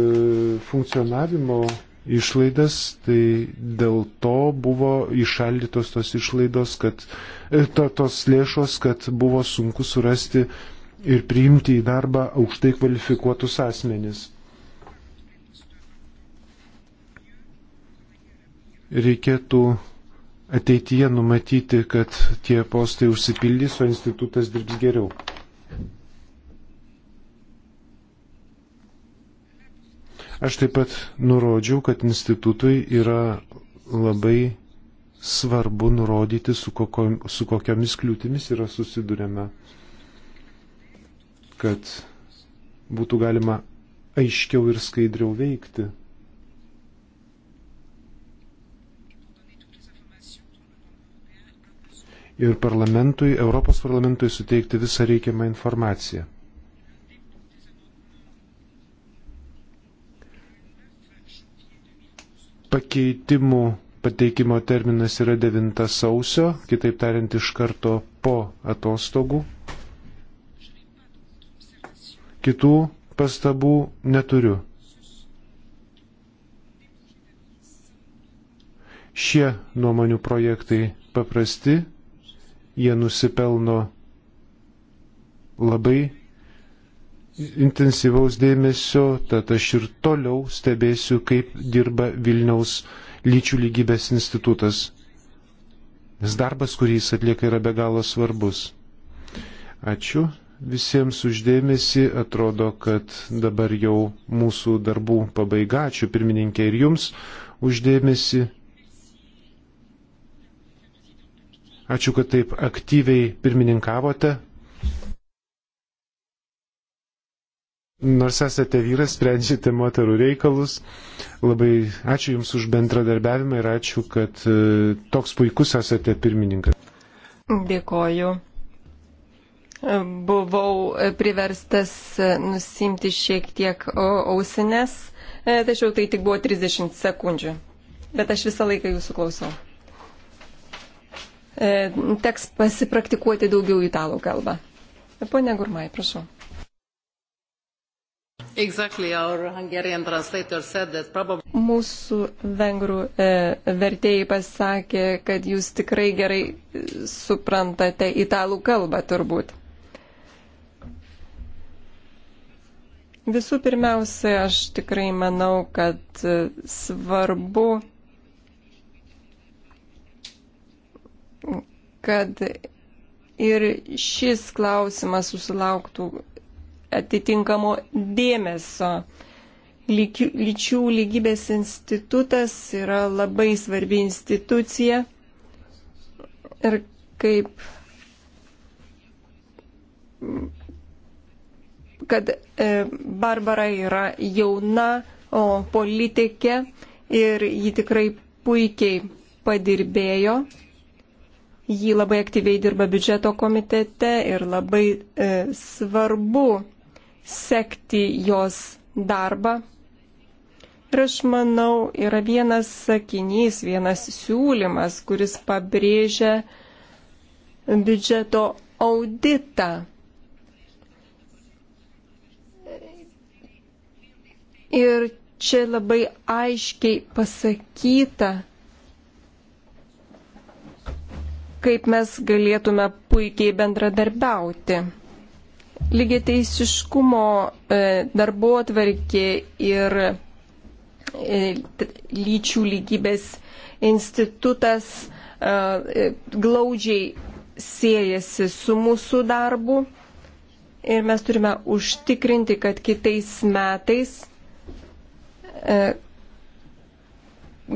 funkcionavimo išlaidas, tai dėl to buvo išaldytos tos išlaidos, kad e, to, tos lėšos, kad buvo sunku surasti uh, ir priimti į darbą aukštai kvalifikuotus asmenis. Reikėtų ateityje numatyti, kad tie postai užsipildys, o institutas dirbs geriau. Aš taip pat nurodžiau, kad institutui yra labai svarbu nurodyti, su, kokio, su kokiamis kliūtimis yra susidurėme kad būtų galima aiškiau ir skaidriau veikti. Ir parlamentui, Europos parlamentui suteikti visą reikiamą informaciją. Pakeitimų pateikimo terminas yra 9 sausio, kitaip tariant, iš karto po atostogų Kitų pastabų neturiu. Šie nuomonių projektai paprasti, jie nusipelno labai intensyvaus dėmesio, tad aš ir toliau stebėsiu, kaip dirba Vilniaus lyčių lygybės institutas. Nes darbas, kurį jis atlieka, yra be galo svarbus. Ačiū visiems uždėmesi. Atrodo, kad dabar jau mūsų darbų pabaiga. Ačiū pirmininkė ir jums uždėmesi. Ačiū, kad taip aktyviai pirmininkavote. Nors esate vyras, sprendžiate moterų reikalus. Labai ačiū Jums už bendradarbiavimą ir ačiū, kad e, toks puikus esate pirmininkas. Dėkoju buvau priverstas nusimti šiek tiek ausinės, e, tačiau tai tik buvo 30 sekundžių. Bet aš visą laiką jūsų klausau. E, teks pasipraktikuoti daugiau italų kalbą. Pone Gurmai, prašau. Exactly, probably... Mūsų vengrų e, vertėjai pasakė, kad jūs tikrai gerai suprantate italų kalbą turbūt. Visų pirmiausia, aš tikrai manau, kad e, svarbu, kad ir šis klausimas susilauktų atitinkamo dėmesio. Lyčių lygybės institutas yra labai svarbi institucija ir kaip kad e, Barbara yra jauna politikė ir ji tikrai puikiai padirbėjo. Ji labai aktyviai dirba biudžeto komitete ir labai e, svarbu sekti jos darbą. Ir aš manau, yra vienas sakinys, vienas siūlymas, kuris pabrėžia biudžeto auditą Ir čia labai aiškiai pasakyta, kaip mes galėtume puikiai bendradarbiauti. Lygiai teisiškumo e, darbo atvarkė ir e, lyčių lygybės institutas e, glaudžiai siejasi su mūsų darbu ir mes turime užtikrinti, kad kitais metais E,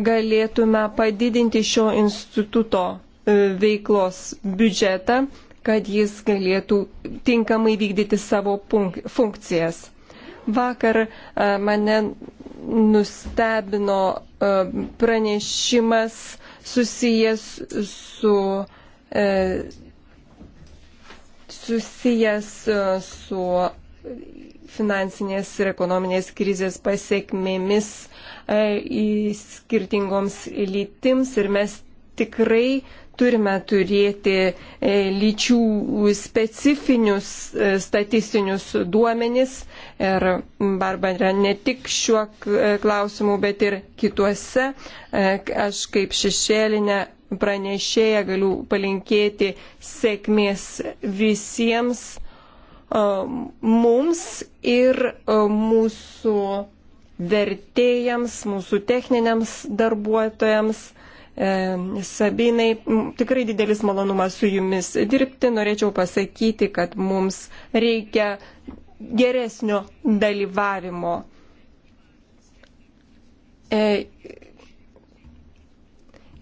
galėtume padidinti šio instituto e, veiklos biudžetą, kad jis galėtų tinkamai vykdyti savo funkcijas. Vakar e, mane nustebino pranešimas susijęs su susijęs su finansinės ir ekonominės krizės pasiekmėmis e, skirtingoms lytims ir mes tikrai turime turėti e, lyčių specifinius e, statistinius duomenis ir Barbara ne tik šiuo klausimu, bet ir kituose. Aš kaip šešėlinė pranešėja galiu palinkėti sėkmės visiems mums ir mūsų vertėjams, mūsų techniniams darbuotojams. E, Sabinai, tikrai didelis malonumas su jumis dirbti. Norėčiau pasakyti, kad mums reikia geresnio dalyvavimo. E,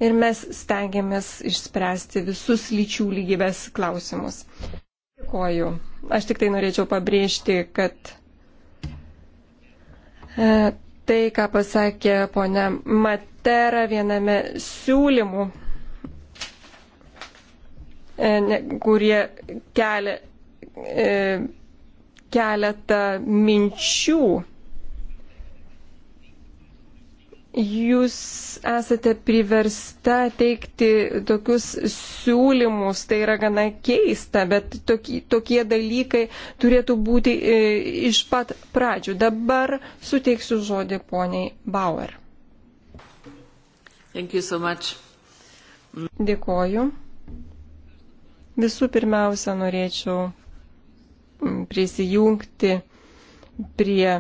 ir mes stengiamės išspręsti visus lyčių lygybės klausimus. Dėkoju. Aš tik tai norėčiau pabrėžti, kad e, tai, ką pasakė ponia Matera viename siūlymu, e, kurie kelia e, keletą minčių jūs esate priversta teikti tokius siūlymus, tai yra gana keista, bet tokie, tokie dalykai turėtų būti e, iš pat pradžių. Dabar suteiksiu žodį poniai Bauer. So much. Dėkoju. Visų pirmiausia, norėčiau prisijungti prie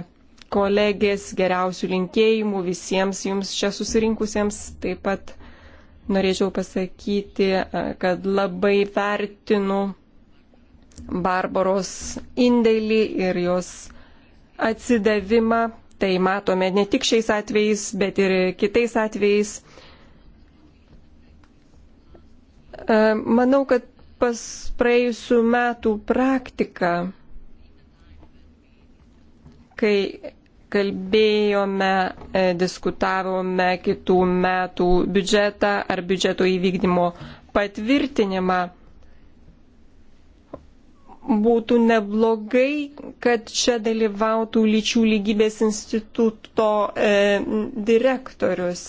kolegės, geriausių linkėjimų visiems jums čia susirinkusiems. Taip pat norėčiau pasakyti, e, kad labai vertinu Barbaros indėlį ir jos atsidavimą. Tai matome ne tik šiais atvejais, bet ir kitais atvejais. E, manau, kad pas praėjusių metų praktika, kai kalbėjome, e, diskutavome kitų metų biudžetą ar biudžeto įvykdymo patvirtinimą. Būtų neblogai, kad čia dalyvautų lyčių lygybės instituto e, direktorius.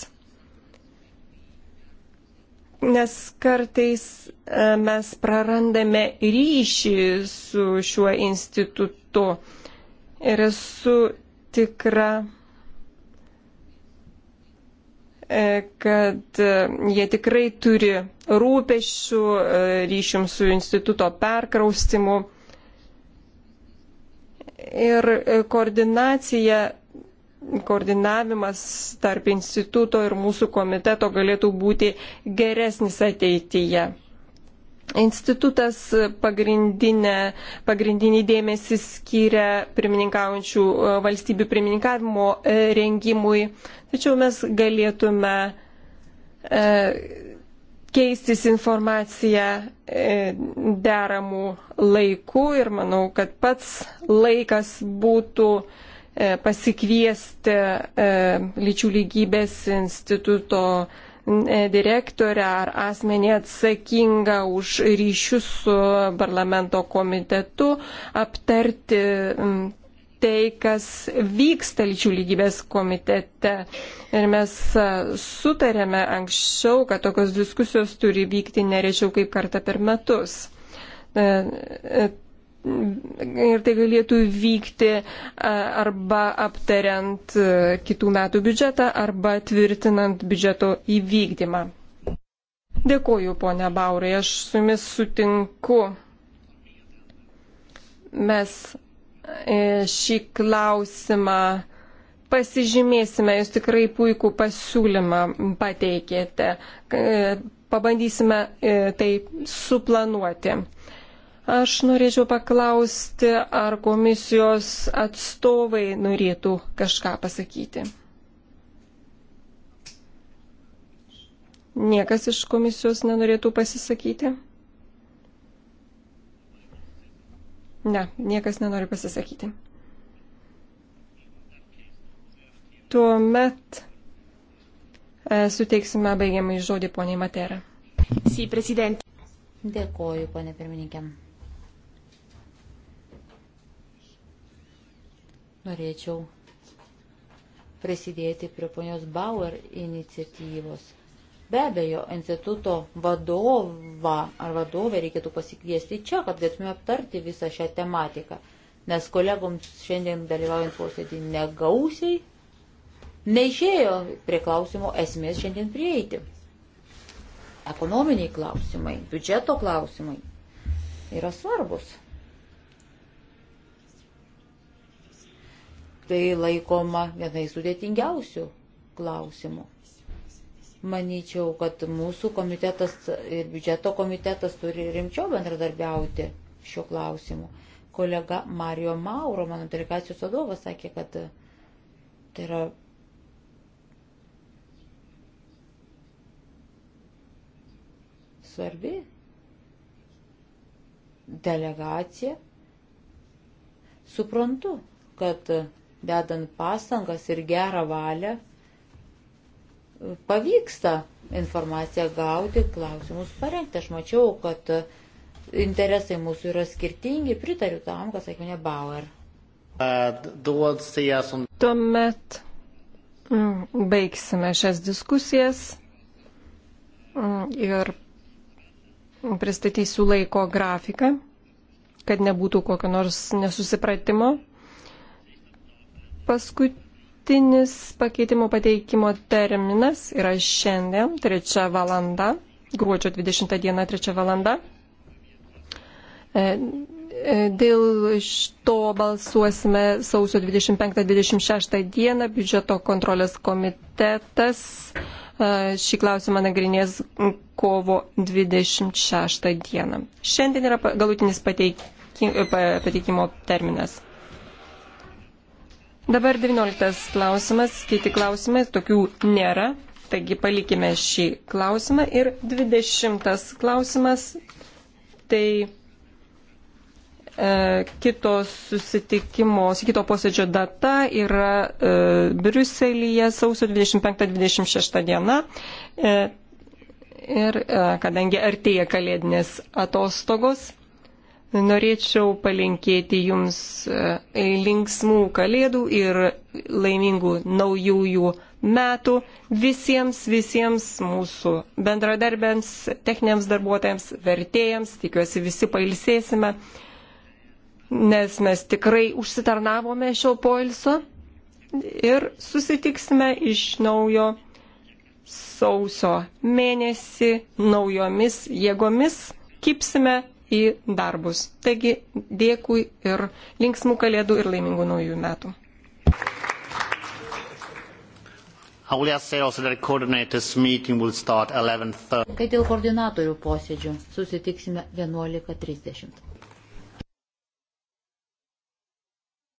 Nes kartais e, mes prarandame ryšį su šiuo institutu. Ir esu tikrą, e, kad e, jie tikrai turi rūpešių e, ryšium su instituto perkraustimu. Ir koordinacija, koordinavimas tarp instituto ir mūsų komiteto galėtų būti geresnis ateityje. Institutas pagrindinį dėmesį skiria pirmininkaujančių e, valstybių pirmininkavimo e, rengimui, tačiau mes galėtume e, keistis informaciją deramų laikų ir manau, kad pats laikas būtų pasikviesti lyčių lygybės instituto direktorę ar asmenį atsakingą už ryšius su parlamento komitetu aptarti tai, kas vyksta lyčių lygybės komitete. Ir mes sutarėme anksčiau, kad tokios diskusijos turi vykti nerečiau kaip kartą per metus e, e, ir tai galėtų vykti arba aptariant kitų metų biudžetą, arba tvirtinant biudžeto įvykdymą. Dėkuoju, ponia Baurai, aš su jumis sutinku. Mes e, šį klausimą pasižymėsime, jūs tikrai puikų pasiūlymą pateikėte. E, pabandysime e, tai suplanuoti. Aš norėčiau paklausti, ar komisijos atstovai norėtų kažką pasakyti. Niekas iš komisijos nenorėtų pasisakyti? Ne, niekas nenori pasisakyti. Tuomet e, suteiksime baigiamai žodį poniai Matera. Sì, Presidente. Dėkoju, ponė pirmininkė. norėčiau prisidėti prie ponios Bauer iniciatyvos. Be abejo, instituto vadovą ar vadovę reikėtų pasikviesti čia, kad galėtume aptarti visą šią tematiką, nes kolegoms šiandien dalyvaujant posėdį negausiai neišėjo prie klausimo esmės šiandien prieiti. Ekonominiai klausimai, biudžeto klausimai yra svarbus. tai laikoma vienai sudėtingiausių klausimų. Manyčiau, kad mūsų komitetas ir biudžeto komitetas turi rimčiau bendradarbiauti šiuo klausimu. Kolega Mario Mauro, mano delegacijos vadovas, sakė, kad tai yra svarbi delegacija. Suprantu, kad dedant pastangas ir gerą valią, pavyksta informaciją gauti, klausimus parengti. Aš mačiau, kad interesai mūsų yra skirtingi, pritariu tam, kas sakė ne Bauer. Tuomet mm, baigsime šias diskusijas mm, ir pristatysiu laiko grafiką, kad nebūtų kokio nors nesusipratimo. Paskutinis pakeitimo pateikimo terminas yra šiandien, 3 valanda, gruodžio 20 diena, 3 valanda. E, e, dėl to balsuosime sausio 25-26 dieną. Biudžeto kontrolės komitetas e, šį klausimą nagrinės kovo 26 dieną. Šiandien yra galutinis pateikimo terminas. Dabar 19 klausimas, kiti klausimai, tokių nėra. Taigi palikime šį klausimą. Ir 20 klausimas, tai e, kito susitikimo, kito posėdžio data yra e, Briuselyje sausio 25-26 diena. E, ir e, kadangi artėja kalėdinės atostogos, Norėčiau palinkėti jums e, linksmų kalėdų ir laimingų naujųjų metų visiems, visiems mūsų bendradarbiams, techniniams darbuotojams, vertėjams. Tikiuosi visi pailsėsime, nes mes tikrai užsitarnavome šio poilso ir susitiksime iš naujo sausio mėnesį naujomis jėgomis. Kipsime į darbus. Taigi dėkui ir linksmų kalėdų ir laimingų naujų metų. Kai dėl koordinatorių posėdžių susitiksime 11.30.